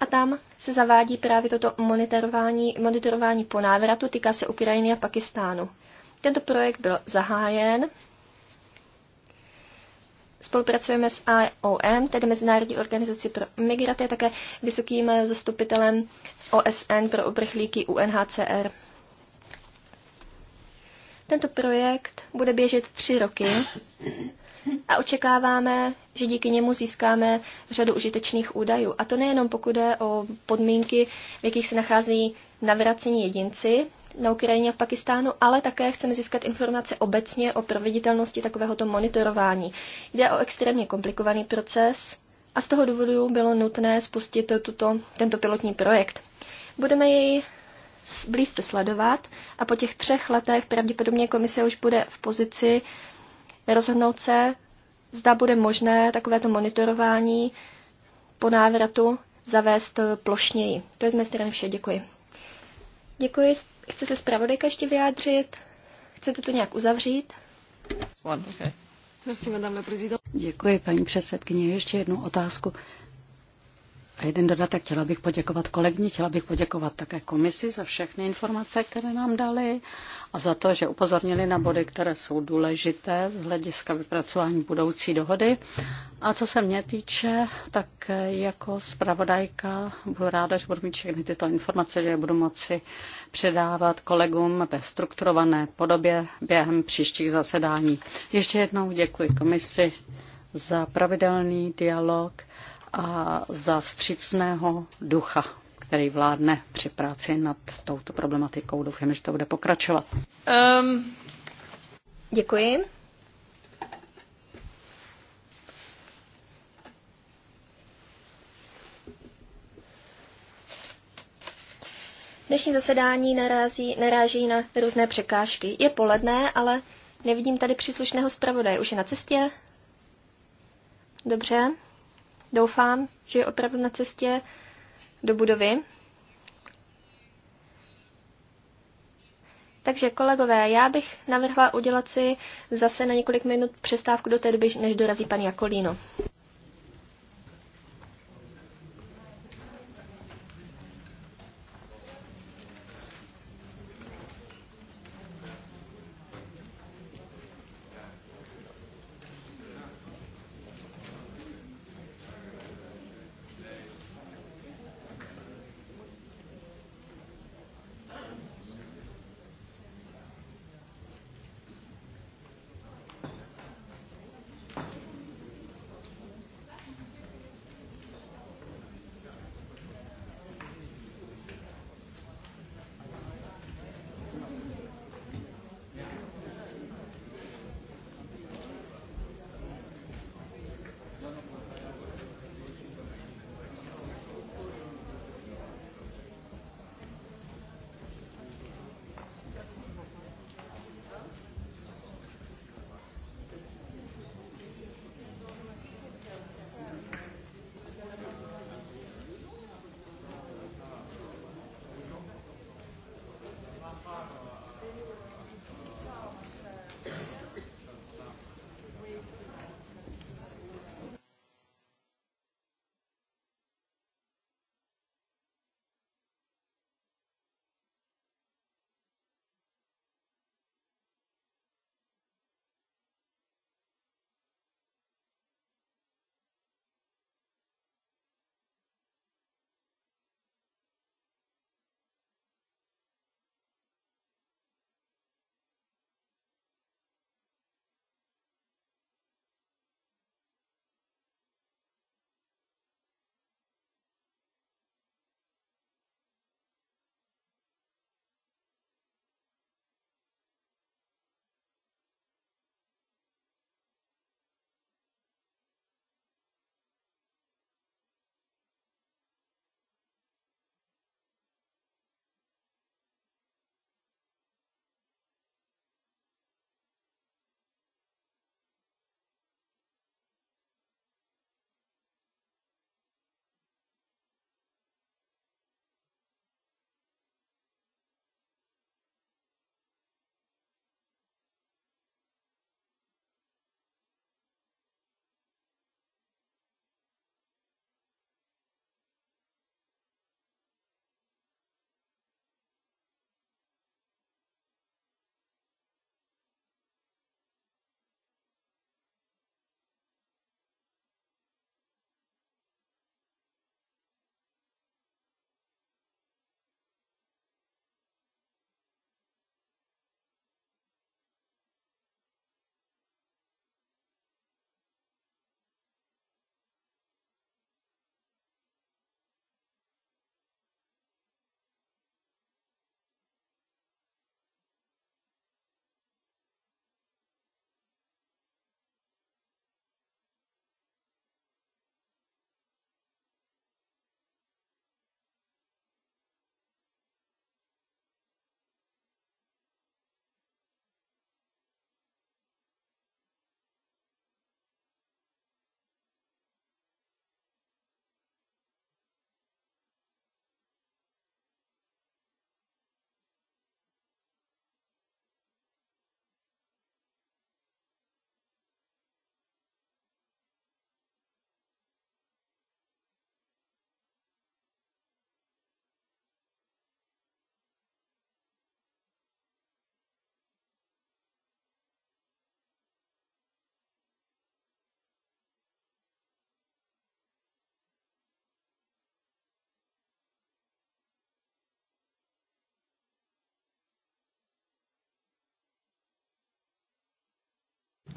a tam se zavádí právě toto monitorování, monitorování po návratu, týká se Ukrajiny a Pakistánu. Tento projekt byl zahájen. Spolupracujeme s IOM, tedy Mezinárodní organizaci pro migraty, a také vysokým zastupitelem OSN pro uprchlíky UNHCR. Tento projekt bude běžet tři roky a očekáváme, že díky němu získáme řadu užitečných údajů. A to nejenom pokud jde o podmínky, v jakých se nachází navracení jedinci na Ukrajině a v Pakistánu, ale také chceme získat informace obecně o proveditelnosti takovéhoto monitorování. Jde o extrémně komplikovaný proces a z toho důvodu bylo nutné spustit tuto, tento pilotní projekt. Budeme jej blízce sledovat a po těch třech letech pravděpodobně komise už bude v pozici rozhodnout se, zda bude možné takovéto monitorování po návratu zavést eh, plošněji. To je z mé strany vše, děkuji. Děkuji. Chce se zpravodajka ještě vyjádřit? Chcete to nějak uzavřít? One, okay. Děkuji, paní předsedkyně. Ještě jednu otázku. A jeden dodatek, chtěla bych poděkovat kolegni, chtěla bych poděkovat také komisi za všechny informace, které nám dali a za to, že upozornili na body, které jsou důležité z hlediska vypracování budoucí dohody. A co se mě týče, tak jako zpravodajka budu ráda, že budu mít všechny tyto informace, že je budu moci předávat kolegům ve strukturované podobě během příštích zasedání. Ještě jednou děkuji komisi za pravidelný dialog a za vstřícného ducha, který vládne při práci nad touto problematikou. Doufám, že to bude pokračovat. Um, děkuji. Dnešní zasedání narazí, naráží na různé překážky. Je poledne, ale nevidím tady příslušného zpravodaje. Už je na cestě? Dobře. Doufám, že je opravdu na cestě do budovy. Takže kolegové, já bych navrhla udělat si zase na několik minut přestávku do té doby, než dorazí pan Jakolíno.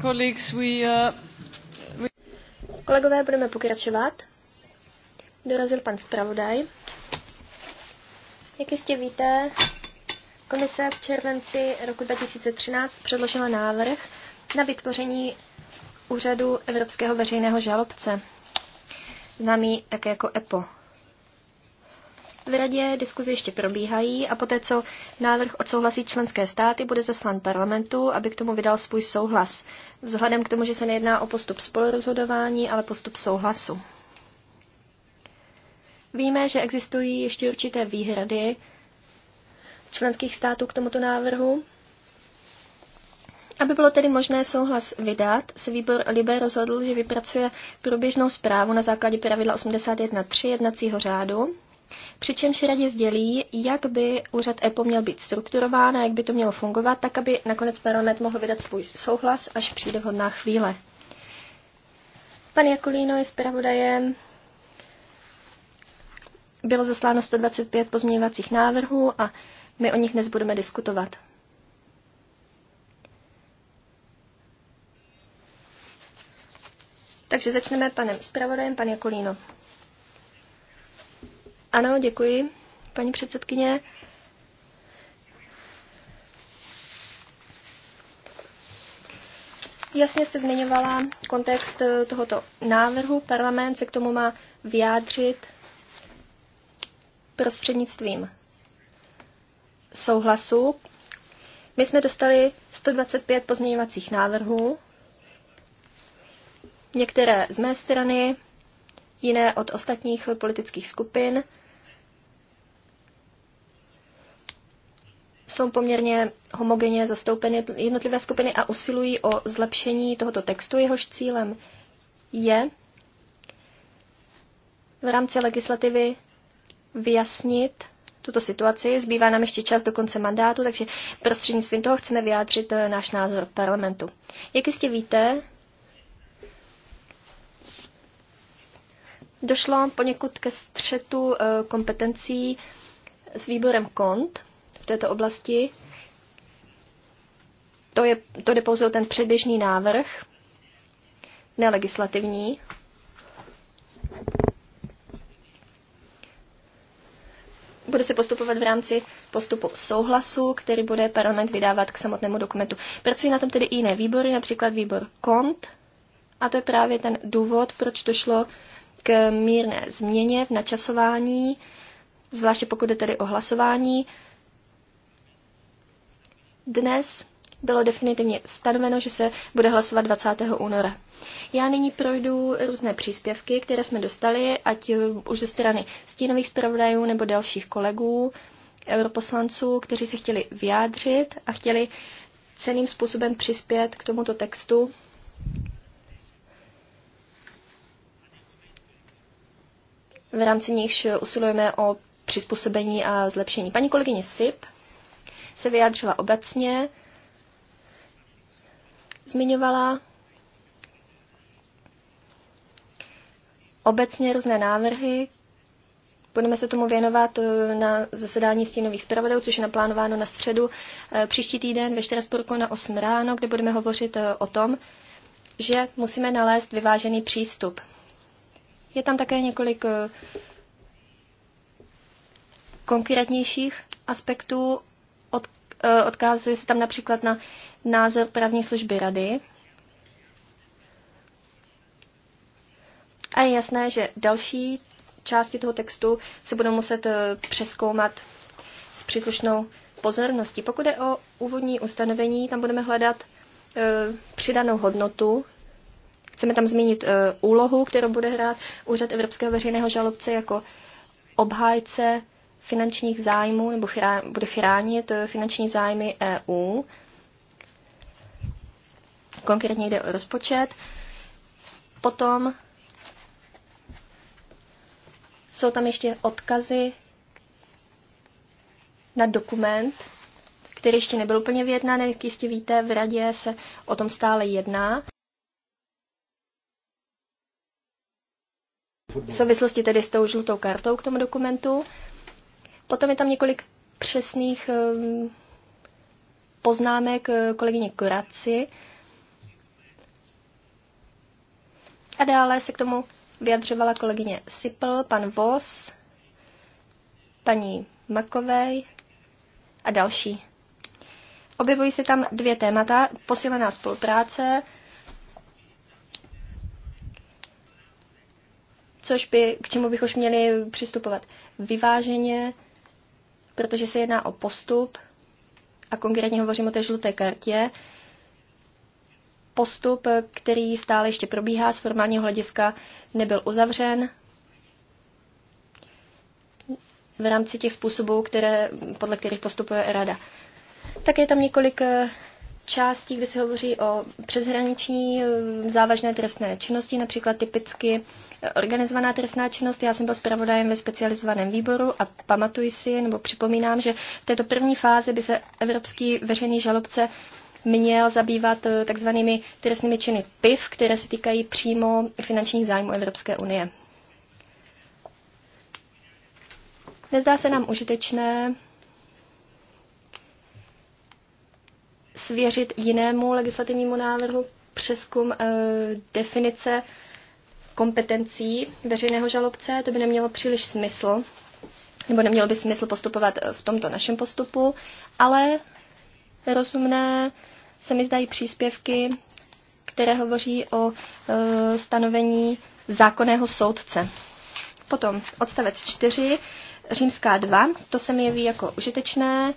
Colleagues, we, uh, we... Kolegové, budeme pokračovat. Dorazil pan zpravodaj. Jak jistě víte, komise v červenci roku 2013 předložila návrh na vytvoření úřadu Evropského veřejného žalobce, známý také jako EPO. V radě diskuze ještě probíhají a poté, co návrh odsouhlasí členské státy, bude zaslán parlamentu, aby k tomu vydal svůj souhlas. Vzhledem k tomu, že se nejedná o postup spolurozhodování, ale postup souhlasu. Víme, že existují ještě určité výhrady členských států k tomuto návrhu. Aby bylo tedy možné souhlas vydat, se výbor Libe rozhodl, že vypracuje průběžnou zprávu na základě pravidla 81.3 jednacího řádu, přičemž radě sdělí, jak by úřad EPO měl být strukturován a jak by to mělo fungovat, tak aby nakonec Baronet mohl vydat svůj souhlas, až přijde vhodná chvíle. Pan Jakulíno je zpravodajem. Bylo zasláno 125 pozměňovacích návrhů a my o nich dnes budeme diskutovat. Takže začneme panem zpravodajem, pan Jakulíno. Ano, děkuji, paní předsedkyně. Jasně jste zmiňovala kontext eh, tohoto návrhu. Parlament se k tomu má vyjádřit prostřednictvím souhlasu. My jsme dostali 125 pozměňovacích návrhů. Některé z mé strany, jiné od ostatních politických skupin. Jsou poměrně homogenně zastoupeny jednotlivé skupiny a usilují o zlepšení tohoto textu. Jehož cílem je v rámci legislativy vyjasnit tuto situaci. Zbývá nám ještě čas do konce mandátu, takže prostřednictvím toho chceme vyjádřit eh, náš názor parlamentu. Jak jistě víte, došlo poněkud ke střetu eh, kompetencí s výborem KONT v této oblasti. To, je, to jde pouze o ten předběžný návrh, nelegislativní. Bude se postupovat v rámci postupu souhlasu, který bude parlament vydávat k samotnému dokumentu. Pracují na tom tedy i jiné výbory, například výbor KONT, a to je právě ten důvod, proč došlo k mírné změně v načasování, zvláště pokud je tedy o hlasování. Dnes bylo definitivně stanoveno, že se bude hlasovat 20. února. Já nyní projdu různé příspěvky, které jsme dostali, ať už ze strany stínových zpravodajů nebo dalších kolegů, europoslanců, kteří se chtěli vyjádřit a chtěli ceným způsobem přispět k tomuto textu, v rámci nichž usilujeme o přizpůsobení a zlepšení. Paní kolegyně Sip se vyjádřila obecně, zmiňovala obecně různé návrhy. Budeme se tomu věnovat eh, na zasedání stínových zpravodajů, což je naplánováno na středu eh, příští týden ve Štrasburku na 8 ráno, kde budeme hovořit eh, o tom, že musíme nalézt vyvážený přístup je tam také několik eh, konkrétnějších aspektů. Od, eh, odkazuje se tam například na názor právní služby rady. A je jasné, že další části toho textu se budou muset eh, přeskoumat s příslušnou pozorností. Pokud je o úvodní ustanovení, tam budeme hledat přidanou hodnotu Chceme tam zmínit eh, úlohu, kterou bude hrát Úřad Evropského veřejného žalobce jako obhájce finančních zájmů nebo chrá, bude chránit eh, finanční zájmy EU. Konkrétně jde o rozpočet. Potom jsou tam ještě odkazy na dokument, který ještě nebyl úplně vyjednán, jak jistě víte, v radě se o tom stále jedná. v souvislosti tedy s tou žlutou kartou k tomu dokumentu. Potom je tam několik přesných ehm, poznámek eh, kolegyně Koraci. A dále se k tomu vyjadřovala kolegyně Sipl, pan Vos, paní Makovej a další. Objevují se tam dvě témata, posílená spolupráce což by, k čemu bych už měli přistupovat vyváženě, protože se jedná o postup, a konkrétně hovořím o té žluté kartě, postup, který stále ještě probíhá z formálního hlediska, nebyl uzavřen v rámci těch způsobů, které, podle kterých postupuje rada. Tak je tam několik části, kde se hovoří o přeshraniční eh, závažné trestné činnosti, například typicky eh, organizovaná trestná činnost. Já jsem byl zpravodajem ve specializovaném výboru a pamatuji si, nebo připomínám, že v této první fázi by se evropský veřejný žalobce měl zabývat eh, takzvanými trestnými činy PIV, které se týkají přímo finančních zájmů Evropské unie. Nezdá se nám užitečné svěřit jinému legislativnímu návrhu přeskum e, definice kompetencí veřejného žalobce. To by nemělo příliš smysl, nebo nemělo by smysl postupovat eh, v tomto našem postupu, ale rozumné se mi zdají příspěvky, které hovoří o e, stanovení zákonného soudce. Potom odstavec 4, římská 2, to se mi jeví jako užitečné.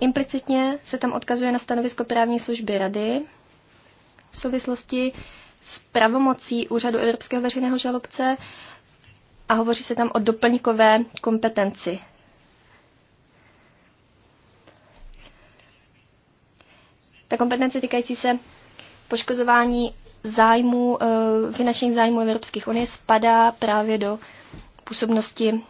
Implicitně se tam odkazuje na stanovisko právní služby rady v souvislosti s pravomocí úřadu Evropského veřejného žalobce a hovoří se tam o doplňkové kompetenci. Ta kompetence týkající se poškozování zájmů, eh, finančních zájmů Evropských unie spadá právě do působnosti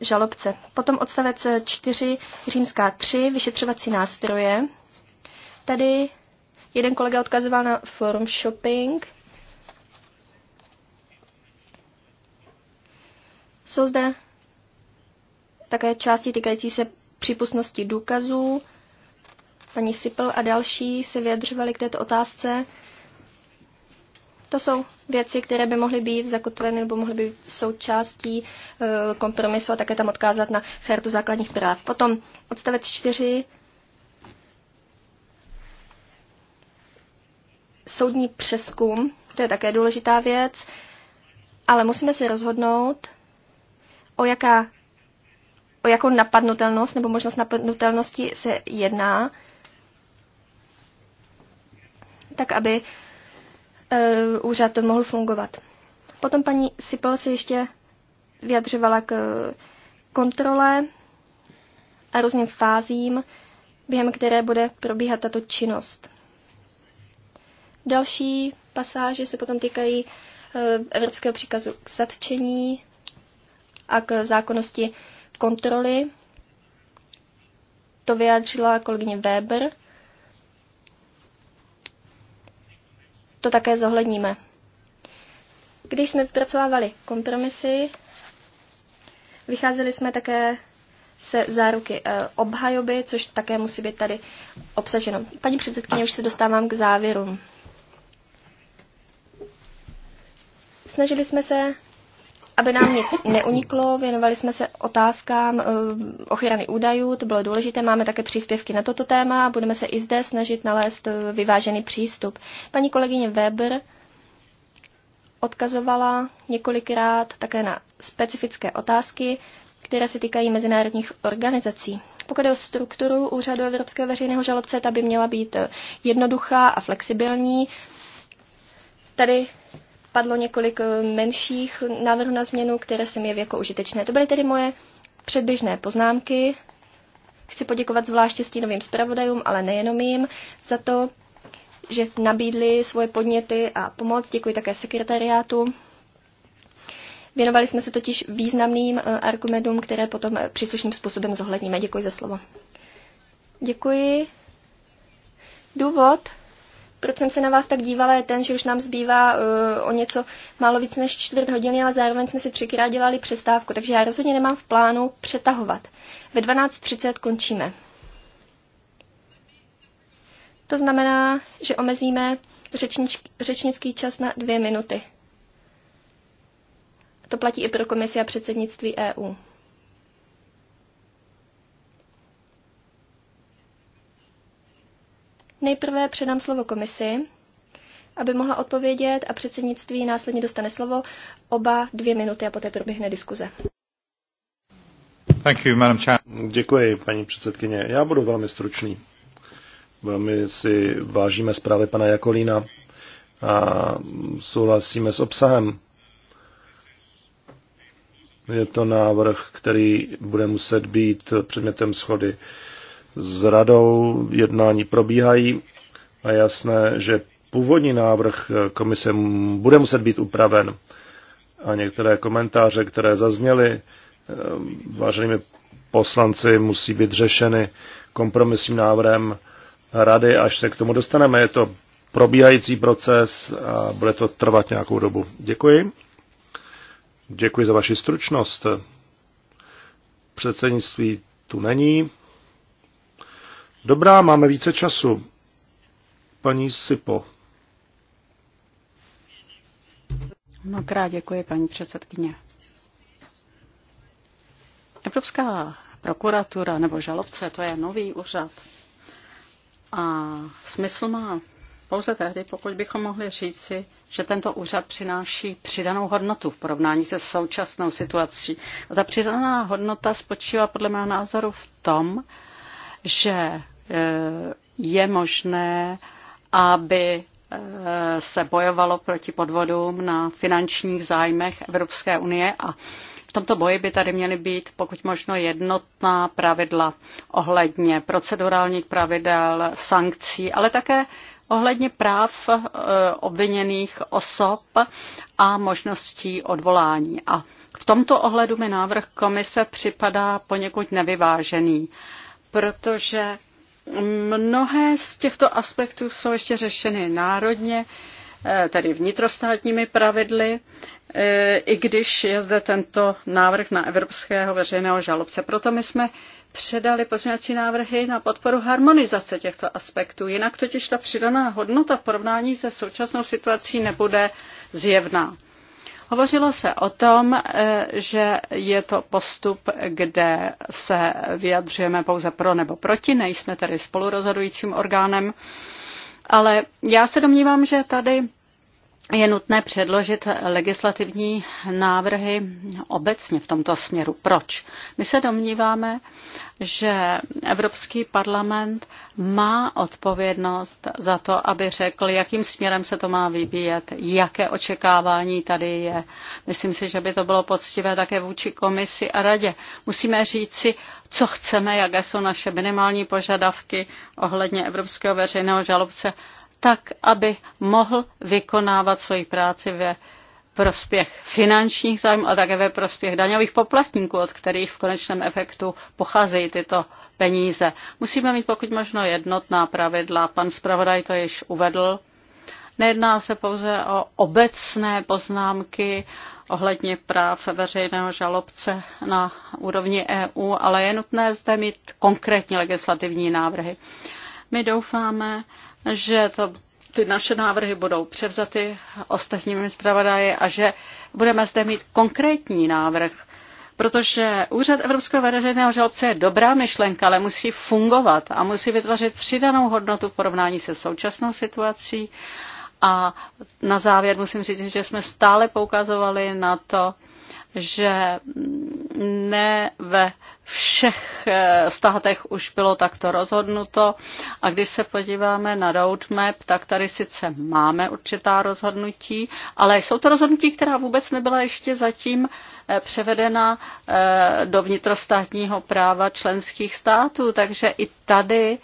žalobce. Potom odstavec 4, římská 3, vyšetřovací nástroje. Tady jeden kolega odkazoval na forum shopping. Jsou zde také části týkající se přípustnosti důkazů. Paní Sipl a další se vyjadřovali k této otázce. To jsou věci, které by mohly být zakotveny nebo mohly být součástí e, kompromisu a také tam odkázat na chartu základních práv. Potom odstavec 4. Soudní přeskum, to je také důležitá věc, ale musíme si rozhodnout, o, jaká, o jakou napadnutelnost nebo možnost napadnutelnosti se jedná, tak aby Eh, úřad to mohl fungovat. Potom paní Sipel se ještě vyjadřovala k kontrole a různým fázím, během které bude probíhat tato činnost. Další pasáže se potom týkají eh, evropského příkazu k zatčení a k zákonnosti kontroly. To vyjádřila kolegyně Weber. to také zohledníme. Když jsme vypracovávali kompromisy, vycházeli jsme také se záruky e, obhajoby, což také musí být tady obsaženo. Paní předsedkyně, už se dostávám k závěru. Snažili jsme se aby nám nic neuniklo, věnovali jsme se otázkám eh, ochrany údajů, to bylo důležité, máme také příspěvky na toto téma a budeme se i zde snažit nalézt eh, vyvážený přístup. Paní kolegyně Weber odkazovala několikrát také na specifické otázky, které se týkají mezinárodních organizací. Pokud je o strukturu úřadu Evropského veřejného žalobce, ta by měla být eh, jednoduchá a flexibilní. Tady padlo několik eh, menších návrhů na změnu, které se mi jako užitečné. To byly tedy moje předběžné poznámky. Chci poděkovat zvláště stínovým zpravodajům, ale nejenom jim, za to, že nabídli svoje podněty a pomoc. Děkuji také sekretariátu. Věnovali jsme se totiž významným eh, argumentům, které potom eh, příslušným způsobem zohledníme. Děkuji za slovo. Děkuji. Důvod, proč jsem se na vás tak dívala, je ten, že už nám zbývá uh, o něco málo víc než čtvrt hodiny, ale zároveň jsme si třikrát dělali přestávku, takže já rozhodně nemám v plánu přetahovat. Ve 12.30 končíme. To znamená, že omezíme řečnič, řečnický čas na dvě minuty. To platí i pro komisi a předsednictví EU. Nejprve předám slovo komisi, aby mohla odpovědět a předsednictví následně dostane slovo oba dvě minuty a poté proběhne diskuze. Thank you, madam chair. Děkuji, paní předsedkyně. Já budu velmi stručný. Velmi si vážíme zprávy pana Jakolína a souhlasíme s obsahem. Je to návrh, který bude muset být předmětem schody s radou jednání probíhají a jasné, že původní návrh komise bude muset být upraven. A některé komentáře, které zazněly eh, váženými poslanci, musí být řešeny kompromisním návrhem rady, až se k tomu dostaneme. Je to probíhající proces a bude to trvat nějakou dobu. Děkuji. Děkuji za vaši stručnost. Předsednictví tu není. Dobrá, máme více času. Paní Sipo. Mnohokrát děkuji, paní předsedkyně. Evropská prokuratura nebo žalobce, to je nový úřad. A smysl má pouze tehdy, pokud bychom mohli říci, že tento úřad přináší přidanou hodnotu v porovnání se současnou situací. A ta přidaná hodnota spočívá podle mého názoru v tom, že je možné, aby eh, se bojovalo proti podvodům na finančních zájmech Evropské unie a v tomto boji by tady měly být pokud možno jednotná pravidla ohledně procedurálních pravidel, sankcí, ale také ohledně práv eh, obviněných osob a možností odvolání. A v tomto ohledu mi návrh komise připadá poněkud nevyvážený, protože Mnohé z těchto aspektů jsou ještě řešeny národně, eh, tedy vnitrostátními pravidly, eh, i když je zde tento návrh na evropského veřejného žalobce. Proto my jsme předali pozměňovací návrhy na podporu harmonizace těchto aspektů. Jinak totiž ta přidaná hodnota v porovnání se současnou situací nebude zjevná. Hovořilo se o tom, eh, že je to postup, kde se vyjadřujeme pouze pro nebo proti, nejsme tedy spolurozhodujícím orgánem, ale já se domnívám, že tady je nutné předložit legislativní návrhy obecně v tomto směru. Proč? My se domníváme, že Evropský parlament má odpovědnost za to, aby řekl, jakým směrem se to má vyvíjet, jaké očekávání tady je. Myslím si, že by to bylo poctivé také vůči komisi a radě. Musíme říci, co chceme, jaké jsou naše minimální požadavky ohledně Evropského veřejného žalobce tak aby mohl vykonávat svoji práci ve prospěch finančních zájmů a také ve prospěch daňových poplatníků, od kterých v konečném efektu pocházejí tyto peníze. Musíme mít pokud možno jednotná pravidla. Pan zpravodaj to již uvedl. Nejedná se pouze o obecné poznámky ohledně práv veřejného žalobce na úrovni EU, ale je nutné zde mít konkrétní legislativní návrhy. My doufáme, že to, ty naše návrhy budou převzaty ostatními zpravodaji a že budeme zde mít konkrétní návrh, protože Úřad Evropského veřejného žalobce je dobrá myšlenka, ale musí fungovat a musí vytvořit přidanou hodnotu v porovnání se současnou situací. A na závěr musím říct, že jsme stále poukazovali na to, že ne ve všech státech eh, už bylo takto rozhodnuto. A když se podíváme na roadmap, tak tady sice máme určitá rozhodnutí, ale jsou to rozhodnutí, která vůbec nebyla ještě zatím eh, převedena eh, do vnitrostátního práva členských států. Takže i tady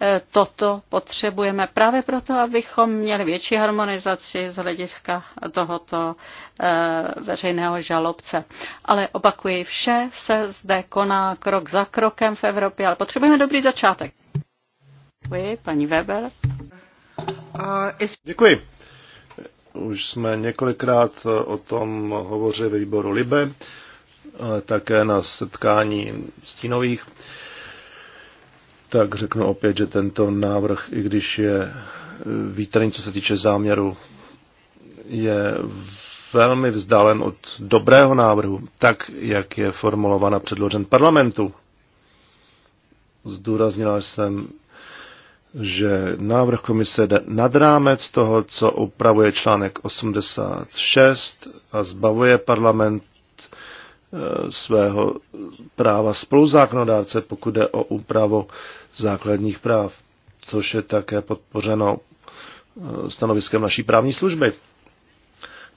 E, toto potřebujeme právě proto, abychom měli větší harmonizaci z hlediska tohoto e, veřejného žalobce. Ale opakuji, vše se zde koná krok za krokem v Evropě, ale potřebujeme dobrý začátek. Děkuji, paní Weber. Děkuji. Už jsme několikrát o tom hovořili výboru Libe, také na setkání stínových tak řeknu opět, že tento návrh, i když je e, vítrný, co se týče záměru, je velmi vzdálen od dobrého návrhu, tak jak je formulován a předložen parlamentu. Zdůraznila jsem, že návrh komise jde nad rámec toho, co upravuje článek 86 a zbavuje parlament Eh, svého práva spoluzákonodárce, pokud jde o úpravu základních práv, což je také podpořeno eh, stanoviskem naší právní služby.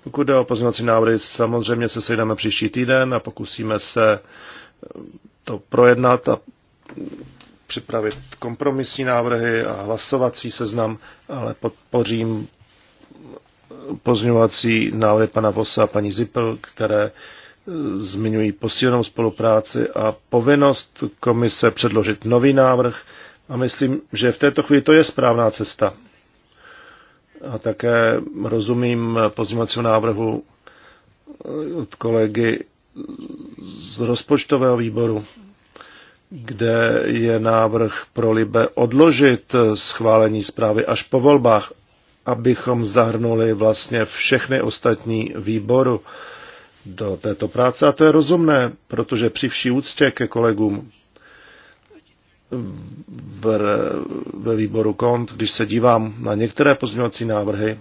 Pokud jde o pozměňovací návrhy, samozřejmě se sejdeme příští týden a pokusíme se eh, to projednat a připravit kompromisní návrhy a hlasovací seznam, ale podpořím pozměňovací návrhy pana Vosa a paní Zipl, které zmiňují posílenou spolupráci a povinnost komise předložit nový návrh a myslím, že v této chvíli to je správná cesta. A také rozumím pozměňovacímu návrhu eh, od kolegy z rozpočtového výboru, kde je návrh pro Libe odložit eh, schválení zprávy až po volbách, abychom zahrnuli vlastně všechny ostatní výboru, do této práce a to je rozumné, protože při vší úctě ke kolegům ve výboru KONT, když se dívám na některé pozměňovací návrhy,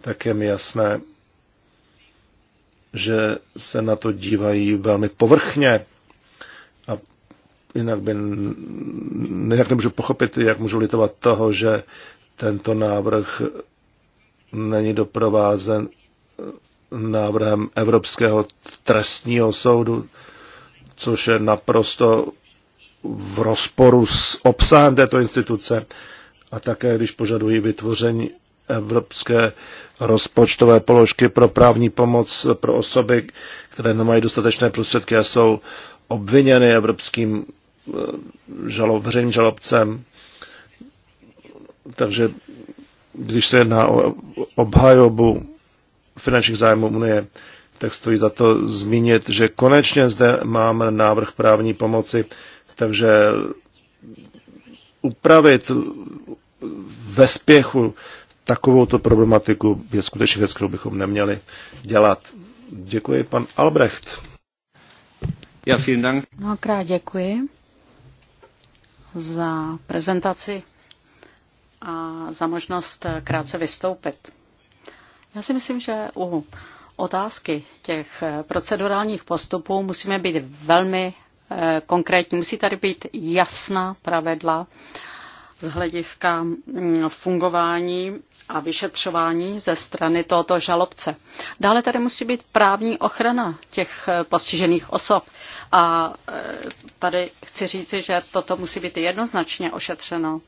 tak je mi jasné, že se na to dívají velmi povrchně a jinak by jinak nemůžu pochopit, jak můžu litovat toho, že tento návrh není doprovázen návrhem Evropského trestního soudu, což je naprosto v rozporu s obsahem této instituce a také když požadují vytvoření evropské rozpočtové položky pro právní pomoc pro osoby, které nemají dostatečné prostředky a jsou obviněny evropským eh, žalob, veřejným žalobcem. Takže když se jedná o obhajobu finančních zájmů Unie, tak stojí za to zmínit, že konečně zde máme návrh právní pomoci, takže upravit ve spěchu takovouto problematiku je skutečně věc, kterou bychom neměli dělat. Děkuji, pan Albrecht. Já vielen Dank. Mnohokrát děkuji za prezentaci a za možnost krátce vystoupit. Já si myslím, že u otázky těch procedurálních postupů musíme být velmi eh, konkrétní. Musí tady být jasná pravidla z hlediska mm, fungování a vyšetřování ze strany tohoto žalobce. Dále tady musí být právní ochrana těch eh, postižených osob. A eh, tady chci říci, že toto musí být jednoznačně ošetřeno.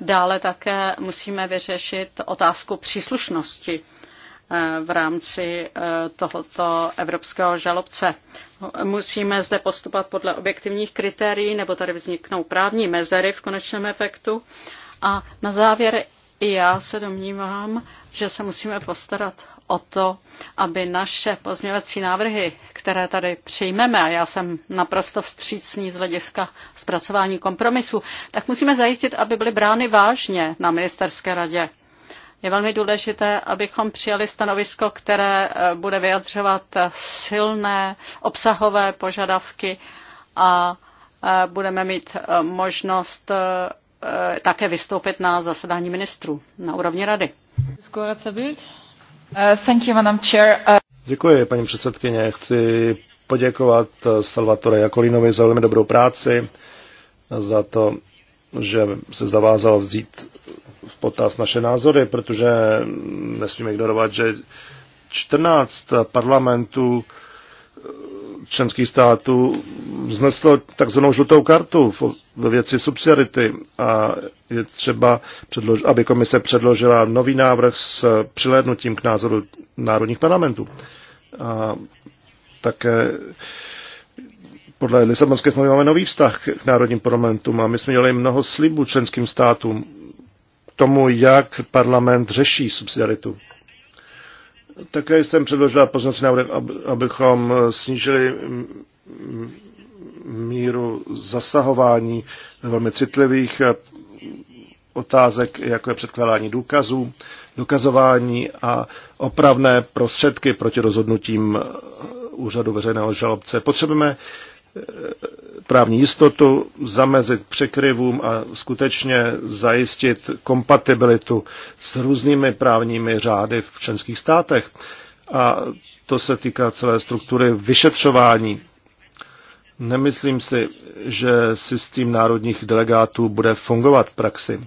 Dále také musíme vyřešit otázku příslušnosti Eh, v rámci eh, tohoto evropského žalobce. Musíme zde postupovat podle objektivních kritérií, nebo tady vzniknou právní mezery v konečném efektu. A na závěr i já se domnívám, že se musíme postarat o to, aby naše pozměvací návrhy, které tady přijmeme, a já jsem naprosto vstřícný z hlediska zpracování kompromisu, tak musíme zajistit, aby byly brány vážně na ministerské radě. Je velmi důležité, abychom přijali stanovisko, které eh, bude vyjadřovat silné obsahové požadavky a eh, budeme mít eh, možnost také vystoupit na zasedání ministrů na úrovni rady. Uh, Děkuji, paní předsedkyně. Chci poděkovat Salvatore Jakolinovi za velmi dobrou práci, za to, že se zavázal vzít v potaz naše názory, protože nesmíme ignorovat, že 14 parlamentů eh, členských států vzneslo takzvanou žlutou kartu ve věci subsidiarity a je třeba, aby komise předložila nový návrh s přilédnutím k názoru národních parlamentů. A také podle Lisabonské smlouvy máme nový vztah k národním parlamentům a my jsme dělali mnoho slibů členským státům k tomu, jak parlament řeší subsidiaritu. Také jsem předložila poznací návrh, abychom eh, snížili míru zasahování velmi citlivých eh, otázek, jako je předkládání důkazů, dokazování a opravné prostředky proti rozhodnutím eh, úřadu veřejného žalobce. Potřebujeme právní jistotu, zamezit překryvům a skutečně zajistit kompatibilitu s různými právními řády v členských státech. A to se týká celé struktury vyšetřování. Nemyslím si, že systém národních delegátů bude fungovat v praxi.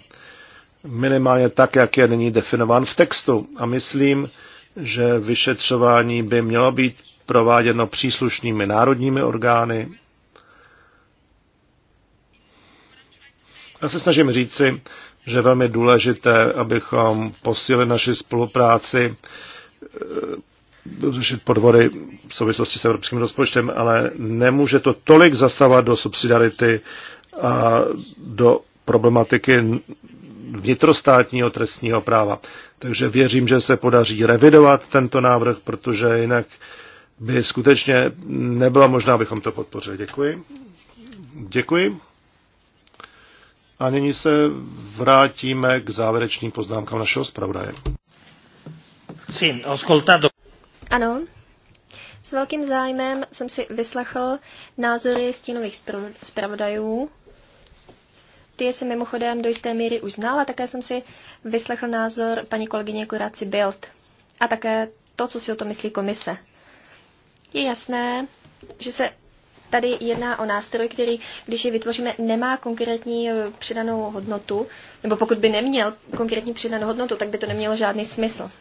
Minimálně tak, jak je nyní definován v textu. A myslím, že vyšetřování by mělo být prováděno příslušnými národními orgány. Já se snažím říci, že je velmi důležité, abychom posílili naši spolupráci zrušit eh, podvody v souvislosti s evropským rozpočtem, ale nemůže to tolik zasávat do subsidiarity a do problematiky vnitrostátního trestního práva. Takže věřím, že se podaří revidovat tento návrh, protože jinak by skutečně nebylo možná, abychom to podpořili. Děkuji. Děkuji. A nyní se vrátíme k závěrečným poznámkám našeho zpravodaje. Ano, s velkým zájmem jsem si vyslechl názory stínových zpravodajů. Ty jsem mimochodem do jisté míry už znal a také jsem si vyslechl názor paní kolegyně Kuráci Bild. A také to, co si o to myslí komise. Je jasné, že se tady jedná o nástroj, který, když je vytvoříme, nemá konkrétní eh, přidanou hodnotu, nebo pokud by neměl konkrétní přidanou hodnotu, tak by to nemělo žádný smysl.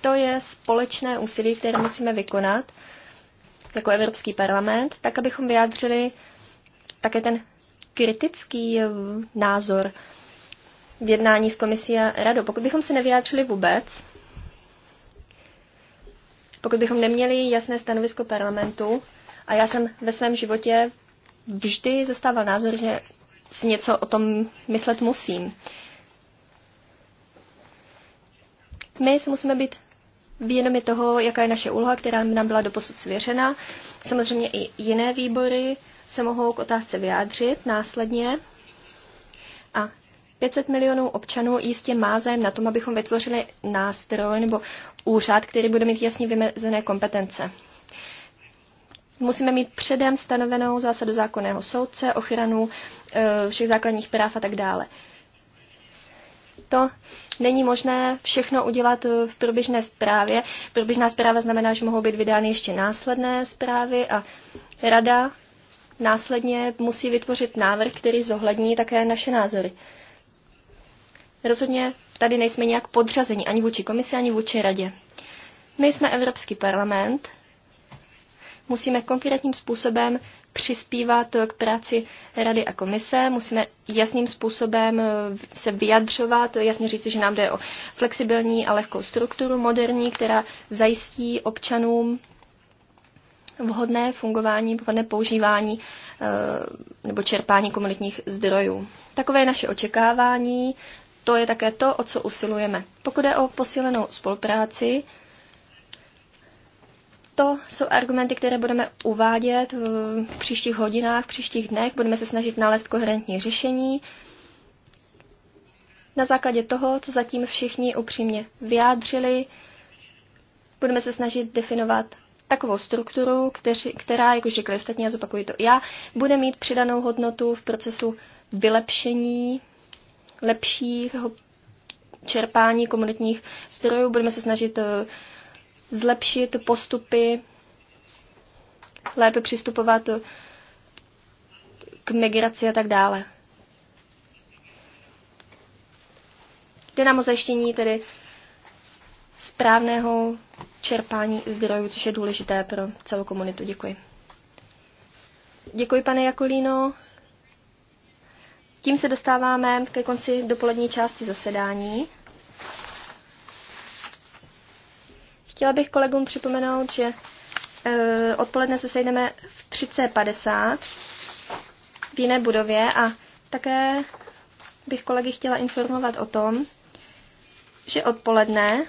To je společné úsilí, které musíme vykonat jako Evropský parlament, tak abychom vyjádřili také ten kritický eh, názor v jednání s komisí a radou. Pokud bychom se nevyjádřili vůbec, pokud bychom neměli jasné stanovisko parlamentu, a já jsem ve svém životě vždy zastával názor, že si něco o tom myslet musím. My si musíme být vědomi toho, jaká je naše úloha, která nám byla doposud svěřena. Samozřejmě i jiné výbory se mohou k otázce vyjádřit následně. A 500 milionů občanů jistě má zájem na tom, abychom vytvořili nástroj nebo úřad, který bude mít jasně vymezené kompetence. Musíme mít předem stanovenou zásadu zákonného soudce, ochranu eh, všech základních práv a tak dále. To není možné všechno udělat eh, v průběžné zprávě. Průběžná zpráva znamená, že mohou být vydány ještě následné zprávy a rada následně musí vytvořit návrh, který zohlední také naše názory rozhodně tady nejsme nějak podřazeni ani vůči komisi, ani vůči radě. My jsme Evropský parlament, musíme konkrétním způsobem přispívat k práci rady a komise, musíme jasným způsobem eh, se vyjadřovat, jasně říci, že nám jde o flexibilní a lehkou strukturu, moderní, která zajistí občanům vhodné fungování, vhodné používání eh, nebo čerpání komunitních zdrojů. Takové je naše očekávání to je také to, o co usilujeme. Pokud je o posílenou spolupráci, to jsou argumenty, které budeme uvádět v příštích hodinách, v příštích dnech. Budeme se snažit nalézt koherentní řešení na základě toho, co zatím všichni upřímně vyjádřili. Budeme se snažit definovat takovou strukturu, kteři, která, jak už řekli ostatní, a zopakuju to já, bude mít přidanou hodnotu v procesu vylepšení lepšího čerpání komunitních zdrojů. Budeme se snažit eh, zlepšit postupy, lépe přistupovat eh, k migraci a tak dále. Jde nám o zajištění tedy správného čerpání zdrojů, což je důležité pro celou komunitu. Děkuji. Děkuji, pane Jakolíno. Tím se dostáváme ke konci dopolední části zasedání. Chtěla bych kolegům připomenout, že e, odpoledne se sejdeme v 30.50 v jiné budově a také bych kolegy chtěla informovat o tom, že odpoledne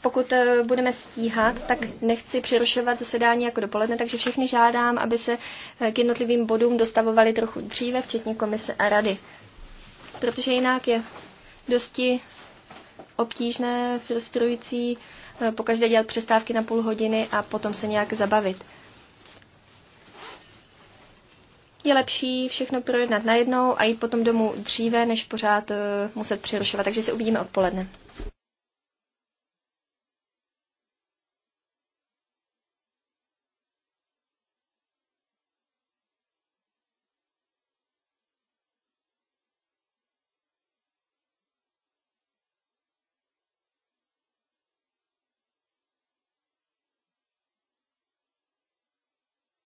pokud eh, budeme stíhat, tak nechci přerušovat zasedání jako dopoledne, takže všechny žádám, aby se eh, k jednotlivým bodům dostavovali trochu dříve, včetně komise a rady. Protože jinak je dosti obtížné, frustrující eh, pokaždé dělat přestávky na půl hodiny a potom se nějak zabavit. Je lepší všechno projednat najednou a jít potom domů dříve, než pořád muset přerušovat. Takže se uvidíme odpoledne.